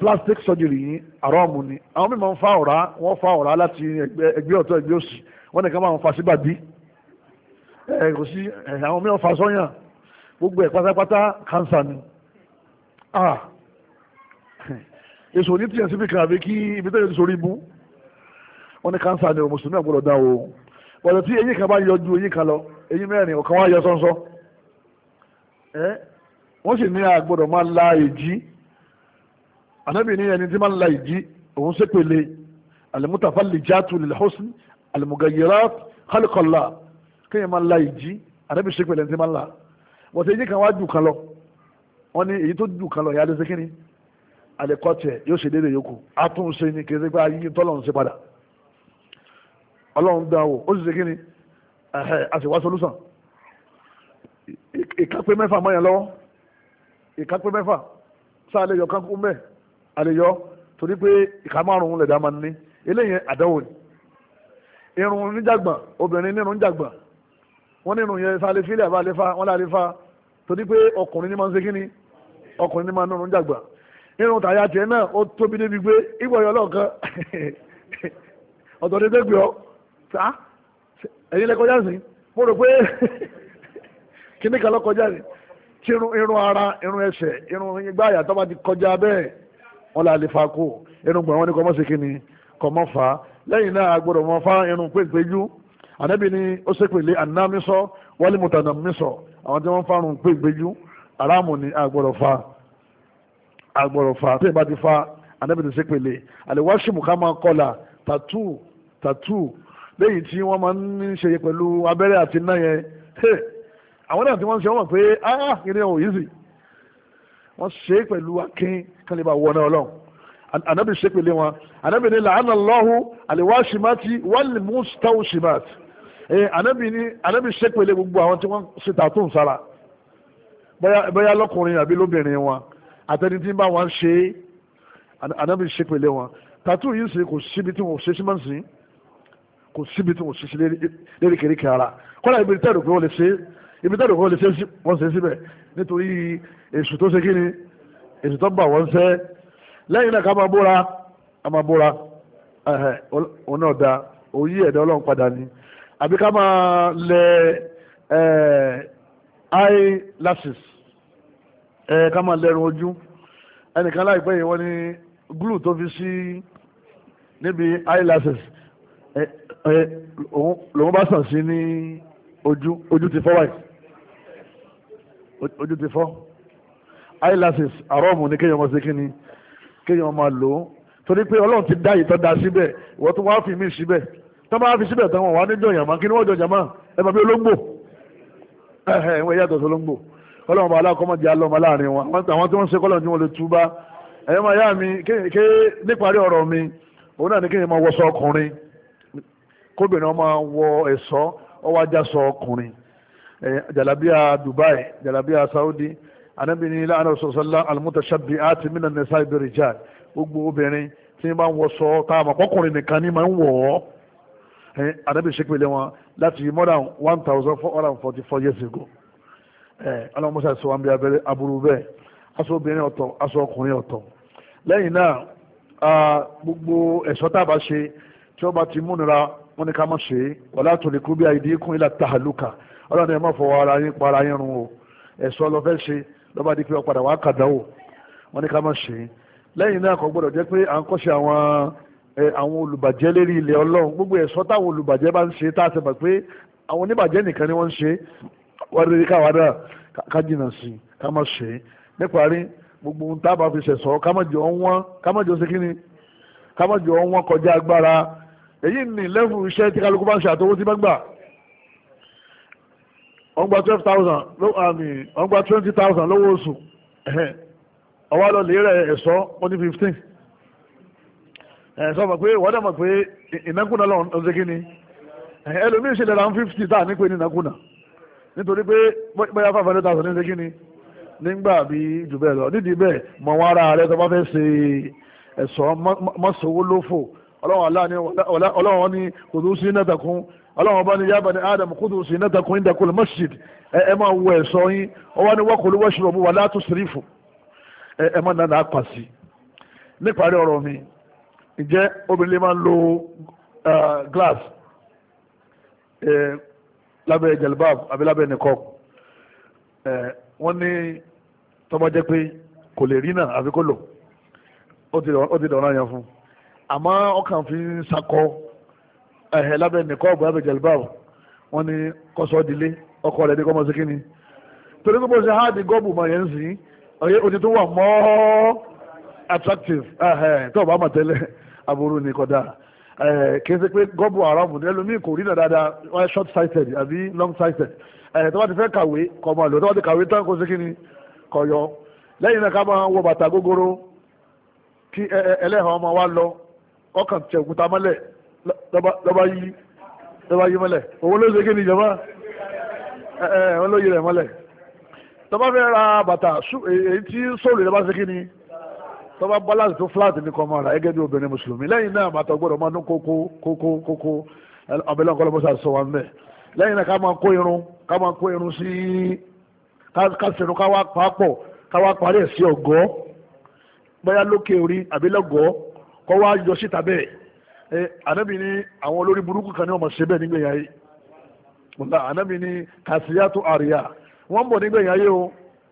plastic surgery yìí àrọ́ọ̀mù ni àwọn mímọ́ ń fa ọ̀rá wọ́n fa ọ̀rá láti ẹgbẹ́ ọ̀tọ̀ ẹgbẹ́ òsì wọ́n nìkan máa ń fa síbàbí kò sí àwọn mímọ́ fa sọ́yàn gbogbo ẹ̀ pátápátá cancer ni èso ní tiẹ̀ síbi kan àbí kí ibi tó ti sori bú wọ́n ní cancer ni o mùsùlùmí àgbọ̀dọ̀ dá o wọ́n ti eyín kan bá yọjú eyín kan wọ́n sì ní àgbọ̀dọ̀ máa la ìjì ànábì ní ẹni tí máa la ìjì òun sépele alimutafallijatu lilhusn alimugayirat khalqallah kéèyàn máa la ìjì ànábì sépele ẹni tí máa la wọ́n ti ẹjẹ́ kan wá jù kan lọ wọ́n ní èyí tó jù kan lọ ìyá lè ṣe kínní alẹ́kọ́tẹ̀ yóò ṣe déédéé yòókù àtúnṣe ni kì í ṣe pé ayé tọ́lọ́run ṣe padà ọlọ́run dá wò ó sì ṣe kínní a ìkápẹ́ mẹ́fà mọ́yàn lọ́wọ́ ìkápẹ́ mẹ́fà sáà lè yọ kánkú mẹ́ àlèyọ torí pé ìka márùn-ún lẹ̀dá máa ń ní eléyìí àdáwò ni irun níjàgbọ̀n obìnrin nínú níjàgbọ̀n wọ́n nínú yẹn sáà lè fílẹ̀ àbá lè fa wọ́n lè fa torí pé ọkùnrin ní máa ń ṣe kí ni ọkùnrin ní máa ń nínú níjàgbọ̀n irun tàyà tiẹ̀ náà ó tóbi débi pé ìgbọ̀ yọ lọ́ọ̀kan ọ̀dọ̀ dédé gbé ọ ẹ̀yin lẹ́kọjá sí mo rò pé kíní kan lọ́kọjá rẹ̀ tí irun ara irun ẹsẹ̀ irun gbáyà tó bá ti kọjá bẹ́ẹ̀ wọn là lè fa kó irun gbọ̀n wọn ni kò kíni kò fa lẹ́yìn náà agbọ́dọ̀ mọ̀ fa irun pèpéjú ànábì ni ó ṣépèlé ànámísọ́ wálé mùtànàmísọ́ àwọn tí wọ́n fárun pèpéjú aráàmù ni agbọ́dọ̀ fa agbọ́dọ̀ fa tí ìbá ti fa ànábì ni ṣépèlé àlèwáṣìmù ká máa kọlà tàtú tàtú lẹ́yìn tí wọ́n máa ń ṣe pẹ̀lú abẹ́rẹ́ àti náà yẹn àwọn náà tí wọ́n ń ṣe wọ́n mọ̀ pé ah ìrìn ah, òun yìí sì wọ́n ṣe é pẹ̀lú akin kan lè bá wọ náà ọlọ́run anabi ṣe pẹ̀lú wọn anabi ní làánà lọ́hùn àlèwáṣímátì wàlìmùsítáwùṣímátì anabi ní anabi ṣe pẹ̀lú gbogbo àwọn tí wọ́n ṣe tààtún sára bóyá lọ́kùnrin àbí lóbìnrin wọn àtẹni tí ń bá wọn ṣe anabi ṣe pẹ̀lú wọn tààtù yìí sì kò síbi tí wọn ò ṣe sí máa ń sìn kò síbi tí wọn ò ṣe sí lérí kérékè ara kọ́lá ibi tẹ́lẹ̀ pé wọ́n lè ṣe é ibi tẹ́lẹ̀ kó lè ṣe wọ́n ṣe síbẹ̀ nítorí èṣù tó ṣe kí ni èṣù tó bà wọ́n ṣẹ́ lẹ́yìn náà ká máa búra ká máa búra òun náà da òyí ẹ̀dá ọlọ́run padà ni àbí ká máa lẹ eyelashes ká máa lẹ́rùn ojú ẹnìkan láìpẹ́ yìí wọ́n ní glue tó fi sí níbi lashes, òun bá sàn sí ní ojú ojú ti fọ́ wáyé ojú ti fọ́ eyelashes àrọ́ọ̀mù ni kéèyàn máa ṣe kí ni kéèyàn máa lò ó torí pé ọlọ́run ti dá ìtọ́ da síbẹ̀ ìwọ́n tó wá fi mí síbẹ̀ tó bá fi síbẹ̀ tán wọn wà níjọ yàmá kí ni wọ́n jọ yàmá ẹ bàbá olóńgbò ẹ̀hẹ̀ ìwọ̀n ìyàtọ̀ sí olóńgbò ọlọ́run bá aláàkọ́mọ̀ jẹ́ alọ́mọ láàrin wọn àwọn tí wọ́n ṣe kọ́lọ̀ ní wọn lè túbá ẹ̀yọ́ máa yá mi ké níparí ọ̀rọ̀ mi òun náà ni kéèyàn máa wọṣọ ọkùnrin kóbìnrin ọmọ wọ ẹ̀ṣọ́ ọwọ́ ajá sọ ọkùnrin Eh, jalabiya dubai jalabiya saudi anabi ni la'ana sọsọlá almutashabbi'ati minan nisa'i birijal gbogbo obìnrin tí wọ́n bá ń wọṣọ táàmù ọkùnrin nìkan ní máa ń wọ̀ ọ́ anabi eh, ṣèpele wọn láti more than one thousand four hundred and forty four years ago eh, ọlọ́run musa sọ wọn bí abẹ́rẹ́ aburú bẹ́ẹ̀ aṣọ obìnrin ọ̀tọ̀ aṣọ ọkùnrin ọ̀tọ̀ lẹ́yìn náà gbogbo ẹ̀ṣọ́ tá a bá ṣe tí wọ́n bá ti múnira wọn ni ká má ṣe wala tuliku bi aydikum ila tahaluka ọlọ́run ẹ̀ má fọwọ́ ara yín pa ara yín run o ẹ̀sọ́ lọ fẹ́ ṣe lọ́ba di pé ọ padà wá kàdá o wọ́n ní ká má ṣe lẹ́yìn náà kò gbọ́dọ̀ jẹ́ pé à ń kọ́ṣe àwọn àwọn olùbàjẹ́ lérí ilẹ̀ ọlọ́run gbogbo ẹ̀sọ́ táwọn olùbàjẹ́ bá ń ṣe tá a ti mọ̀ pé àwọn oníbàjẹ́ nìkan ni wọ́n ń ṣe wọ́n rí káwa náà ká jìnnà sí ká má ṣe níparí gbogbo ohun tá a bá fi ṣẹ̀sọ́ ká má jọ wọ́n ká má jọ ṣe kí ni ká má jọ wọ́n kọjá agbára ọgbà gba twelve thousand ló àmì wọ́n gba twenty thousand lówó oṣù ọwọ́ lọ lè rẹ̀ ẹ̀sọ́ ó ní fifteen ẹ̀sọ́ mọ̀ pé wọ́n dà mọ̀ pé ìnákùnà lọ́n ọ̀sẹ̀ kí ni ẹlòmíín ṣe lẹ́la fifty tá à ní pé ní ìnákùnà nítorí pé bóyá five hundred thousand ní ọ̀sẹ̀ nígbà bí jù bẹ́ẹ̀ lọ nídìí bẹ́ẹ̀ mọ̀ wọn ara rẹ̀ tó bá fẹ́ ṣe lófò ọlọ́run aláàánú ọlọ́run kò tó sí ọlọ́run ọba ni yaba ni adam kudu sí iná takun ní dakul masjid ẹ máa wọ ẹ̀sọ́ yín ọwọ́ ni wọ́kùlù wọ́ṣùrọ̀ mu wà látú sírífù ẹ máa nana apà sí. níparí ọ̀rọ̀ mi ǹjẹ́ obìnrin lè máa lo glass lábẹ́ jalbab àbí lábẹ́ nìkọ́ wọ́n ní tọ́mọ jẹ́ pé kò lè rí náà àfi kó lò ó ti dọ̀rọ̀ yẹn fún un àmọ́ ọkàn fi ń sakọ́ ehe lábẹ́ nìkọ́ ọ̀bọ̀ lábẹ́ jẹ̀lbáwò wọ́n kọ́sọ́ dilé ọkọ̀ rẹ̀ ní kọ́mọ sí kínní torí pé bó ṣe háàdì gọ́ọ̀bù mọ̀ yẹn sìn ọ̀yẹ́ òtí tó wà mọ́ attractive ẹ̀hẹ̀ tó bá mọ̀ tẹ́lẹ̀ aburú kì í short sighted àbí long sighted tó bá ti fẹ́ kàwé kọ́ tó bá ti kàwé tán kó sí kínní lẹ́yìn náà ká lọ́ba yí lọ́ba yí mọ́lẹ̀ owó ló ṣe kí ni ìjọba ẹ̀ wọ́n ló yí rẹ̀ mọ́lẹ̀ tọ́ba fẹ́ ra bàtà èyí e, e, tí sóòlù rẹ̀ bá ṣe kí ni tọ́ba balance tó flat ní kọ́ máa rà gẹ́gẹ́ bí obìnrin mùsùlùmí lẹ́yìn náà bàtà gbọ́dọ̀ máa dún kókó kókó kókó ọ̀bẹ̀lẹ̀ ọ̀kọ́ lọ́mọ́sá sọ wa mẹ́ lẹ́yìn náà ká máa kó irun ká máa kó irun sí ká sẹ̀nu ká wá pàápọ̀ ká wá parí ẹ̀ sí ọ̀gọ́ bóyá lókè orí àbí lọ́gọ́ kọ́ wá yọ síta bẹ́ẹ̀ anabi ni àwọn olórí burúkú kan ní ọmọ ṣe bẹ́ẹ̀ nígbẹ̀yà yìí ọ̀la anabi ni kàṣíyàtò àríyá wọ́n bọ̀ nígbẹ̀yà yìí o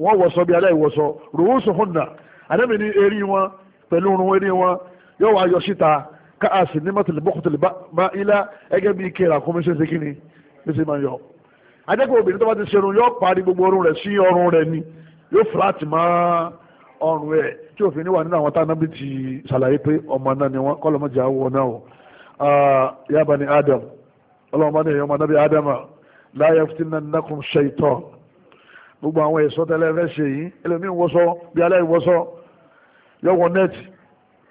wọ́n wọ̀sọ bí aláìwọ̀sọ rùwúsù hùnà anabi ni eré wọn pẹ̀lú irun eré wọn yóò wá yọ síta ká a sì ní mọ́tòlì bọ́kùtòlì bá ilá ẹgẹ́ bí kéèrà kó mi ṣe ṣe kíni bí ṣe máa yọ. ajẹ́kọ̀ọ́ obìnrin tó bá ti ṣerun yóò parí gbogbo ọrùn rẹ̀ sí ọrùn rẹ̀ ni yóò fúláàtì máa ọrùn ẹ̀ tí òfin níwà nínú àwọn táwọn bí ti ṣàlàyé pé ọmọ náà ni wọ́n kọ́lọ́mọ jà wọ náà o ah, yaba ni adam ọlọ́mọ ní ọmọ náà bí adam la yaftinannakum shaytan gbogbo àwọn èso tẹ́lẹ̀ fẹ́ ṣe yìí ẹlòmíì wọ́sọ bí aláìwọ́sọ yọwọ nẹ́ẹ̀tì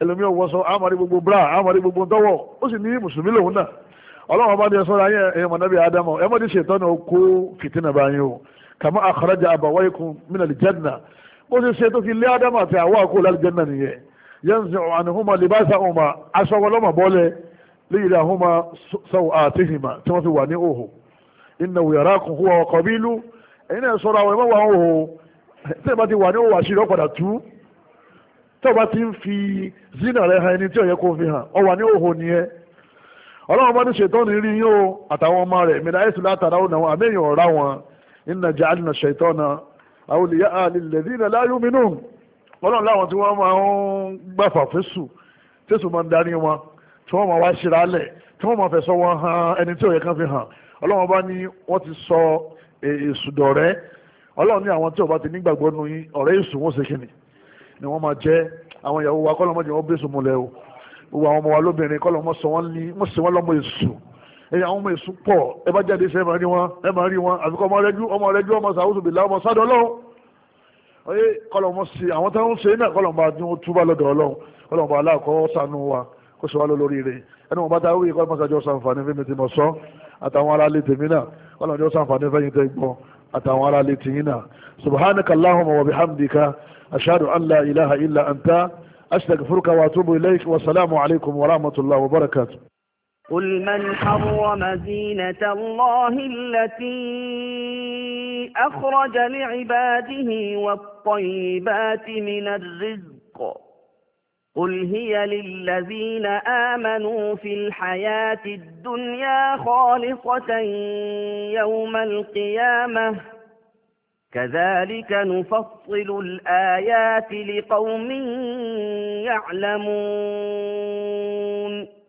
ẹlòmíì wọ́sọ amadi gbogbo bra amadi gbogbo ntọ́wọ̀ ó sì ní mùsùlùmí lòun náà ọlọ́wọ́n bá ní ẹ̀sọ́ ayé ẹ̀yẹ mọ̀nàbí adamu ẹ̀ mọ̀ ní ṣètọ́ ní okó fìtínà báyìí o kàmá akhraja àbáwáyé kun mí bó ṣe ṣe tó fi lé ádámù àti àwọn àkó lálùjánnà nìyẹn yanzu anhuma libasa huma aṣọ wọn lọ́mọ bọ́lẹ̀ léyìí dà huma sọ̀wọ́ àtihìmà tí wọ́n fi wà ní òhò iná wùyàrá kún hùwà ọkọ̀ bí ìlú ẹ̀yin náà sọ̀rọ̀ àwọn ẹ̀mọ́ wà ń òhò tí ìbá ti wà ní òhò àṣírí ọ̀padà tú tó bá ti ń fi zina rẹ̀ hàn ẹni tí ó yẹ fi hàn ọ wà ní òhò nìyẹn ọlọ́run bá ní ṣètò ní yín o àtàwọn ọmọ rẹ̀ mìíràn ẹ̀sìn látara ọ̀nà àwọn àmì awliya lil ladina la yu'minun ọlọ́run láwọn tí wọ́n máa ń gbàfà fẹ́sù tẹ́sù máa ń darí wọn tí wọ́n máa wá ṣíra lẹ̀ tí wọ́n máa fẹ̀sọ́ wọn han ẹni tí ò yẹ kán fi hàn ọlọ́run bá ní wọ́n ti sọ e, èsù dọ̀rẹ́ ọlọ́run ní àwọn tí ò bá ti nígbàgbọ́ nu yín ọ̀rẹ́ èsù wọn ṣe kíni ni wọ́n máa jẹ́ àwọn ìyàwó wa kọ́lọ́mọdé wọn bẹ́sùn múlẹ̀ o gbogbo àwọn ọmọ wa lóbìnrin kọ́lọ́mọ sọ wọ́n ní wọ́n sì wọ́n lọ́mọ èsù ẹ̀yà àwọn ọmọ èso pọ̀ ẹ bá jáde ṣe ẹ máa rí wọn ẹ máa rí wọn àfikọ́ ọmọ rẹ́jú ọmọ rẹ́jú ọmọ sàwùsù bìlá ọmọ sádọ́ ọlọ́run oye kọlọmọ sí àwọn tó ṣe náà kọlọmọ àti wọn túbà lọ́dọ̀ ọlọ́run kọlọmọ aláàkọ́ sànú wa kó sọ wá lórí rẹ ẹnu wọn bá ta wíyẹ kọlọmọ sàjọ sàǹfààní fẹmi tí mo sọ àtàwọn ará tèmi náà kọlọmọ jọ sàǹfààní fẹyìn tẹ gbọ́ àtàwọn ará lè tìyín náà subhanaka allahumma wa bihamdika ashhadu an قل من حرم زينة الله التي أخرج لعباده والطيبات من الرزق قل هي للذين آمنوا في الحياة الدنيا خالصة يوم القيامة كذلك نفصل الآيات لقوم يعلمون